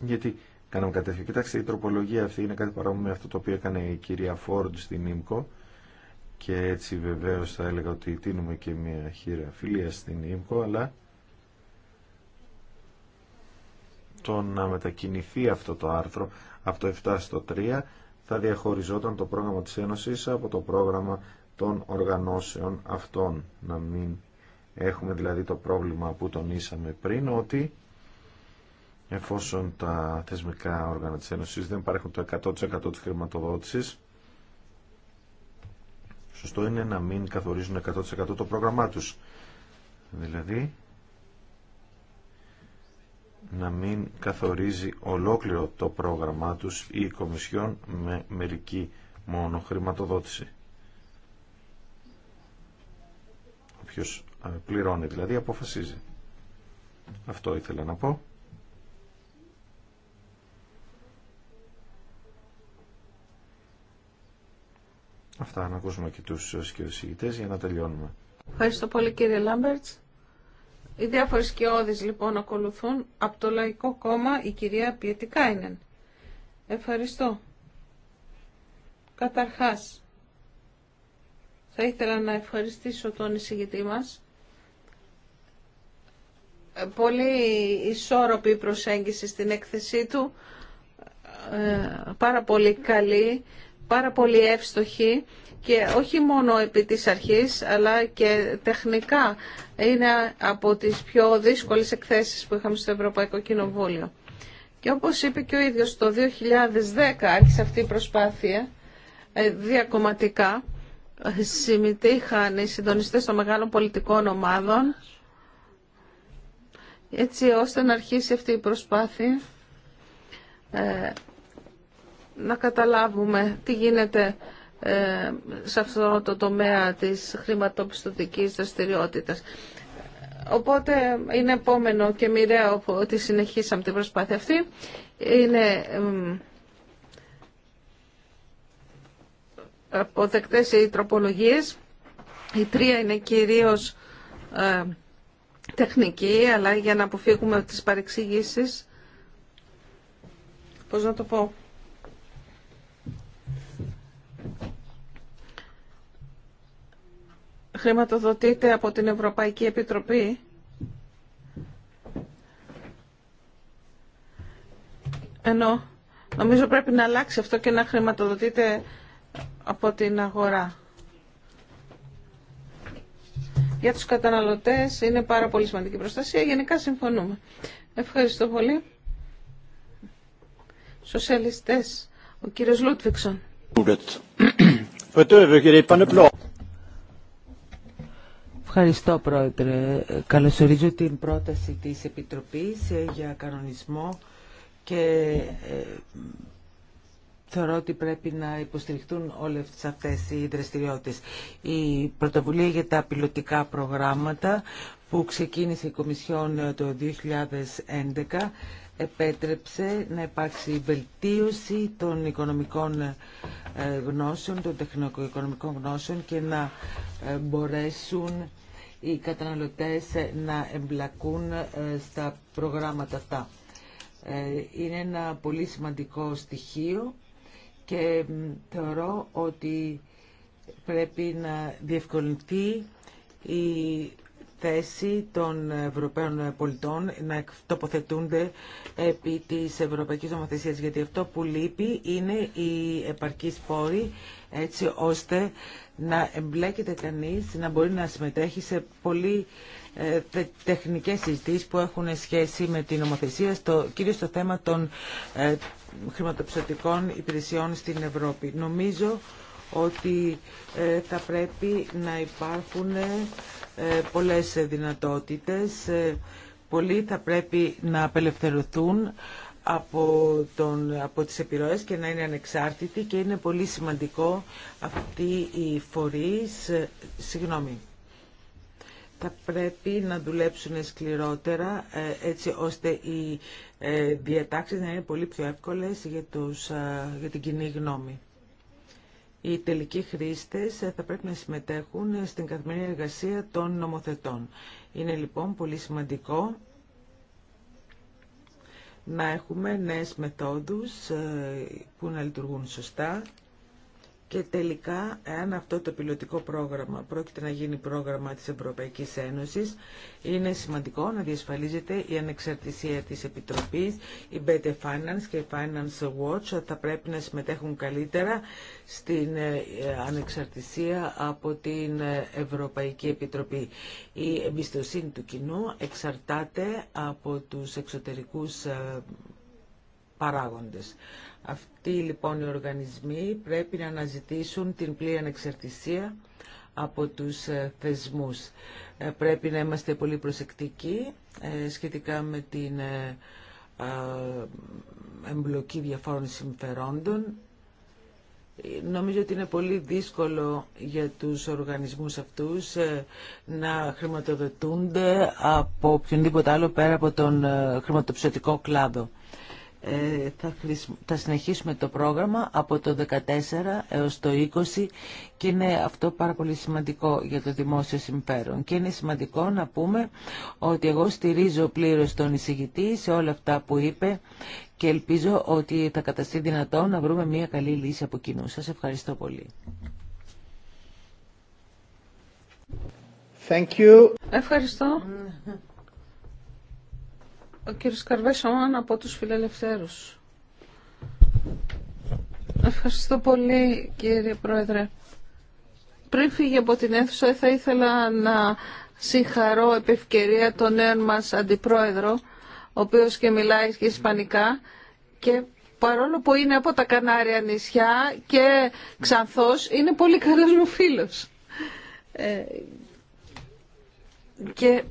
A: Γιατί κάναμε κατεύθυνση. Κοιτάξτε, η τροπολογία αυτή είναι κάτι παρόμοιο με αυτό το οποίο έκανε η κυρία Φόρντ στην ΙΜΚΟ και έτσι βεβαίως θα έλεγα ότι τίνουμε και μια χείρα φιλία στην ΙΜΚΟ αλλά το να μετακινηθεί αυτό το άρθρο από το 7 στο 3 θα διαχωριζόταν το πρόγραμμα της Ένωσης από το πρόγραμμα των οργανώσεων αυτών. Να μην έχουμε δηλαδή το πρόβλημα που τονίσαμε πριν ότι εφόσον τα θεσμικά όργανα της Ένωσης δεν παρέχουν το 100% της χρηματοδότησης σωστό είναι να μην καθορίζουν 100% το πρόγραμμά τους. Δηλαδή, να μην καθορίζει ολόκληρο το πρόγραμμά τους η Κομισιόν με μερική μόνο χρηματοδότηση. Όποιος ε, πληρώνει δηλαδή αποφασίζει. Αυτό ήθελα να πω. Αυτά να ακούσουμε και τους σκιοσυγητές για να τελειώνουμε.
B: Ευχαριστώ πολύ κύριε Λάμπερτς. Οι διάφορε σκιώδεις λοιπόν ακολουθούν. Από το Λαϊκό Κόμμα η κυρία Πιετικάινεν. Ευχαριστώ. Καταρχάς, θα ήθελα να ευχαριστήσω τον εισηγητή μας. Ε, πολύ ισόρροπη προσέγγιση στην έκθεσή του, ε, πάρα πολύ καλή πάρα πολύ εύστοχη και όχι μόνο επί της αρχής αλλά και τεχνικά είναι από τις πιο δύσκολες εκθέσεις που είχαμε στο Ευρωπαϊκό Κοινοβούλιο. Και όπως είπε και ο ίδιος το 2010 άρχισε αυτή η προσπάθεια ε, διακομματικά συμμετείχαν οι συντονιστές των μεγάλων πολιτικών ομάδων έτσι ώστε να αρχίσει αυτή η προσπάθεια ε, να καταλάβουμε τι γίνεται ε, σε αυτό το τομέα της χρηματοπιστωτικής δραστηριότητα. Οπότε είναι επόμενο και μοιραίο ότι συνεχίσαμε την προσπάθεια αυτή. Είναι αποδεκτές οι τροπολογίες. Η τρία είναι κυρίως ε, τεχνική, αλλά για να αποφύγουμε τις παρεξηγήσεις, πώς να το πω, χρηματοδοτείται από την Ευρωπαϊκή Επιτροπή ενώ νομίζω πρέπει να αλλάξει αυτό και να χρηματοδοτείται από την αγορά. Για τους καταναλωτές είναι πάρα πολύ σημαντική προστασία. Γενικά συμφωνούμε. Ευχαριστώ πολύ. Σοσιαλιστές, ο κύριος Λούτβιξον.
D: Ευχαριστώ Πρόεδρε. Καλωσορίζω την πρόταση της Επιτροπής ε, για κανονισμό και ε, θεωρώ ότι πρέπει να υποστηριχτούν όλες αυτές οι δραστηριότητες. Η πρωτοβουλία για τα πιλωτικά προγράμματα που ξεκίνησε η Κομισιόν ε, το 2011 επέτρεψε να υπάρξει βελτίωση των οικονομικών ε, γνώσεων, των τεχνοοικονομικών γνώσεων και να ε, μπορέσουν οι καταναλωτές ε, να εμπλακούν στα προγράμματα αυτά. Είναι ένα πολύ σημαντικό στοιχείο και θεωρώ ότι πρέπει να διευκολυνθεί η θέση των Ευρωπαίων πολιτών να τοποθετούνται επί της Ευρωπαϊκής Νομοθεσίας γιατί αυτό που λείπει είναι η επαρκή πόρη έτσι ώστε να εμπλέκεται κανείς, να μπορεί να συμμετέχει σε πολύ ε, τεχνικές συζητήσεις που έχουν σχέση με την νομοθεσία, στο, κυρίως στο θέμα των ε, χρηματοπιστωτικών υπηρεσιών στην Ευρώπη. Νομίζω ότι ε, θα πρέπει να υπάρχουν ε, ε, πολλές δυνατότητες. Ε, πολλοί θα πρέπει να απελευθερωθούν από, τον, από τις επιρροές και να είναι ανεξάρτητοι και είναι πολύ σημαντικό αυτή η φορείς, ε, συγγνώμη, θα πρέπει να δουλέψουν σκληρότερα έτσι ώστε οι διατάξεις να είναι πολύ πιο εύκολες για, τους, για την κοινή γνώμη οι τελικοί χρήστες θα πρέπει να συμμετέχουν στην καθημερινή εργασία των νομοθετών. Είναι λοιπόν πολύ σημαντικό να έχουμε νέες μεθόδους ε, που να λειτουργούν σωστά και τελικά, αν αυτό το πιλωτικό πρόγραμμα πρόκειται να γίνει πρόγραμμα της Ευρωπαϊκής Ένωσης, είναι σημαντικό να διασφαλίζεται η ανεξαρτησία της Επιτροπής. Η Beta Finance και η Finance Watch θα πρέπει να συμμετέχουν καλύτερα στην ε, ανεξαρτησία από την ε, Ευρωπαϊκή Επιτροπή. Η εμπιστοσύνη του κοινού εξαρτάται από τους εξωτερικούς ε, παράγοντες. Αυτοί λοιπόν οι οργανισμοί πρέπει να αναζητήσουν την πλήρη ανεξαρτησία από τους ε, θεσμούς. Ε, πρέπει να είμαστε πολύ προσεκτικοί ε, σχετικά με την εμπλοκή διαφόρων συμφερόντων. Νομίζω ότι είναι πολύ δύσκολο για τους οργανισμούς αυτούς να χρηματοδοτούνται από οποιονδήποτε άλλο πέρα από τον χρηματοψηφιακό κλάδο. Ε, θα, συνεχίσουμε το πρόγραμμα από το 14 έως το 20 και είναι αυτό πάρα πολύ σημαντικό για το δημόσιο συμφέρον. Και είναι σημαντικό να πούμε ότι εγώ στηρίζω πλήρως τον εισηγητή σε όλα αυτά που είπε και ελπίζω ότι θα καταστεί δυνατό να βρούμε μια καλή λύση από κοινού. Σας ευχαριστώ πολύ.
B: Thank you. Ευχαριστώ. Ο κύριος από τους Φιλελευθέρους. Ευχαριστώ πολύ κύριε Πρόεδρε. Πριν φύγει από την αίθουσα θα ήθελα να συγχαρώ επ' ευκαιρία τον νέο μας αντιπρόεδρο, ο οποίος και μιλάει και ισπανικά και παρόλο που είναι από τα Κανάρια νησιά και ξανθός, είναι πολύ καλός μου φίλος. Ε, και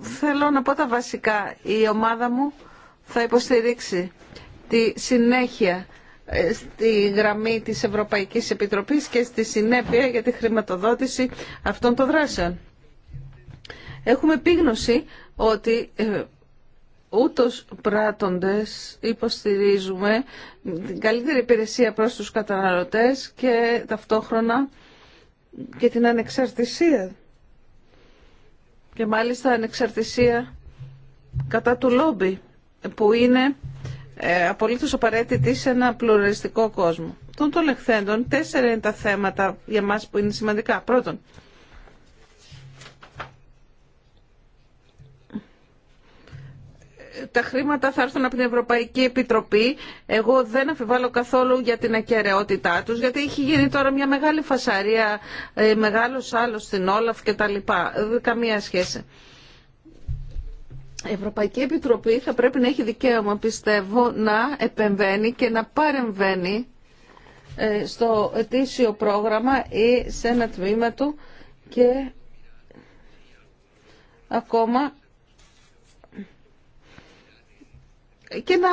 B: θέλω να πω τα βασικά. Η ομάδα μου θα υποστηρίξει τη συνέχεια ε, στη γραμμή της Ευρωπαϊκής Επιτροπής και στη συνέπεια για τη χρηματοδότηση αυτών των δράσεων. Έχουμε επίγνωση ότι ε, ούτως πράττοντες υποστηρίζουμε την καλύτερη υπηρεσία προς τους καταναλωτές και ταυτόχρονα και την ανεξαρτησία και μάλιστα ανεξαρτησία κατά του λόμπι που είναι ε, απολύτως απαραίτητη σε ένα πλουραλιστικό κόσμο. Τον των τέσσερα είναι τα θέματα για μας που είναι σημαντικά. Πρώτον, τα χρήματα θα έρθουν από την Ευρωπαϊκή Επιτροπή. Εγώ δεν αφιβάλλω καθόλου για την ακαιρεότητά τους, γιατί έχει γίνει τώρα μια μεγάλη φασαρία, ε, μεγάλος άλλος στην Όλαφ και τα λοιπά. Ε, καμία σχέση. Η Ευρωπαϊκή Επιτροπή θα πρέπει να έχει δικαίωμα, πιστεύω, να επεμβαίνει και να παρεμβαίνει ε, στο ετήσιο πρόγραμμα ή σε ένα τμήμα του και ακόμα και να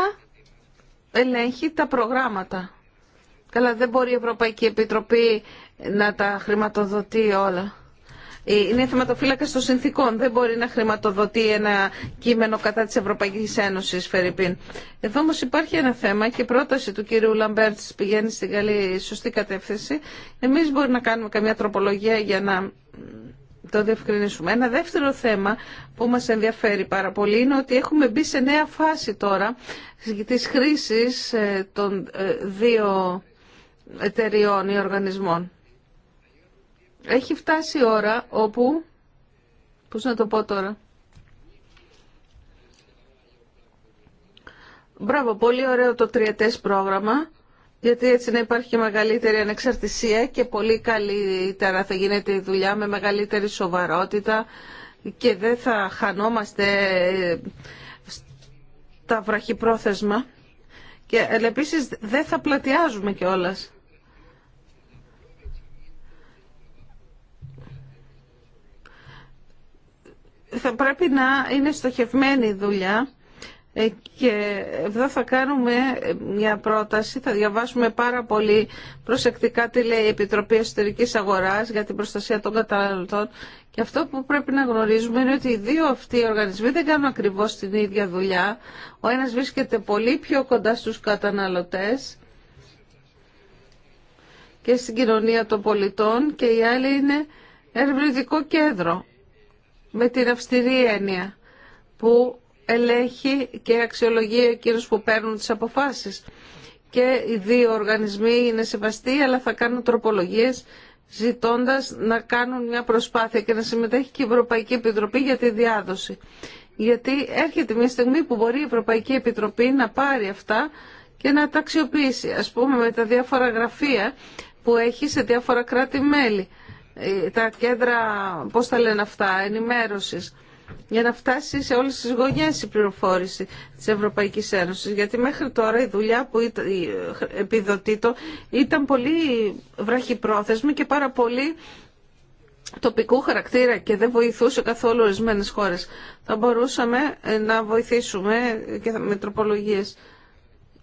B: ελέγχει τα προγράμματα. Καλά, δεν μπορεί η Ευρωπαϊκή Επιτροπή να τα χρηματοδοτεί όλα. Είναι θεματοφύλακα των συνθήκων. Δεν μπορεί να χρηματοδοτεί ένα κείμενο κατά της Ευρωπαϊκής Ένωσης, Φερρυπίν. Εδώ όμω υπάρχει ένα θέμα και η πρόταση του κύριου Λαμπέρτς πηγαίνει στην καλή σωστή κατεύθυνση. Εμεί μπορεί να κάνουμε καμιά τροπολογία για να το διευκρινίσουμε. Ένα δεύτερο θέμα που μας ενδιαφέρει πάρα πολύ είναι ότι έχουμε μπει σε νέα φάση τώρα της χρήσης ε, των ε, δύο εταιριών ή οργανισμών. Έχει φτάσει η ώρα όπου, πώς να το πω τώρα, Μπράβο, πολύ ωραίο το τριετές πρόγραμμα γιατί έτσι να υπάρχει και μεγαλύτερη ανεξαρτησία και πολύ καλύτερα θα γίνεται η δουλειά με μεγαλύτερη σοβαρότητα και δεν θα χανόμαστε ε, τα βραχυπρόθεσμα και ε, επίσης δεν θα πλατιάζουμε κιόλα. θα πρέπει να είναι στοχευμένη η δουλειά ε, και εδώ θα κάνουμε μια πρόταση, θα διαβάσουμε πάρα πολύ προσεκτικά τι λέει η Επιτροπή Εσωτερικής Αγοράς για την προστασία των καταναλωτών και αυτό που πρέπει να γνωρίζουμε είναι ότι οι δύο αυτοί οι οργανισμοί δεν κάνουν ακριβώς την ίδια δουλειά. Ο ένας βρίσκεται πολύ πιο κοντά στους καταναλωτές και στην κοινωνία των πολιτών και η άλλη είναι ερευνητικό κέντρο με την αυστηρή έννοια που ελέγχει και αξιολογεί εκείνους που παίρνουν τις αποφάσεις. Και οι δύο οργανισμοί είναι σεβαστοί, αλλά θα κάνουν τροπολογίες ζητώντας να κάνουν μια προσπάθεια και να συμμετέχει και η Ευρωπαϊκή Επιτροπή για τη διάδοση. Γιατί έρχεται μια στιγμή που μπορεί η Ευρωπαϊκή Επιτροπή να πάρει αυτά και να τα αξιοποιήσει, ας πούμε με τα διάφορα γραφεία που έχει σε διάφορα κράτη-μέλη. Ε, τα κέντρα, πώς τα λένε αυτά, ενημέρωσης για να φτάσει σε όλες τις γωνιές η πληροφόρηση της Ευρωπαϊκής Ένωσης. Γιατί μέχρι τώρα η δουλειά που ήταν, ε, το ήταν πολύ βραχυπρόθεσμη και πάρα πολύ τοπικού χαρακτήρα και δεν βοηθούσε καθόλου ορισμένε χώρες. Θα μπορούσαμε ε, να βοηθήσουμε και με τροπολογίες.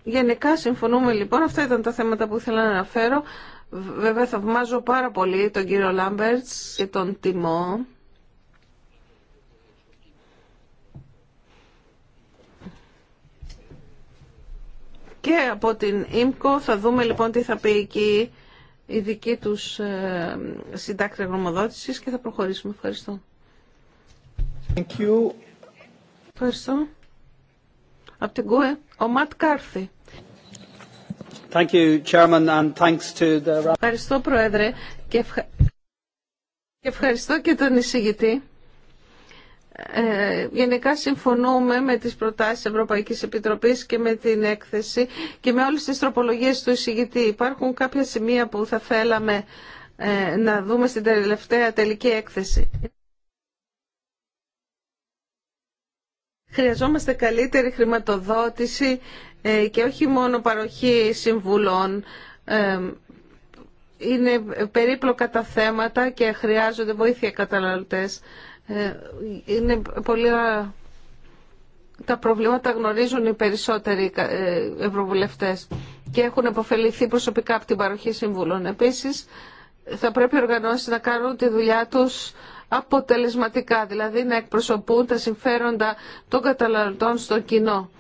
B: Γενικά συμφωνούμε λοιπόν, αυτά ήταν τα θέματα που ήθελα να αναφέρω. Βέβαια θαυμάζω πάρα πολύ τον κύριο Λάμπερτς και τον Τιμό και από την ΙΜΚΟ θα δούμε λοιπόν τι θα πει εκεί η δική τους ε, συντάκτρια γνωμοδότησης και θα προχωρήσουμε. Ευχαριστώ. Thank you. Ευχαριστώ. Από την ΚΟΕ, ο Ματ Κάρθη. Thank you, Chairman, and thanks to the... Ευχαριστώ, Πρόεδρε, και, και ευχαριστώ και τον εισηγητή. Ε, γενικά συμφωνούμε με τις προτάσεις Ευρωπαϊκής Επιτροπής και με την έκθεση και με όλες τις τροπολογίες του εισηγητή. Υπάρχουν κάποια σημεία που θα θέλαμε ε, να δούμε στην τελευταία τελική έκθεση. Χρειαζόμαστε καλύτερη χρηματοδότηση ε, και όχι μόνο παροχή συμβουλών ε, είναι περίπλοκα τα θέματα και χρειάζονται βοήθεια καταναλωτές. Ε, είναι πολύ τα προβλήματα γνωρίζουν οι περισσότεροι ε, ευρωβουλευτές και έχουν επωφεληθεί προσωπικά από την παροχή συμβούλων. Επίσης, θα πρέπει οι οργανώσεις να κάνουν τη δουλειά τους αποτελεσματικά, δηλαδή να εκπροσωπούν τα συμφέροντα των καταναλωτών στο κοινό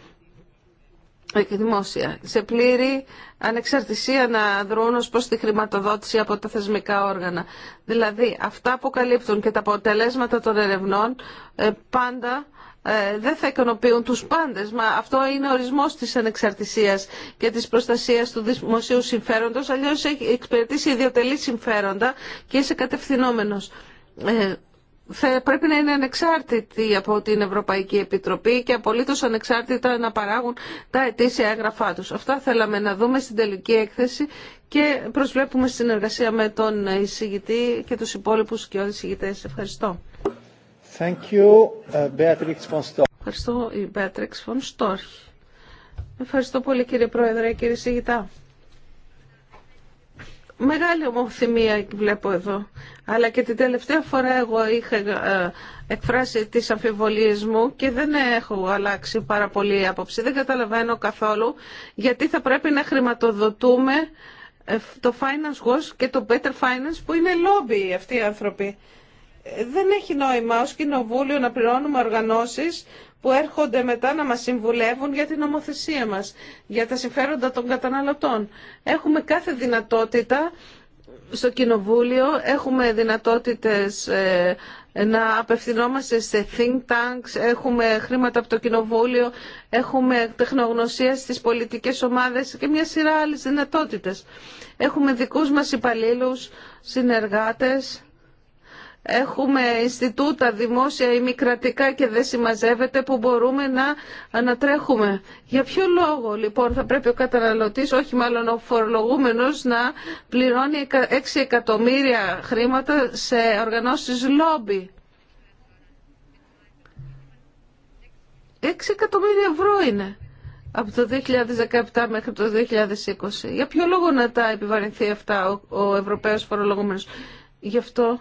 B: σε πλήρη ανεξαρτησία να δρούν ως προς τη χρηματοδότηση από τα θεσμικά όργανα. Δηλαδή, αυτά που καλύπτουν και τα αποτελέσματα των ερευνών ε, πάντα ε, δεν θα ικανοποιούν τους πάντες, μα αυτό είναι ορισμός της ανεξαρτησίας και της προστασίας του δημοσίου συμφέροντος, αλλιώς έχει εξυπηρετήσει ιδιωτελή συμφέροντα και είσαι κατευθυνόμενος. Ε, θα πρέπει να είναι ανεξάρτητοι από την Ευρωπαϊκή Επιτροπή και απολύτως ανεξάρτητα να παράγουν τα αιτήσια έγγραφά τους. Αυτά θέλαμε να δούμε στην τελική έκθεση και προσβλέπουμε συνεργασία με τον εισηγητή και τους υπόλοιπους και όλους εισηγητές. Ευχαριστώ. Thank you, uh, von Ευχαριστώ, η Beatrix von Storch. Ευχαριστώ πολύ κύριε Πρόεδρε, κύριε Εισηγητά. Μεγάλη ομοθυμία βλέπω εδώ αλλά και την τελευταία φορά εγώ είχα ε, εκφράσει τις αμφιβολίες μου και δεν έχω αλλάξει πάρα πολύ άποψη. Δεν καταλαβαίνω καθόλου γιατί θα πρέπει να χρηματοδοτούμε ε, το Finance Watch και το Better Finance που είναι λόμπι αυτοί οι άνθρωποι. Δεν έχει νόημα ως κοινοβούλιο να πληρώνουμε οργανώσεις που έρχονται μετά να μας συμβουλεύουν για την νομοθεσία μας, για τα συμφέροντα των καταναλωτών. Έχουμε κάθε δυνατότητα στο Κοινοβούλιο έχουμε δυνατότητες ε, να απευθυνόμαστε σε think tanks, έχουμε χρήματα από το Κοινοβούλιο, έχουμε τεχνογνωσία στις πολιτικές ομάδες και μια σειρά άλλες δυνατότητες. Έχουμε δικούς μας υπαλλήλους, συνεργάτες Έχουμε Ινστιτούτα δημόσια ή μη και δεν συμμαζεύεται που μπορούμε να ανατρέχουμε. Για ποιο λόγο λοιπόν θα πρέπει ο καταναλωτής, όχι μάλλον ο φορολογούμενος, να πληρώνει 6 εκατομμύρια χρήματα σε οργανώσεις λόμπι. 6 εκατομμύρια ευρώ είναι από το 2017 μέχρι το 2020. Για ποιο λόγο να τα επιβαρυνθεί αυτά ο, ο Ευρωπαίος φορολογούμενος. Γι' αυτό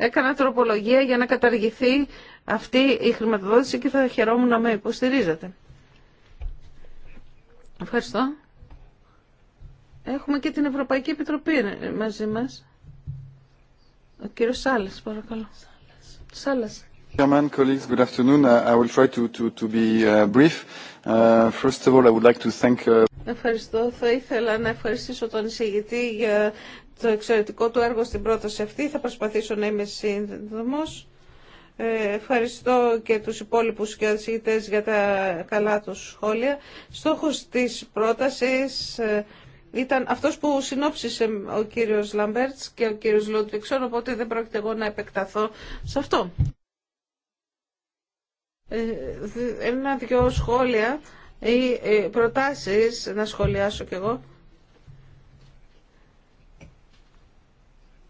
B: έκανα τροπολογία για να καταργηθεί αυτή η χρηματοδότηση και θα χαιρόμουν να με υποστηρίζετε. Ευχαριστώ. Έχουμε και την Ευρωπαϊκή Επιτροπή μαζί μας. Ο κύριος Σάλλας, παρακαλώ. Σάλλας.
C: Chairman, colleagues, good afternoon. Uh, I will try to, to, to
A: be uh, brief. Uh, first of all, I would like to thank...
B: Ευχαριστώ. Θα ήθελα να ευχαριστήσω τον εισηγητή για το εξαιρετικό του έργο στην πρόταση αυτή. Θα προσπαθήσω να είμαι σύντομος. Ε, ευχαριστώ και τους υπόλοιπους και για τα καλά τους σχόλια. Στόχος της πρότασης ε, ήταν αυτός που συνόψισε ο κύριος Λαμπέρτς και ο κύριος Λούντβιξον, οπότε δεν πρόκειται εγώ να επεκταθώ σε αυτό. Ε, ένα-δυο σχόλια ή προτάσεις να σχολιάσω κι εγώ.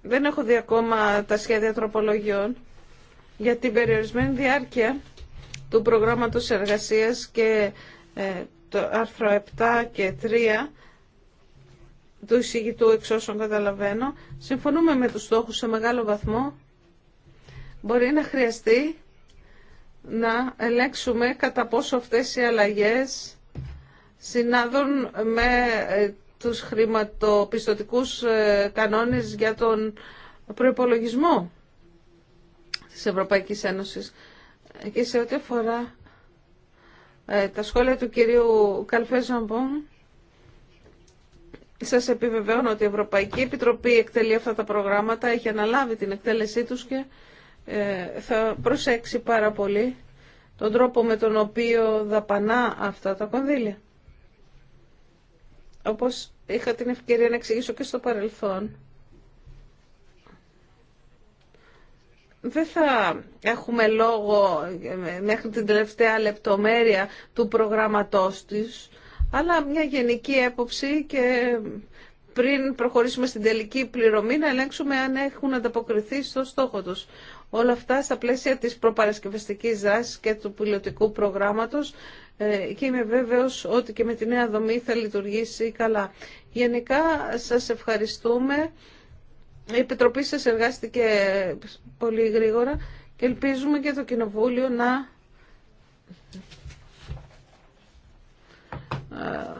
B: Δεν έχω δει ακόμα τα σχέδια τροπολογιών για την περιορισμένη διάρκεια του προγράμματος εργασίας και ε, το άρθρο 7 και 3 του εισηγητού εξ όσων καταλαβαίνω. Συμφωνούμε με τους στόχους σε μεγάλο βαθμό. Μπορεί να χρειαστεί να ελέγξουμε κατά πόσο αυτές οι αλλαγές συνάδουν με ε, τους χρηματοπιστωτικούς ε, κανόνες για τον προϋπολογισμό της Ευρωπαϊκής Ένωσης. Και σε ό,τι αφορά ε, τα σχόλια του κυρίου Καλφέ σας επιβεβαιώνω ότι η Ευρωπαϊκή Επιτροπή εκτελεί αυτά τα προγράμματα, έχει αναλάβει την εκτέλεσή τους και ε, θα προσέξει πάρα πολύ τον τρόπο με τον οποίο δαπανά αυτά τα κονδύλια. Όπως είχα την ευκαιρία να εξηγήσω και στο παρελθόν, δεν θα έχουμε λόγο μέχρι την τελευταία λεπτομέρεια του προγραμματός της, αλλά μια γενική έποψη και πριν προχωρήσουμε στην τελική πληρωμή να ελέγξουμε αν έχουν ανταποκριθεί στο στόχο τους. Όλα αυτά στα πλαίσια της προπαρασκευαστικής δράσης και του πιλωτικού προγράμματος ε, και είμαι βέβαιος ότι και με τη νέα δομή θα λειτουργήσει καλά. Γενικά σας ευχαριστούμε. Η Επιτροπή σας εργάστηκε πολύ γρήγορα και ελπίζουμε και το Κοινοβούλιο να ε,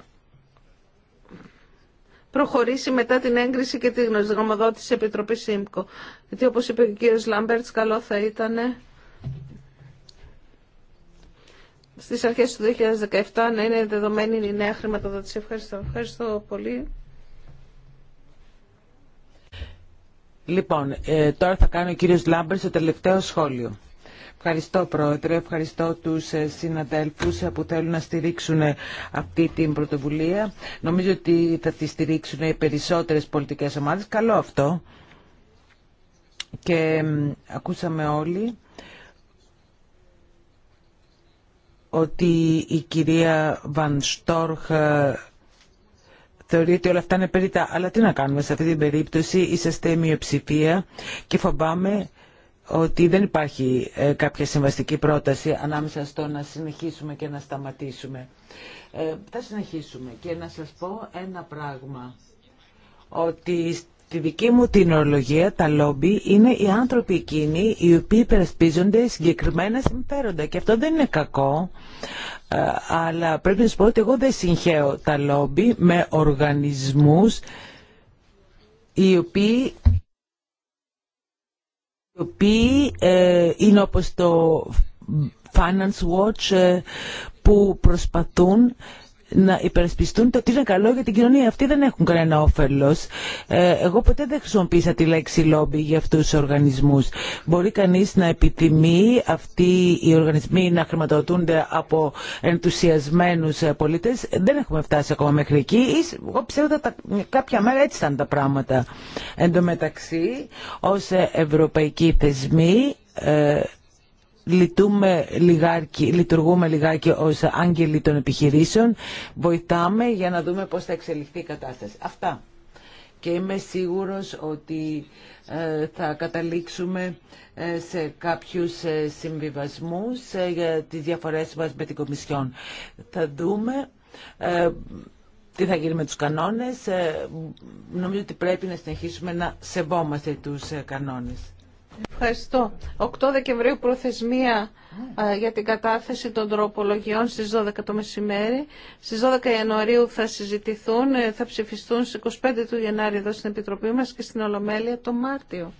B: προχωρήσει μετά την έγκριση και τη γνωμοδότηση της Επιτροπής ΣΥΜΚΟ. Γιατί όπως είπε ο κ. Λάμπερτς, καλό θα ήταν στις αρχές του 2017 να είναι δεδομένη η νέα χρηματοδότηση. Ευχαριστώ. Ευχαριστώ πολύ.
D: Λοιπόν, ε, τώρα θα κάνει ο κύριος Λάμπερ το τελευταίο σχόλιο. Ευχαριστώ Πρόεδρε, ευχαριστώ τους ε, συναδέλφους ε, που θέλουν να στηρίξουν αυτή την πρωτοβουλία. Νομίζω ότι θα τη στηρίξουν οι περισσότερες πολιτικές ομάδες. Καλό αυτό. Και ακούσαμε όλοι ότι η κυρία Βαν Στόρχ ε, θεωρεί ότι όλα αυτά είναι περίτα. Αλλά τι να κάνουμε σε αυτή την περίπτωση, είσαστε μειοψηφία και φοβάμαι ότι δεν υπάρχει ε, κάποια συμβαστική πρόταση ανάμεσα στο να συνεχίσουμε και να σταματήσουμε. Ε, θα συνεχίσουμε και να σας πω ένα πράγμα, ότι Τη δική μου την ορολογία, τα λόμπι, είναι οι άνθρωποι εκείνοι οι οποίοι υπερασπίζονται συγκεκριμένα συμφέροντα. Και αυτό δεν είναι κακό, ε, αλλά πρέπει να σου πω ότι εγώ δεν συγχαίω τα λόμπι με οργανισμούς οι οποίοι ε, είναι όπως το Finance Watch ε, που προσπαθούν να υπερασπιστούν το τι είναι καλό για την κοινωνία. Αυτοί δεν έχουν κανένα όφελο. Ε, εγώ ποτέ δεν χρησιμοποίησα τη λέξη λόμπι για αυτού του οργανισμού. Μπορεί κανεί να επιτιμεί αυτοί οι οργανισμοί να χρηματοδοτούνται από ενθουσιασμένου ε, πολίτε. Δεν έχουμε φτάσει ακόμα μέχρι εκεί. Εγώ πιστεύω ότι κάποια μέρα έτσι ήταν τα πράγματα. Εν τω μεταξύ, ω ε, ευρωπαϊκοί θεσμοί λειτουργούμε λιγάκι, λειτουργούμε λιγάκι ως άγγελοι των επιχειρήσεων, βοηθάμε για να δούμε πώς θα εξελιχθεί η κατάσταση. Αυτά. Και είμαι σίγουρος ότι ε, θα καταλήξουμε ε, σε κάποιους ε, συμβιβασμούς για τις διαφορές μας με την Κομισιόν. Θα δούμε τι θα γίνει με τους κανόνες. Νομίζω ότι πρέπει να συνεχίσουμε να σεβόμαστε τους κανόνες.
B: Ευχαριστώ. 8 Δεκεμβρίου προθεσμία για την κατάθεση των τροπολογιών στις 12 το μεσημέρι. Στις 12 Ιανουαρίου θα συζητηθούν, ε, θα ψηφιστούν στις 25 του Γενάρη εδώ στην Επιτροπή μας και στην Ολομέλεια το Μάρτιο.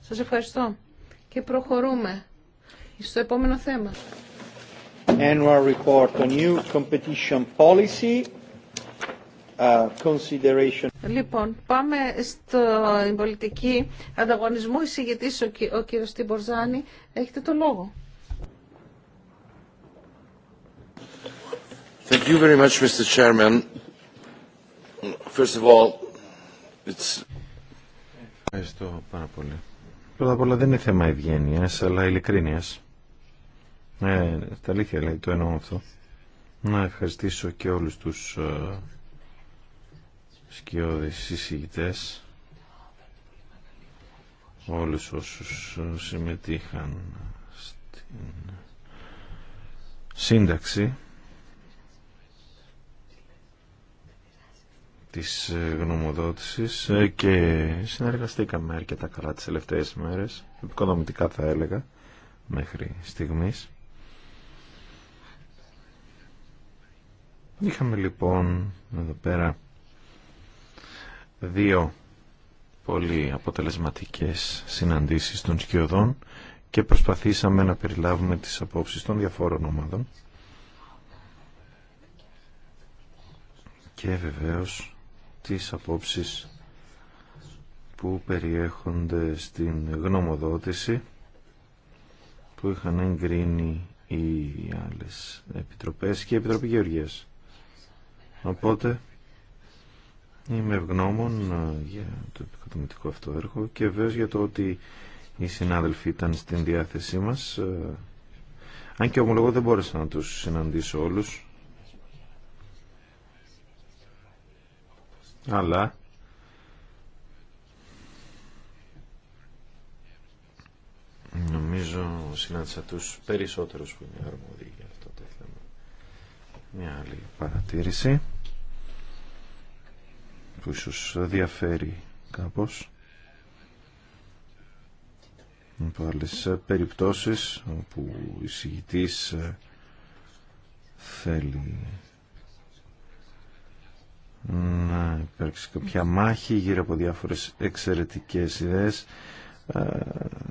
B: Σας ευχαριστώ. Και προχωρούμε στο επόμενο θέμα
A: consideration.
B: Λοιπόν, πάμε στην πολιτική ανταγωνισμού. Εισηγητή ο, ο κύριος Τιμπορζάνη. Έχετε το λόγο.
A: Thank you very much, Mr. Chairman. First of all, Ευχαριστώ πάρα πολύ. Πρώτα απ' όλα δεν είναι θέμα ευγένεια, αλλά ειλικρίνεια. Ναι, ε, τα αλήθεια λέει, το εννοώ αυτό. Να ευχαριστήσω και όλους τους ε, σκιώδεις εισηγητές όλους όσους συμμετείχαν στην σύνταξη της γνωμοδότησης και συνεργαστήκαμε αρκετά καλά τις τελευταίες μέρες επικοδομητικά θα έλεγα μέχρι στιγμής είχαμε λοιπόν εδώ πέρα δύο πολύ αποτελεσματικές συναντήσεις των σκιωδών και προσπαθήσαμε να περιλάβουμε τις απόψεις των διαφόρων ομάδων και βεβαίως τις απόψεις που περιέχονται στην γνωμοδότηση που είχαν εγκρίνει οι άλλες επιτροπές και η Επιτροπή Γεωργίας. Οπότε Είμαι ευγνώμων ε, για το επικοδομητικό αυτό έργο και βέβαια για το ότι οι συνάδελφοι ήταν στην διάθεσή μας. Ε, αν και ομολογώ δεν μπόρεσα να τους συναντήσω όλους. Αλλά νομίζω συνάντησα τους περισσότερους που είναι αρμόδιοι για αυτό το θέμα. Μια άλλη παρατήρηση που ίσως διαφέρει κάπως από άλλες περιπτώσεις όπου η εισηγητής ε, θέλει να υπάρξει κάποια μάχη γύρω από διάφορες εξαιρετικές ιδέες ε,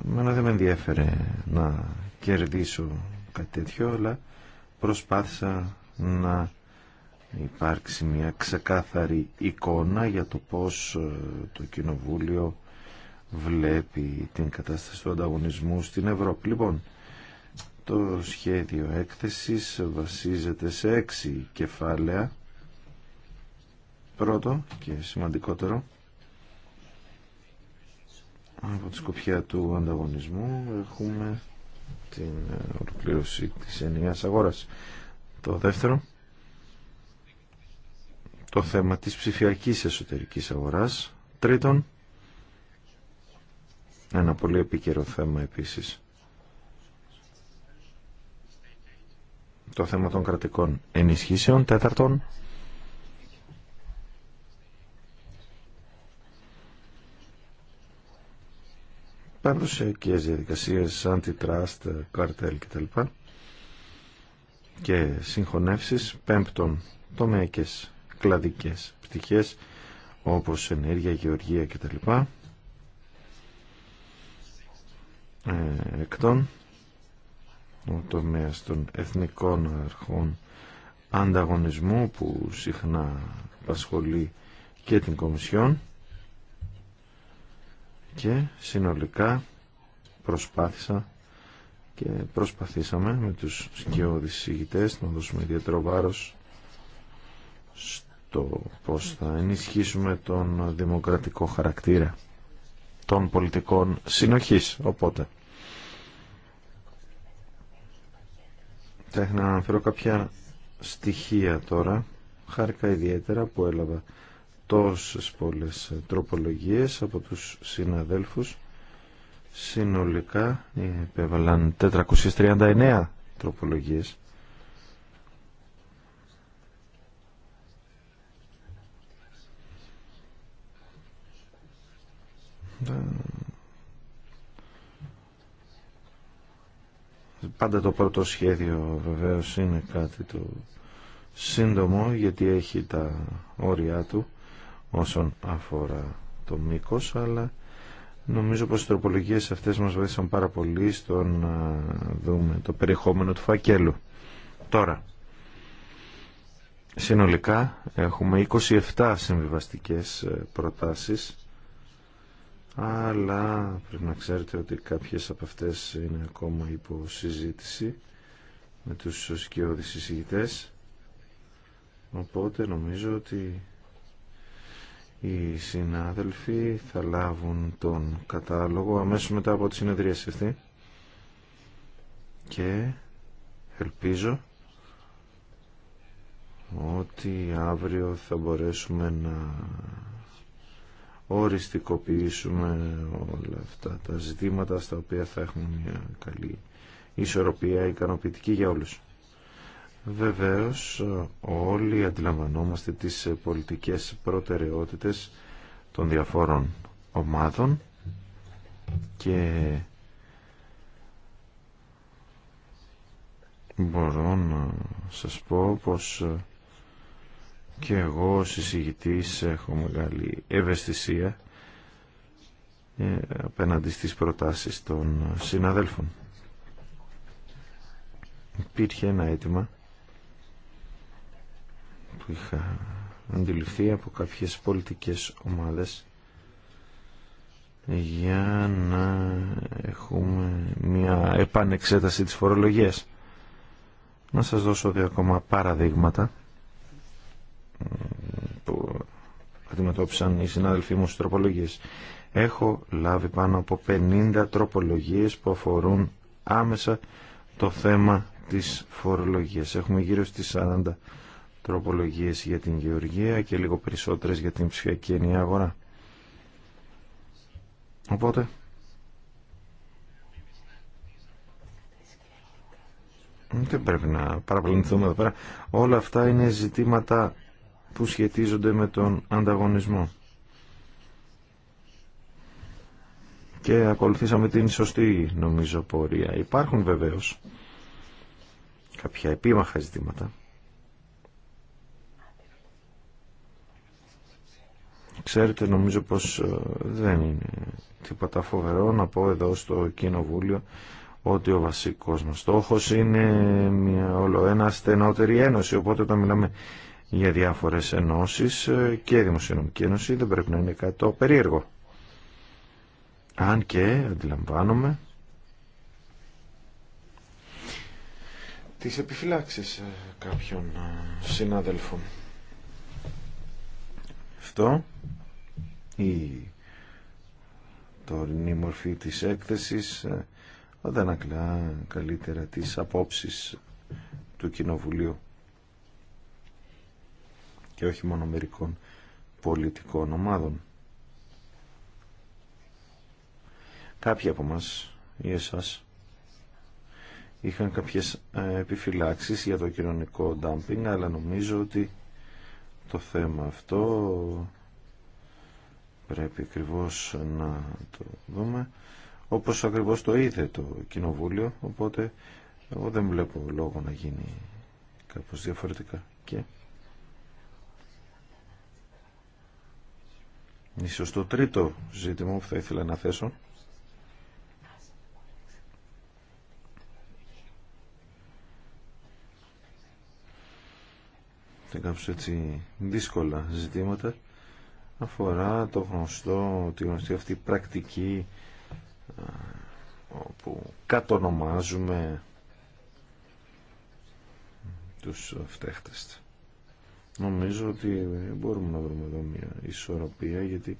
A: μένα δεν με ενδιαφέρε να κερδίσω κάτι τέτοιο αλλά προσπάθησα να υπάρξει μια ξεκάθαρη εικόνα για το πώς ε, το Κοινοβούλιο βλέπει την κατάσταση του ανταγωνισμού στην Ευρώπη. Λοιπόν, το σχέδιο έκθεσης βασίζεται σε έξι κεφάλαια. Πρώτο και σημαντικότερο, από τη σκοπιά του ανταγωνισμού έχουμε την ε, ολοκλήρωση της ενιαίας αγοράς. Το δεύτερο, το θέμα της ψηφιακής εσωτερικής αγοράς. Τρίτον, ένα πολύ επίκαιρο θέμα επίσης, το θέμα των κρατικών ενισχύσεων. Τέταρτον, παραδοσιακές διαδικασίες, αντιτράστ, καρτέλ κτλ. και συγχωνεύσεις. Πέμπτον, τομέακες κλαδικές πτυχές όπως ενέργεια, γεωργία κτλ. Εκτών, ο τομέας των εθνικών αρχών ανταγωνισμού που συχνά απασχολεί και την Κομισιόν και συνολικά προσπάθησα και προσπαθήσαμε με τους σκιώδεις συγητές να δώσουμε ιδιαίτερο βάρος το πώς θα ενισχύσουμε τον δημοκρατικό χαρακτήρα των πολιτικών συνοχής. Οπότε, θα ήθελα να αναφέρω κάποια στοιχεία τώρα. Χάρηκα ιδιαίτερα που έλαβα τόσες πολλές τροπολογίες από τους συναδέλφους. Συνολικά επέβαλαν 439 τροπολογίες Πάντα το πρώτο σχέδιο βεβαίως είναι κάτι το σύντομο γιατί έχει τα όρια του όσον αφορά το μήκος αλλά νομίζω πως οι τροπολογίες αυτές μας βοήθησαν πάρα πολύ στο να δούμε το περιεχόμενο του φακέλου. Τώρα, συνολικά έχουμε 27 συμβιβαστικές ε, προτάσεις αλλά πρέπει να ξέρετε ότι κάποιες από αυτές είναι ακόμα υπό συζήτηση με τους σκιώδεις συζητητές οπότε νομίζω ότι οι συνάδελφοι θα λάβουν τον κατάλογο αμέσως μετά από τη συνεδρία αυτή και ελπίζω ότι αύριο θα μπορέσουμε να οριστικοποιήσουμε όλα αυτά τα ζητήματα στα οποία θα έχουμε μια καλή ισορροπία ικανοποιητική για όλους. Βεβαίως όλοι αντιλαμβανόμαστε τις πολιτικές προτεραιότητες των διαφόρων ομάδων και μπορώ να σας πω πως και εγώ ως εισηγητής έχω μεγάλη ευαισθησία ε, απέναντι στις προτάσεις των συναδέλφων. Υπήρχε ένα αίτημα που είχα αντιληφθεί από κάποιες πολιτικές ομάδες για να έχουμε μια επανεξέταση της φορολογίας. Να σας δώσω δύο ακόμα παραδείγματα που αντιμετώπισαν οι συνάδελφοί μου στις τροπολογίες. Έχω λάβει πάνω από 50 τροπολογίες που αφορούν άμεσα το θέμα της φορολογίας. Έχουμε γύρω στις 40 τροπολογίες για την γεωργία και λίγο περισσότερες για την ψηφιακή ενιαία αγορά. Οπότε... Δεν πρέπει να παραπλανηθούμε εδώ πέρα. Όλα αυτά είναι ζητήματα που σχετίζονται με τον ανταγωνισμό. Και ακολουθήσαμε την σωστή νομίζω πορεία. Υπάρχουν βεβαίως κάποια επίμαχα ζητήματα. Ξέρετε νομίζω πως ε, δεν είναι τίποτα φοβερό να πω εδώ στο Κοινοβούλιο ότι ο βασικός μας στόχος είναι μια, ολοένα στενότερη ένωση. Οπότε όταν μιλάμε για διάφορες ενώσεις ε, και η Δημοσιονομική Ένωση δεν πρέπει να είναι κάτι περίεργο. Αν και αντιλαμβάνομαι τις επιφυλάξεις ε, κάποιων ε, συνάδελφων. Αυτό η τωρινή μορφή της έκθεσης δεν ακλά καλύτερα τις απόψεις του Κοινοβουλίου και όχι μόνο μερικών πολιτικών ομάδων. Κάποιοι από μας ή εσάς είχαν κάποιες ε, επιφυλάξεις για το κοινωνικό ντάμπινγκ, αλλά νομίζω ότι το θέμα αυτό πρέπει ακριβώ να το δούμε όπως ακριβώς το είδε το κοινοβούλιο οπότε εγώ δεν βλέπω λόγο να γίνει κάπως διαφορετικά και Ίσως το τρίτο ζήτημα που θα ήθελα να θέσω δεν κάπως έτσι δύσκολα ζητήματα αφορά το γνωστό, τη γνωστή αυτή πρακτική που κατονομάζουμε τους φταίχτες. Νομίζω ότι μπορούμε να βρούμε εδώ μια ισορροπία γιατί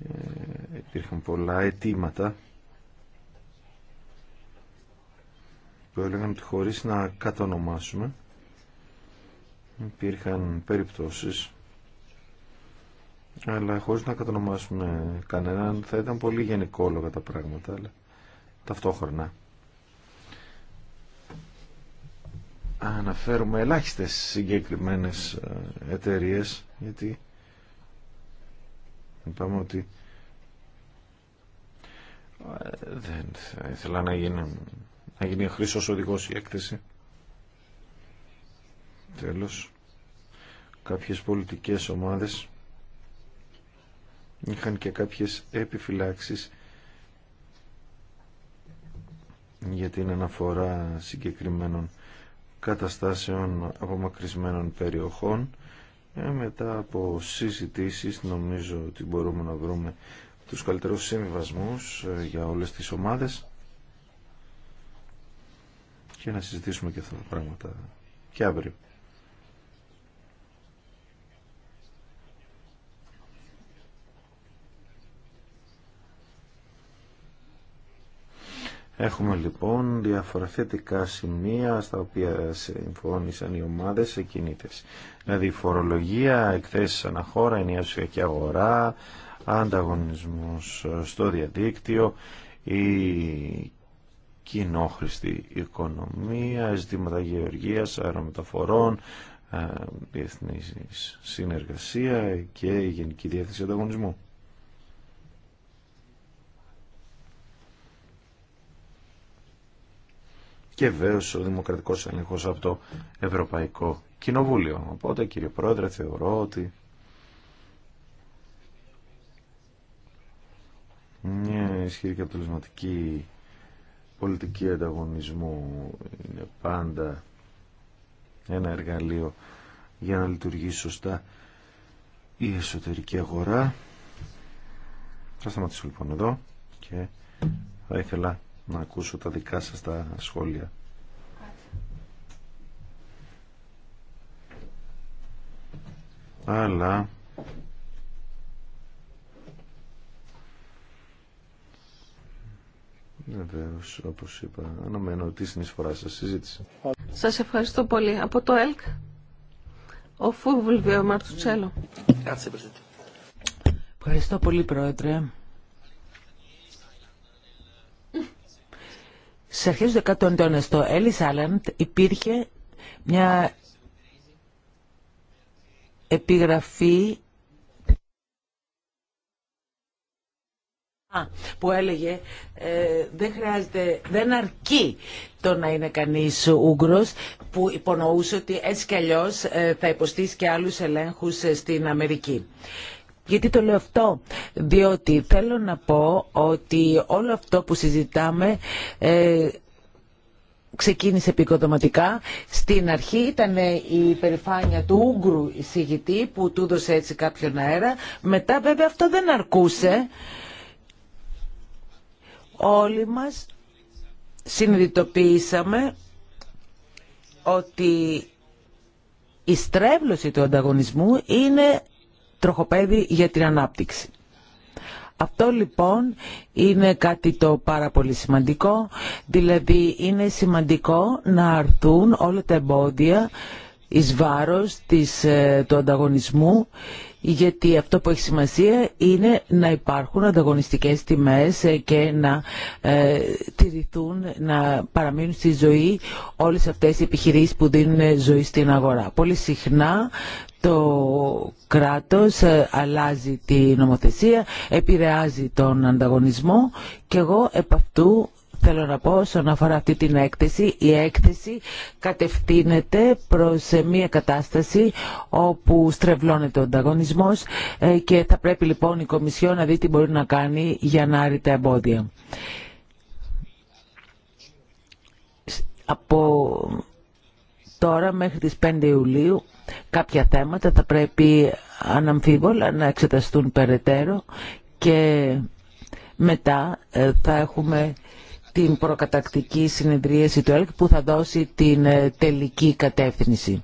A: ε, υπήρχαν πολλά αιτήματα που έλεγαν ότι χωρίς να κατονομάσουμε υπήρχαν περιπτώσεις αλλά χωρίς να κατονομάσουμε κανέναν θα ήταν πολύ γενικόλογα τα πράγματα αλλά ταυτόχρονα αναφέρουμε ελάχιστες συγκεκριμένες ε, εταιρείες γιατί είπαμε ότι ε, δεν θα ήθελα να γίνει, να γίνει χρήσος οδηγός η έκθεση τέλος κάποιες πολιτικές ομάδες είχαν και κάποιες επιφυλάξεις για την αναφορά συγκεκριμένων καταστάσεων απομακρυσμένων περιοχών. Ε, μετά από συζητήσεις νομίζω ότι μπορούμε να βρούμε τους καλύτερους συμβιβασμούς ε, για όλες τις ομάδες και να συζητήσουμε και αυτά τα πράγματα και αύριο. Έχουμε λοιπόν διαφορετικά σημεία στα οποία συμφώνησαν οι ομάδες σε κινήτες. Δηλαδή φορολογία, εκθέσεις αναχώρα, ενιαία αγορά, ανταγωνισμός στο διαδίκτυο, η κοινόχρηστη οικονομία, ζητήματα γεωργίας, αερομεταφορών, ε, διεθνής συνεργασία και η Γενική Διεύθυνση Ανταγωνισμού. και βέβαια ο δημοκρατικό Ελληνικός από το Ευρωπαϊκό Κοινοβούλιο. Οπότε, κύριε Πρόεδρε, θεωρώ ότι. Μια ισχυρή και αποτελεσματική πολιτική ανταγωνισμού είναι πάντα ένα εργαλείο για να λειτουργήσει σωστά η εσωτερική αγορά. Θα σταματήσω λοιπόν εδώ και θα ήθελα να ακούσω τα δικά σας τα σχόλια. Αλλά Βεβαίω, όπω είπα, αναμένω τη συνεισφορά σα συζήτηση.
B: Σα ευχαριστώ πολύ. Από το ΕΛΚ, ο Φούβουλβιο Μαρτουτσέλο.
D: Ευχαριστώ πολύ, Πρόεδρε. Στις αρχές του 19ου αιώνα στο Ellis Island υπήρχε μια επιγραφή που έλεγε ε, δεν χρειάζεται, δεν αρκεί το να είναι κανείς Ούγγρος που υπονοούσε ότι έτσι κι αλλιώς ε, θα υποστήσει και άλλους ελέγχους ε, στην Αμερική. Γιατί το λέω αυτό, διότι θέλω να πω ότι όλο αυτό που συζητάμε ε, ξεκίνησε επικοδοματικά. Στην αρχή ήταν ε, η υπερηφάνεια του Ούγκρου εισηγητή που του έδωσε έτσι κάποιον αέρα. Μετά βέβαια αυτό δεν αρκούσε. Όλοι μας συνειδητοποιήσαμε ότι η στρέβλωση του ανταγωνισμού είναι τροχοπέδι για την ανάπτυξη. Αυτό λοιπόν είναι κάτι το πάρα πολύ σημαντικό, δηλαδή είναι σημαντικό να αρθούν όλα τα εμπόδια εις βάρος της, ε, του ανταγωνισμού γιατί αυτό που έχει σημασία είναι να υπάρχουν ανταγωνιστικές τιμές και να ε, τηρηθούν, να παραμείνουν στη ζωή όλες αυτές οι επιχειρήσεις που δίνουν ζωή στην αγορά. Πολύ συχνά το κράτος ε, αλλάζει τη νομοθεσία, επηρεάζει τον ανταγωνισμό και εγώ επ' αυτού θέλω να πω όσον αφορά αυτή την έκθεση. Η έκθεση κατευθύνεται προς μια κατάσταση όπου στρεβλώνεται ο ανταγωνισμός ε, και θα πρέπει λοιπόν η Κομισιό να δει τι μπορεί να κάνει για να άρει τα εμπόδια. Από τώρα μέχρι τις 5 Ιουλίου κάποια θέματα θα πρέπει αναμφίβολα να εξεταστούν περαιτέρω και μετά ε, θα έχουμε την προκατακτική συνεδρίαση του ΕΛΚ που θα δώσει την ε, τελική κατεύθυνση.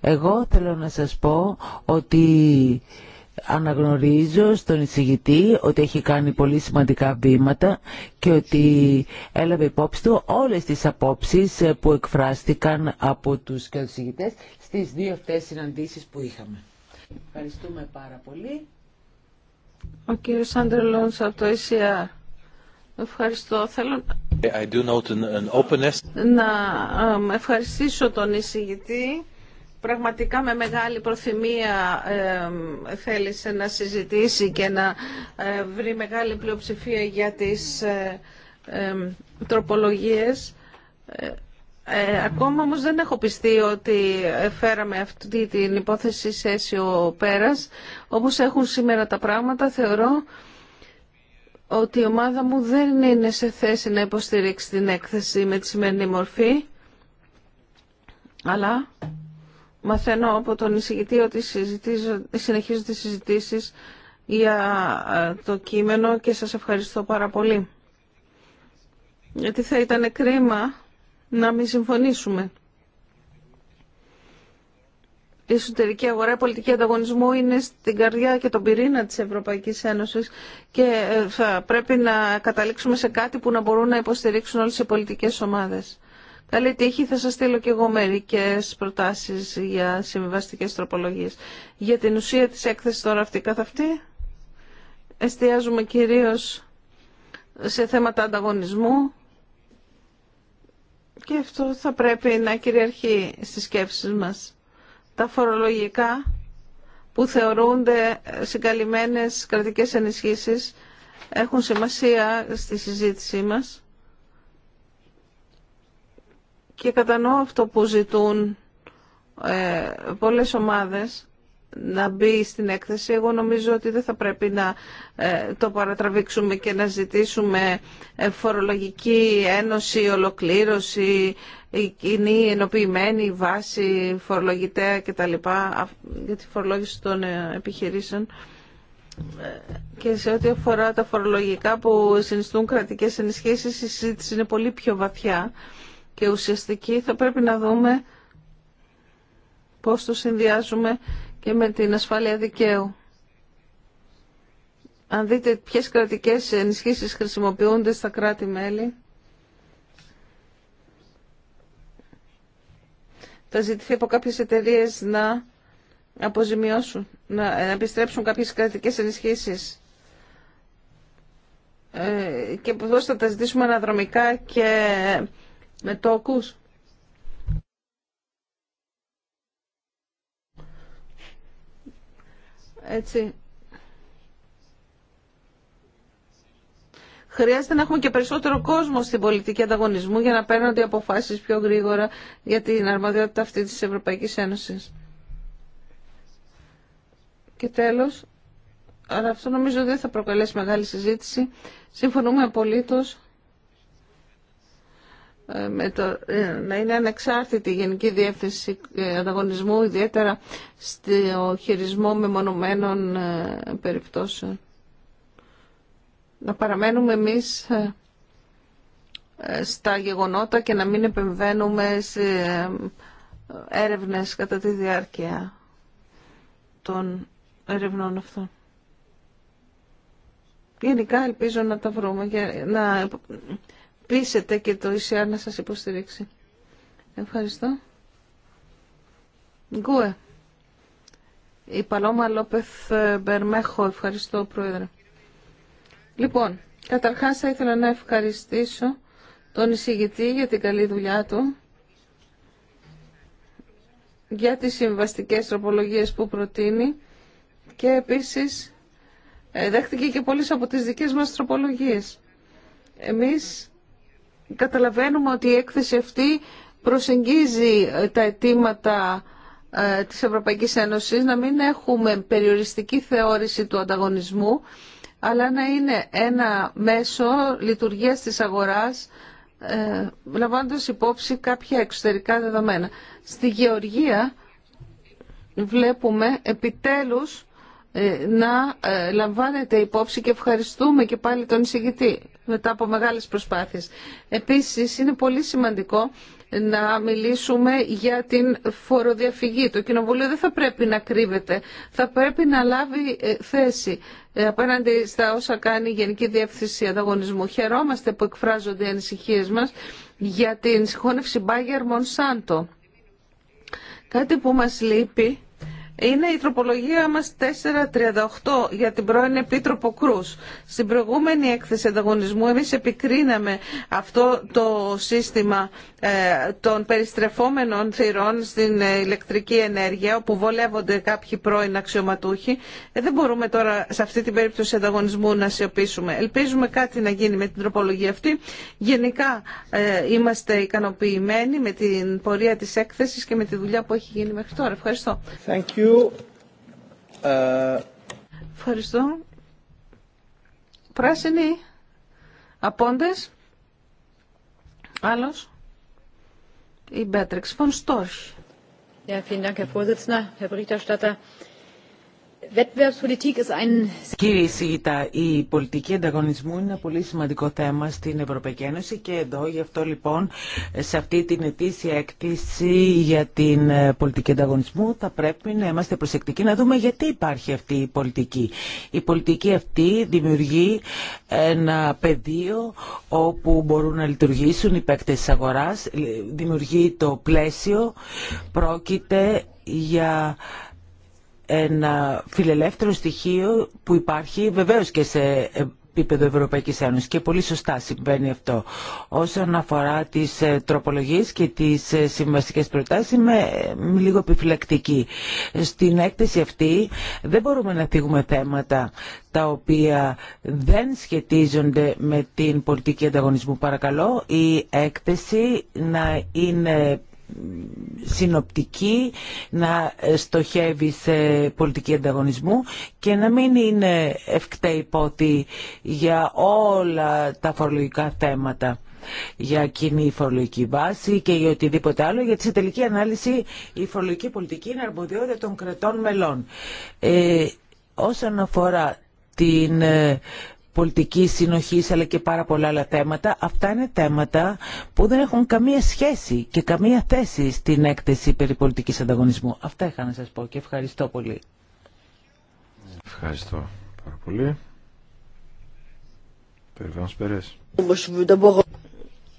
D: Εγώ θέλω να σας πω ότι αναγνωρίζω στον εισηγητή ότι έχει κάνει πολύ σημαντικά βήματα και ότι έλαβε υπόψη του όλες τις απόψεις ε, που εκφράστηκαν από τους καθηγητές στις δύο αυτές συναντήσεις που είχαμε. Ευχαριστούμε πάρα πολύ.
B: Ο κύριος Άντρελόνς από το Ευχαριστώ. Θέλω I do να ευχαριστήσω τον εισηγητή. Πραγματικά με μεγάλη προθυμία θέλησε να συζητήσει και να ε, βρει μεγάλη πλειοψηφία για τις ε, τροπολογίες. Ε, ε, ακόμα όμως δεν έχω πιστεί ότι φέραμε αυτή την υπόθεση σε αίσιο πέρας. Όπως έχουν σήμερα τα πράγματα θεωρώ ότι η ομάδα μου δεν είναι σε θέση να υποστηρίξει την έκθεση με τη σημερινή μορφή, αλλά μαθαίνω από τον εισηγητή ότι συνεχίζονται συζητήσεις για ε, το κείμενο και σας ευχαριστώ πάρα πολύ. Γιατί θα ήταν κρίμα να μην συμφωνήσουμε η εσωτερική αγορά, η πολιτική ανταγωνισμού είναι στην καρδιά και τον πυρήνα της Ευρωπαϊκής Ένωσης και ε, θα πρέπει να καταλήξουμε σε κάτι που να μπορούν να υποστηρίξουν όλες οι πολιτικές ομάδες. Καλή τύχη, θα σας στείλω και εγώ μερικές προτάσεις για συμβιβαστικές τροπολογίες. Για την ουσία της έκθεσης τώρα αυτή καθ' αυτή, εστιάζουμε κυρίως σε θέματα ανταγωνισμού και αυτό θα πρέπει να κυριαρχεί στις σκέψεις μας τα φορολογικά που θεωρούνται συγκαλυμμένες κρατικές ενισχύσεις έχουν σημασία στη συζήτησή μας και κατανοώ αυτό που ζητούν ε, πολλές ομάδες να μπει στην έκθεση. Εγώ νομίζω ότι δεν θα πρέπει να ε, το παρατραβήξουμε και να ζητήσουμε ε, φορολογική ένωση, ολοκλήρωση, κοινή ενοποιημένη βάση φορολογητέα κτλ. για τη φορολόγηση των ε, επιχειρήσεων και σε ό,τι αφορά τα φορολογικά που συνιστούν κρατικές ενισχύσεις η συζήτηση είναι πολύ πιο βαθιά και ουσιαστική θα πρέπει να δούμε πώς το συνδυάζουμε και με την ασφάλεια δικαίου. Αν δείτε ποιες κρατικές ενισχύσεις χρησιμοποιούνται στα κράτη-μέλη, θα ζητηθεί από κάποιες εταιρείες να αποζημιώσουν, να επιστρέψουν κάποιες κρατικές ενισχύσεις. Ε, και πώς θα τα ζητήσουμε αναδρομικά και με τόκους. Έτσι. Χρειάζεται να έχουμε και περισσότερο κόσμο στην πολιτική ανταγωνισμού για να παίρνονται αποφάσεις πιο γρήγορα για την αρμοδιότητα αυτή της Ευρωπαϊκής Ένωσης. Και τέλος, αλλά αυτό νομίζω δεν θα προκαλέσει μεγάλη συζήτηση, συμφωνούμε απολύτως ε, ε, να είναι ανεξάρτητη η Γενική Διεύθυνση ε, Ανταγωνισμού, ιδιαίτερα στο χειρισμό μεμονωμένων περιπτώσεων. Να παραμένουμε εμείς στα γεγονότα και να μην επεμβαίνουμε σε έρευνες κατά τη διάρκεια των ερευνών αυτών. Γενικά ελπίζω να τα βρούμε και να πείσετε και το ΙΣΙΑ να σας υποστηρίξει. Ευχαριστώ. Γκουε. Η Παλώμα Λόπεθ ε, Μπερμέχο. Ευχαριστώ, Πρόεδρε. Λοιπόν, καταρχάς θα ήθελα να ευχαριστήσω τον εισηγητή για την καλή δουλειά του, για τις συμβαστικές τροπολογίες που προτείνει και επίσης ε, δέχτηκε και πολλές από τις δικές μας τροπολογίες. Εμείς καταλαβαίνουμε ότι η έκθεση αυτή προσεγγίζει ε, τα αιτήματα ε, της Ευρωπαϊκής Ένωσης να μην έχουμε περιοριστική θεώρηση του ανταγωνισμού αλλά να είναι ένα μέσο λειτουργίας της αγοράς ε, λαμβάνοντας υπόψη κάποια εξωτερικά δεδομένα. Στη Γεωργία βλέπουμε επιτέλους ε, να ε, λαμβάνεται υπόψη και ευχαριστούμε και πάλι τον εισηγητή μετά από μεγάλες προσπάθειες. Επίσης είναι πολύ σημαντικό να μιλήσουμε για την φοροδιαφυγή. Το κοινοβούλιο δεν θα πρέπει να κρύβεται, θα πρέπει να λάβει ε, θέση απέναντι στα όσα κάνει η Γενική Διεύθυνση Ανταγωνισμού. Χαιρόμαστε που εκφράζονται οι ανησυχίες μας για την συγχώνευση Μπάγερ Μονσάντο. Κάτι που μας λείπει είναι η τροπολογία μας 438 για την πρώην Επίτροπο Κρούς. Στην προηγούμενη έκθεση ανταγωνισμού εμείς επικρίναμε αυτό το σύστημα ε, των περιστρεφόμενων θυρών στην ε, ηλεκτρική ενέργεια όπου βολεύονται κάποιοι πρώην αξιωματούχοι. Ε, δεν μπορούμε τώρα σε αυτή την περίπτωση ανταγωνισμού να σιωπήσουμε. Ελπίζουμε κάτι να γίνει με την τροπολογία αυτή. Γενικά είμαστε ικανοποιημένοι με την πορεία της έκθεσης και με τη δουλειά που έχει γίνει μέχρι τώρα. Ευχαριστώ.
C: Thank you you.
B: Ευχαριστώ. Πράσινοι απόντες. Άλλος. Η Μπέτρεξ Φων Στόρχ. Ja,
C: vielen Dank, Herr Vorsitzender, Herr Berichterstatter.
D: Κύριε Σιγητά, η πολιτική ανταγωνισμού είναι ένα πολύ σημαντικό θέμα στην Ευρωπαϊκή Ένωση και εδώ γι' αυτό λοιπόν σε αυτή την ετήσια εκτίση για την ε, πολιτική ανταγωνισμού θα πρέπει να είμαστε προσεκτικοί να δούμε γιατί υπάρχει αυτή η πολιτική. Η πολιτική αυτή δημιουργεί ένα πεδίο όπου μπορούν να λειτουργήσουν οι παίκτες της αγοράς, δημιουργεί το πλαίσιο, πρόκειται για ένα φιλελεύθερο στοιχείο που υπάρχει βεβαίως και σε επίπεδο Ευρωπαϊκής Ένωσης και πολύ σωστά συμβαίνει αυτό. Όσον αφορά τις ε, τροπολογίες και τις ε, συμβαστικές προτάσεις είμαι ε, λίγο επιφυλακτική. Στην έκθεση αυτή δεν μπορούμε να θίγουμε θέματα τα οποία δεν σχετίζονται με την πολιτική ανταγωνισμού. Παρακαλώ η έκθεση να είναι συνοπτική, να στοχεύει σε πολιτική ανταγωνισμού και να μην είναι ευκταϊπότη για όλα τα φορολογικά θέματα για κοινή φορολογική βάση και για οτιδήποτε άλλο, γιατί σε τελική ανάλυση η φορολογική πολιτική είναι αρμοδιότητα των κρατών μελών. Ε, όσον αφορά την ε, πολιτικής συνοχής αλλά και πάρα πολλά άλλα θέματα. Αυτά είναι θέματα που δεν έχουν καμία σχέση και καμία θέση στην έκθεση περί πολιτικής ανταγωνισμού. Αυτά είχα να σας πω και ευχαριστώ πολύ.
A: Ευχαριστώ πάρα πολύ.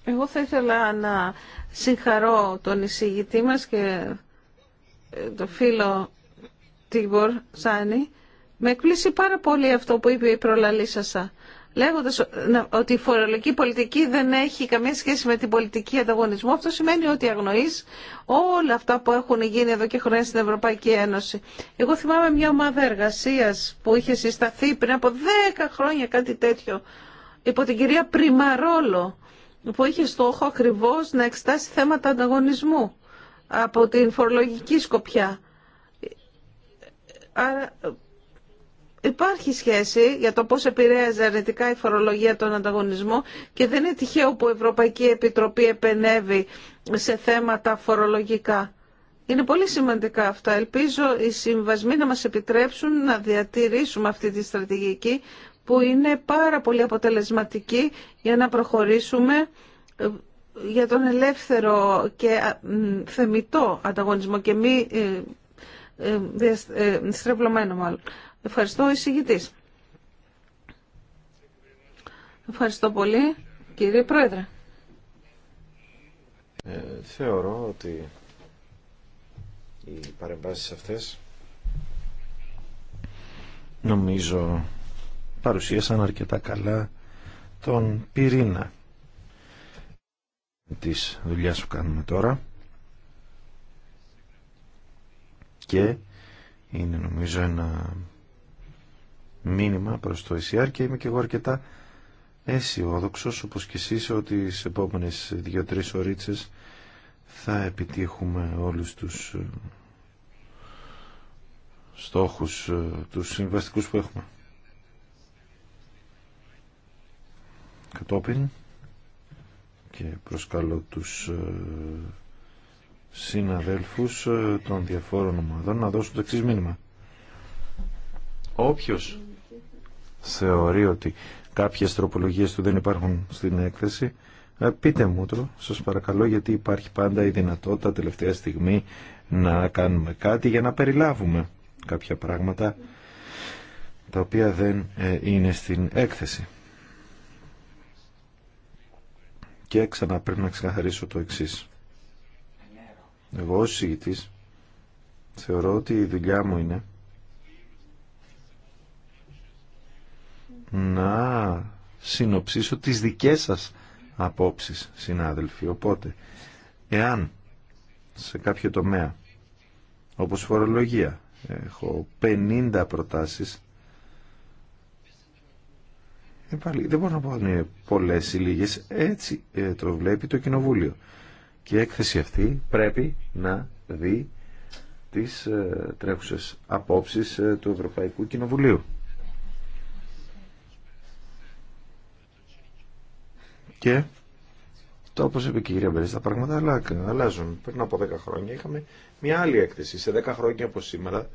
B: Εγώ θα ήθελα να συγχαρώ τον εισηγητή μας και τον φίλο Τίμπορ Σάνι με εκπλήσει πάρα πολύ αυτό που είπε η προλαλήσασα, λέγοντας ότι η φορολογική πολιτική δεν έχει καμία σχέση με την πολιτική ανταγωνισμού. Αυτό σημαίνει ότι αγνοείς όλα αυτά που έχουν γίνει εδώ και χρόνια στην Ευρωπαϊκή Ένωση. Εγώ θυμάμαι μια ομάδα εργασία που είχε συσταθεί πριν από 10 χρόνια κάτι τέτοιο υπό την κυρία Πριμαρόλο που είχε στόχο ακριβώς να εξετάσει θέματα ανταγωνισμού από την φορολογική σκοπιά. Άρα Υπάρχει σχέση για το πώς επηρέαζε αρνητικά η φορολογία τον ανταγωνισμό και δεν είναι τυχαίο που η Ευρωπαϊκή Επιτροπή επενεύει σε θέματα φορολογικά. Είναι πολύ σημαντικά αυτά. Ελπίζω οι συμβασμοί να μας επιτρέψουν να διατηρήσουμε αυτή τη στρατηγική που είναι πάρα πολύ αποτελεσματική για να προχωρήσουμε ε, για τον ελεύθερο και θεμητό ανταγωνισμό και μη ε, ε, στρεβλωμένο μάλλον. Ευχαριστώ, εισηγητή. Ευχαριστώ πολύ, κύριε Πρόεδρε.
A: Ε, θεωρώ ότι οι παρεμβάσεις αυτές νομίζω παρουσίασαν αρκετά καλά τον πυρήνα της δουλειάς που κάνουμε τώρα και είναι νομίζω ένα μήνυμα προς το ΕΣΥΑΡ και είμαι και εγώ αρκετά αισιόδοξο όπως και εσείς ότι στις επομενες δυο δύο-τρεις ωρίτσες θα επιτύχουμε όλους τους ε, στόχους, ε, τους συμβαστικούς που έχουμε. Κατόπιν και προσκαλώ τους ε, συναδέλφους των διαφόρων ομάδων να δώσουν το εξής μήνυμα. Όποιος θεωρεί ότι κάποιες τροπολογίες του δεν υπάρχουν στην έκθεση, ε, πείτε μου το, σας παρακαλώ, γιατί υπάρχει πάντα η δυνατότητα τελευταία στιγμή να κάνουμε κάτι για να περιλάβουμε κάποια πράγματα τα οποία δεν ε, είναι στην έκθεση. Και ξανά πρέπει να ξεκαθαρίσω το εξή. Εγώ ως συγητής θεωρώ ότι η δουλειά μου είναι να συνοψίσω τις δικές σας απόψεις, συνάδελφοι. Οπότε, εάν σε κάποιο τομέα, όπως φορολογία, έχω 50 προτάσεις, ε, δεν μπορώ να πω είναι πολλές ή λίγες. Έτσι ε, το βλέπει το Κοινοβούλιο. Και η έκθεση αυτή πρέπει να δει τις ε, τρέχουσες απόψεις ε, του Ευρωπαϊκού Κοινοβουλίου. Και το όπως είπε η κυρία Μπερίστα, τα πράγματα αλλάζουν. Πριν από 10 χρόνια είχαμε μια άλλη έκθεση. Σε 10 χρόνια από σήμερα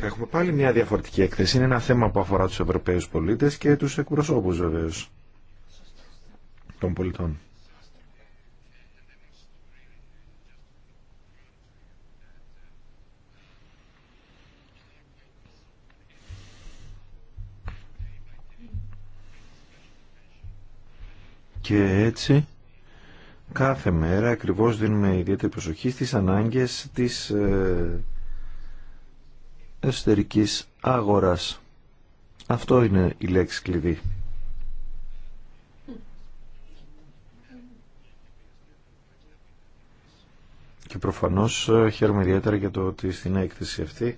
A: έχουμε πάλι μια διαφορετική έκθεση. Είναι ένα θέμα που αφορά τους Ευρωπαίους πολίτες και τους εκπροσώπους βεβαίω των πολιτών. Και έτσι κάθε μέρα ακριβώς δίνουμε ιδιαίτερη προσοχή στις ανάγκες της ε, εσωτερικής αγοράς. Αυτό είναι η λέξη κλειδί. Και προφανώς ε, χαίρομαι ιδιαίτερα για το ότι στην έκθεση αυτή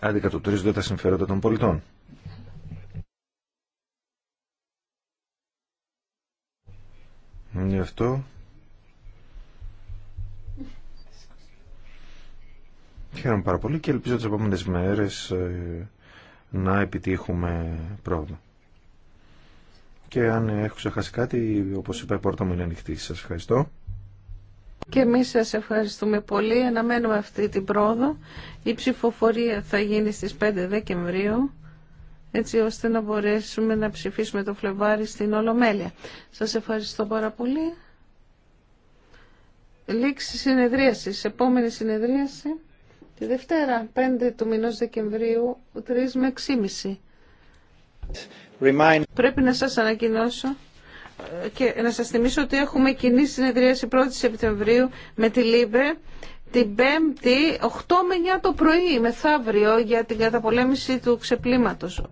A: αντικατοπτρίζονται τα συμφέροντα των πολιτών. Γι' αυτό χαίρομαι πάρα πολύ και ελπίζω τις επόμενες μέρες ε, να επιτύχουμε πρόβλημα. Και αν έχω ξεχάσει κάτι, όπως είπα, η πόρτα μου είναι ανοιχτή. Σας ευχαριστώ.
B: Και εμείς σας ευχαριστούμε πολύ. Αναμένουμε αυτή την πρόοδο. Η ψηφοφορία θα γίνει στις 5 Δεκεμβρίου έτσι ώστε να μπορέσουμε να ψηφίσουμε το Φλεβάρι στην Ολομέλεια. Σας ευχαριστώ πάρα πολύ. Λήξη συνεδρίασης. Επόμενη συνεδρίαση τη Δευτέρα, 5 του μηνός Δεκεμβρίου, 3 με 6.30. Πρέπει να σας ανακοινώσω και να σας θυμίσω ότι έχουμε κοινή συνεδρίαση 1η Σεπτεμβρίου με τη ΛΥΜΠΕ την 5η 8 με 9 το πρωί μεθαύριο για την καταπολέμηση του ξεπλήματος.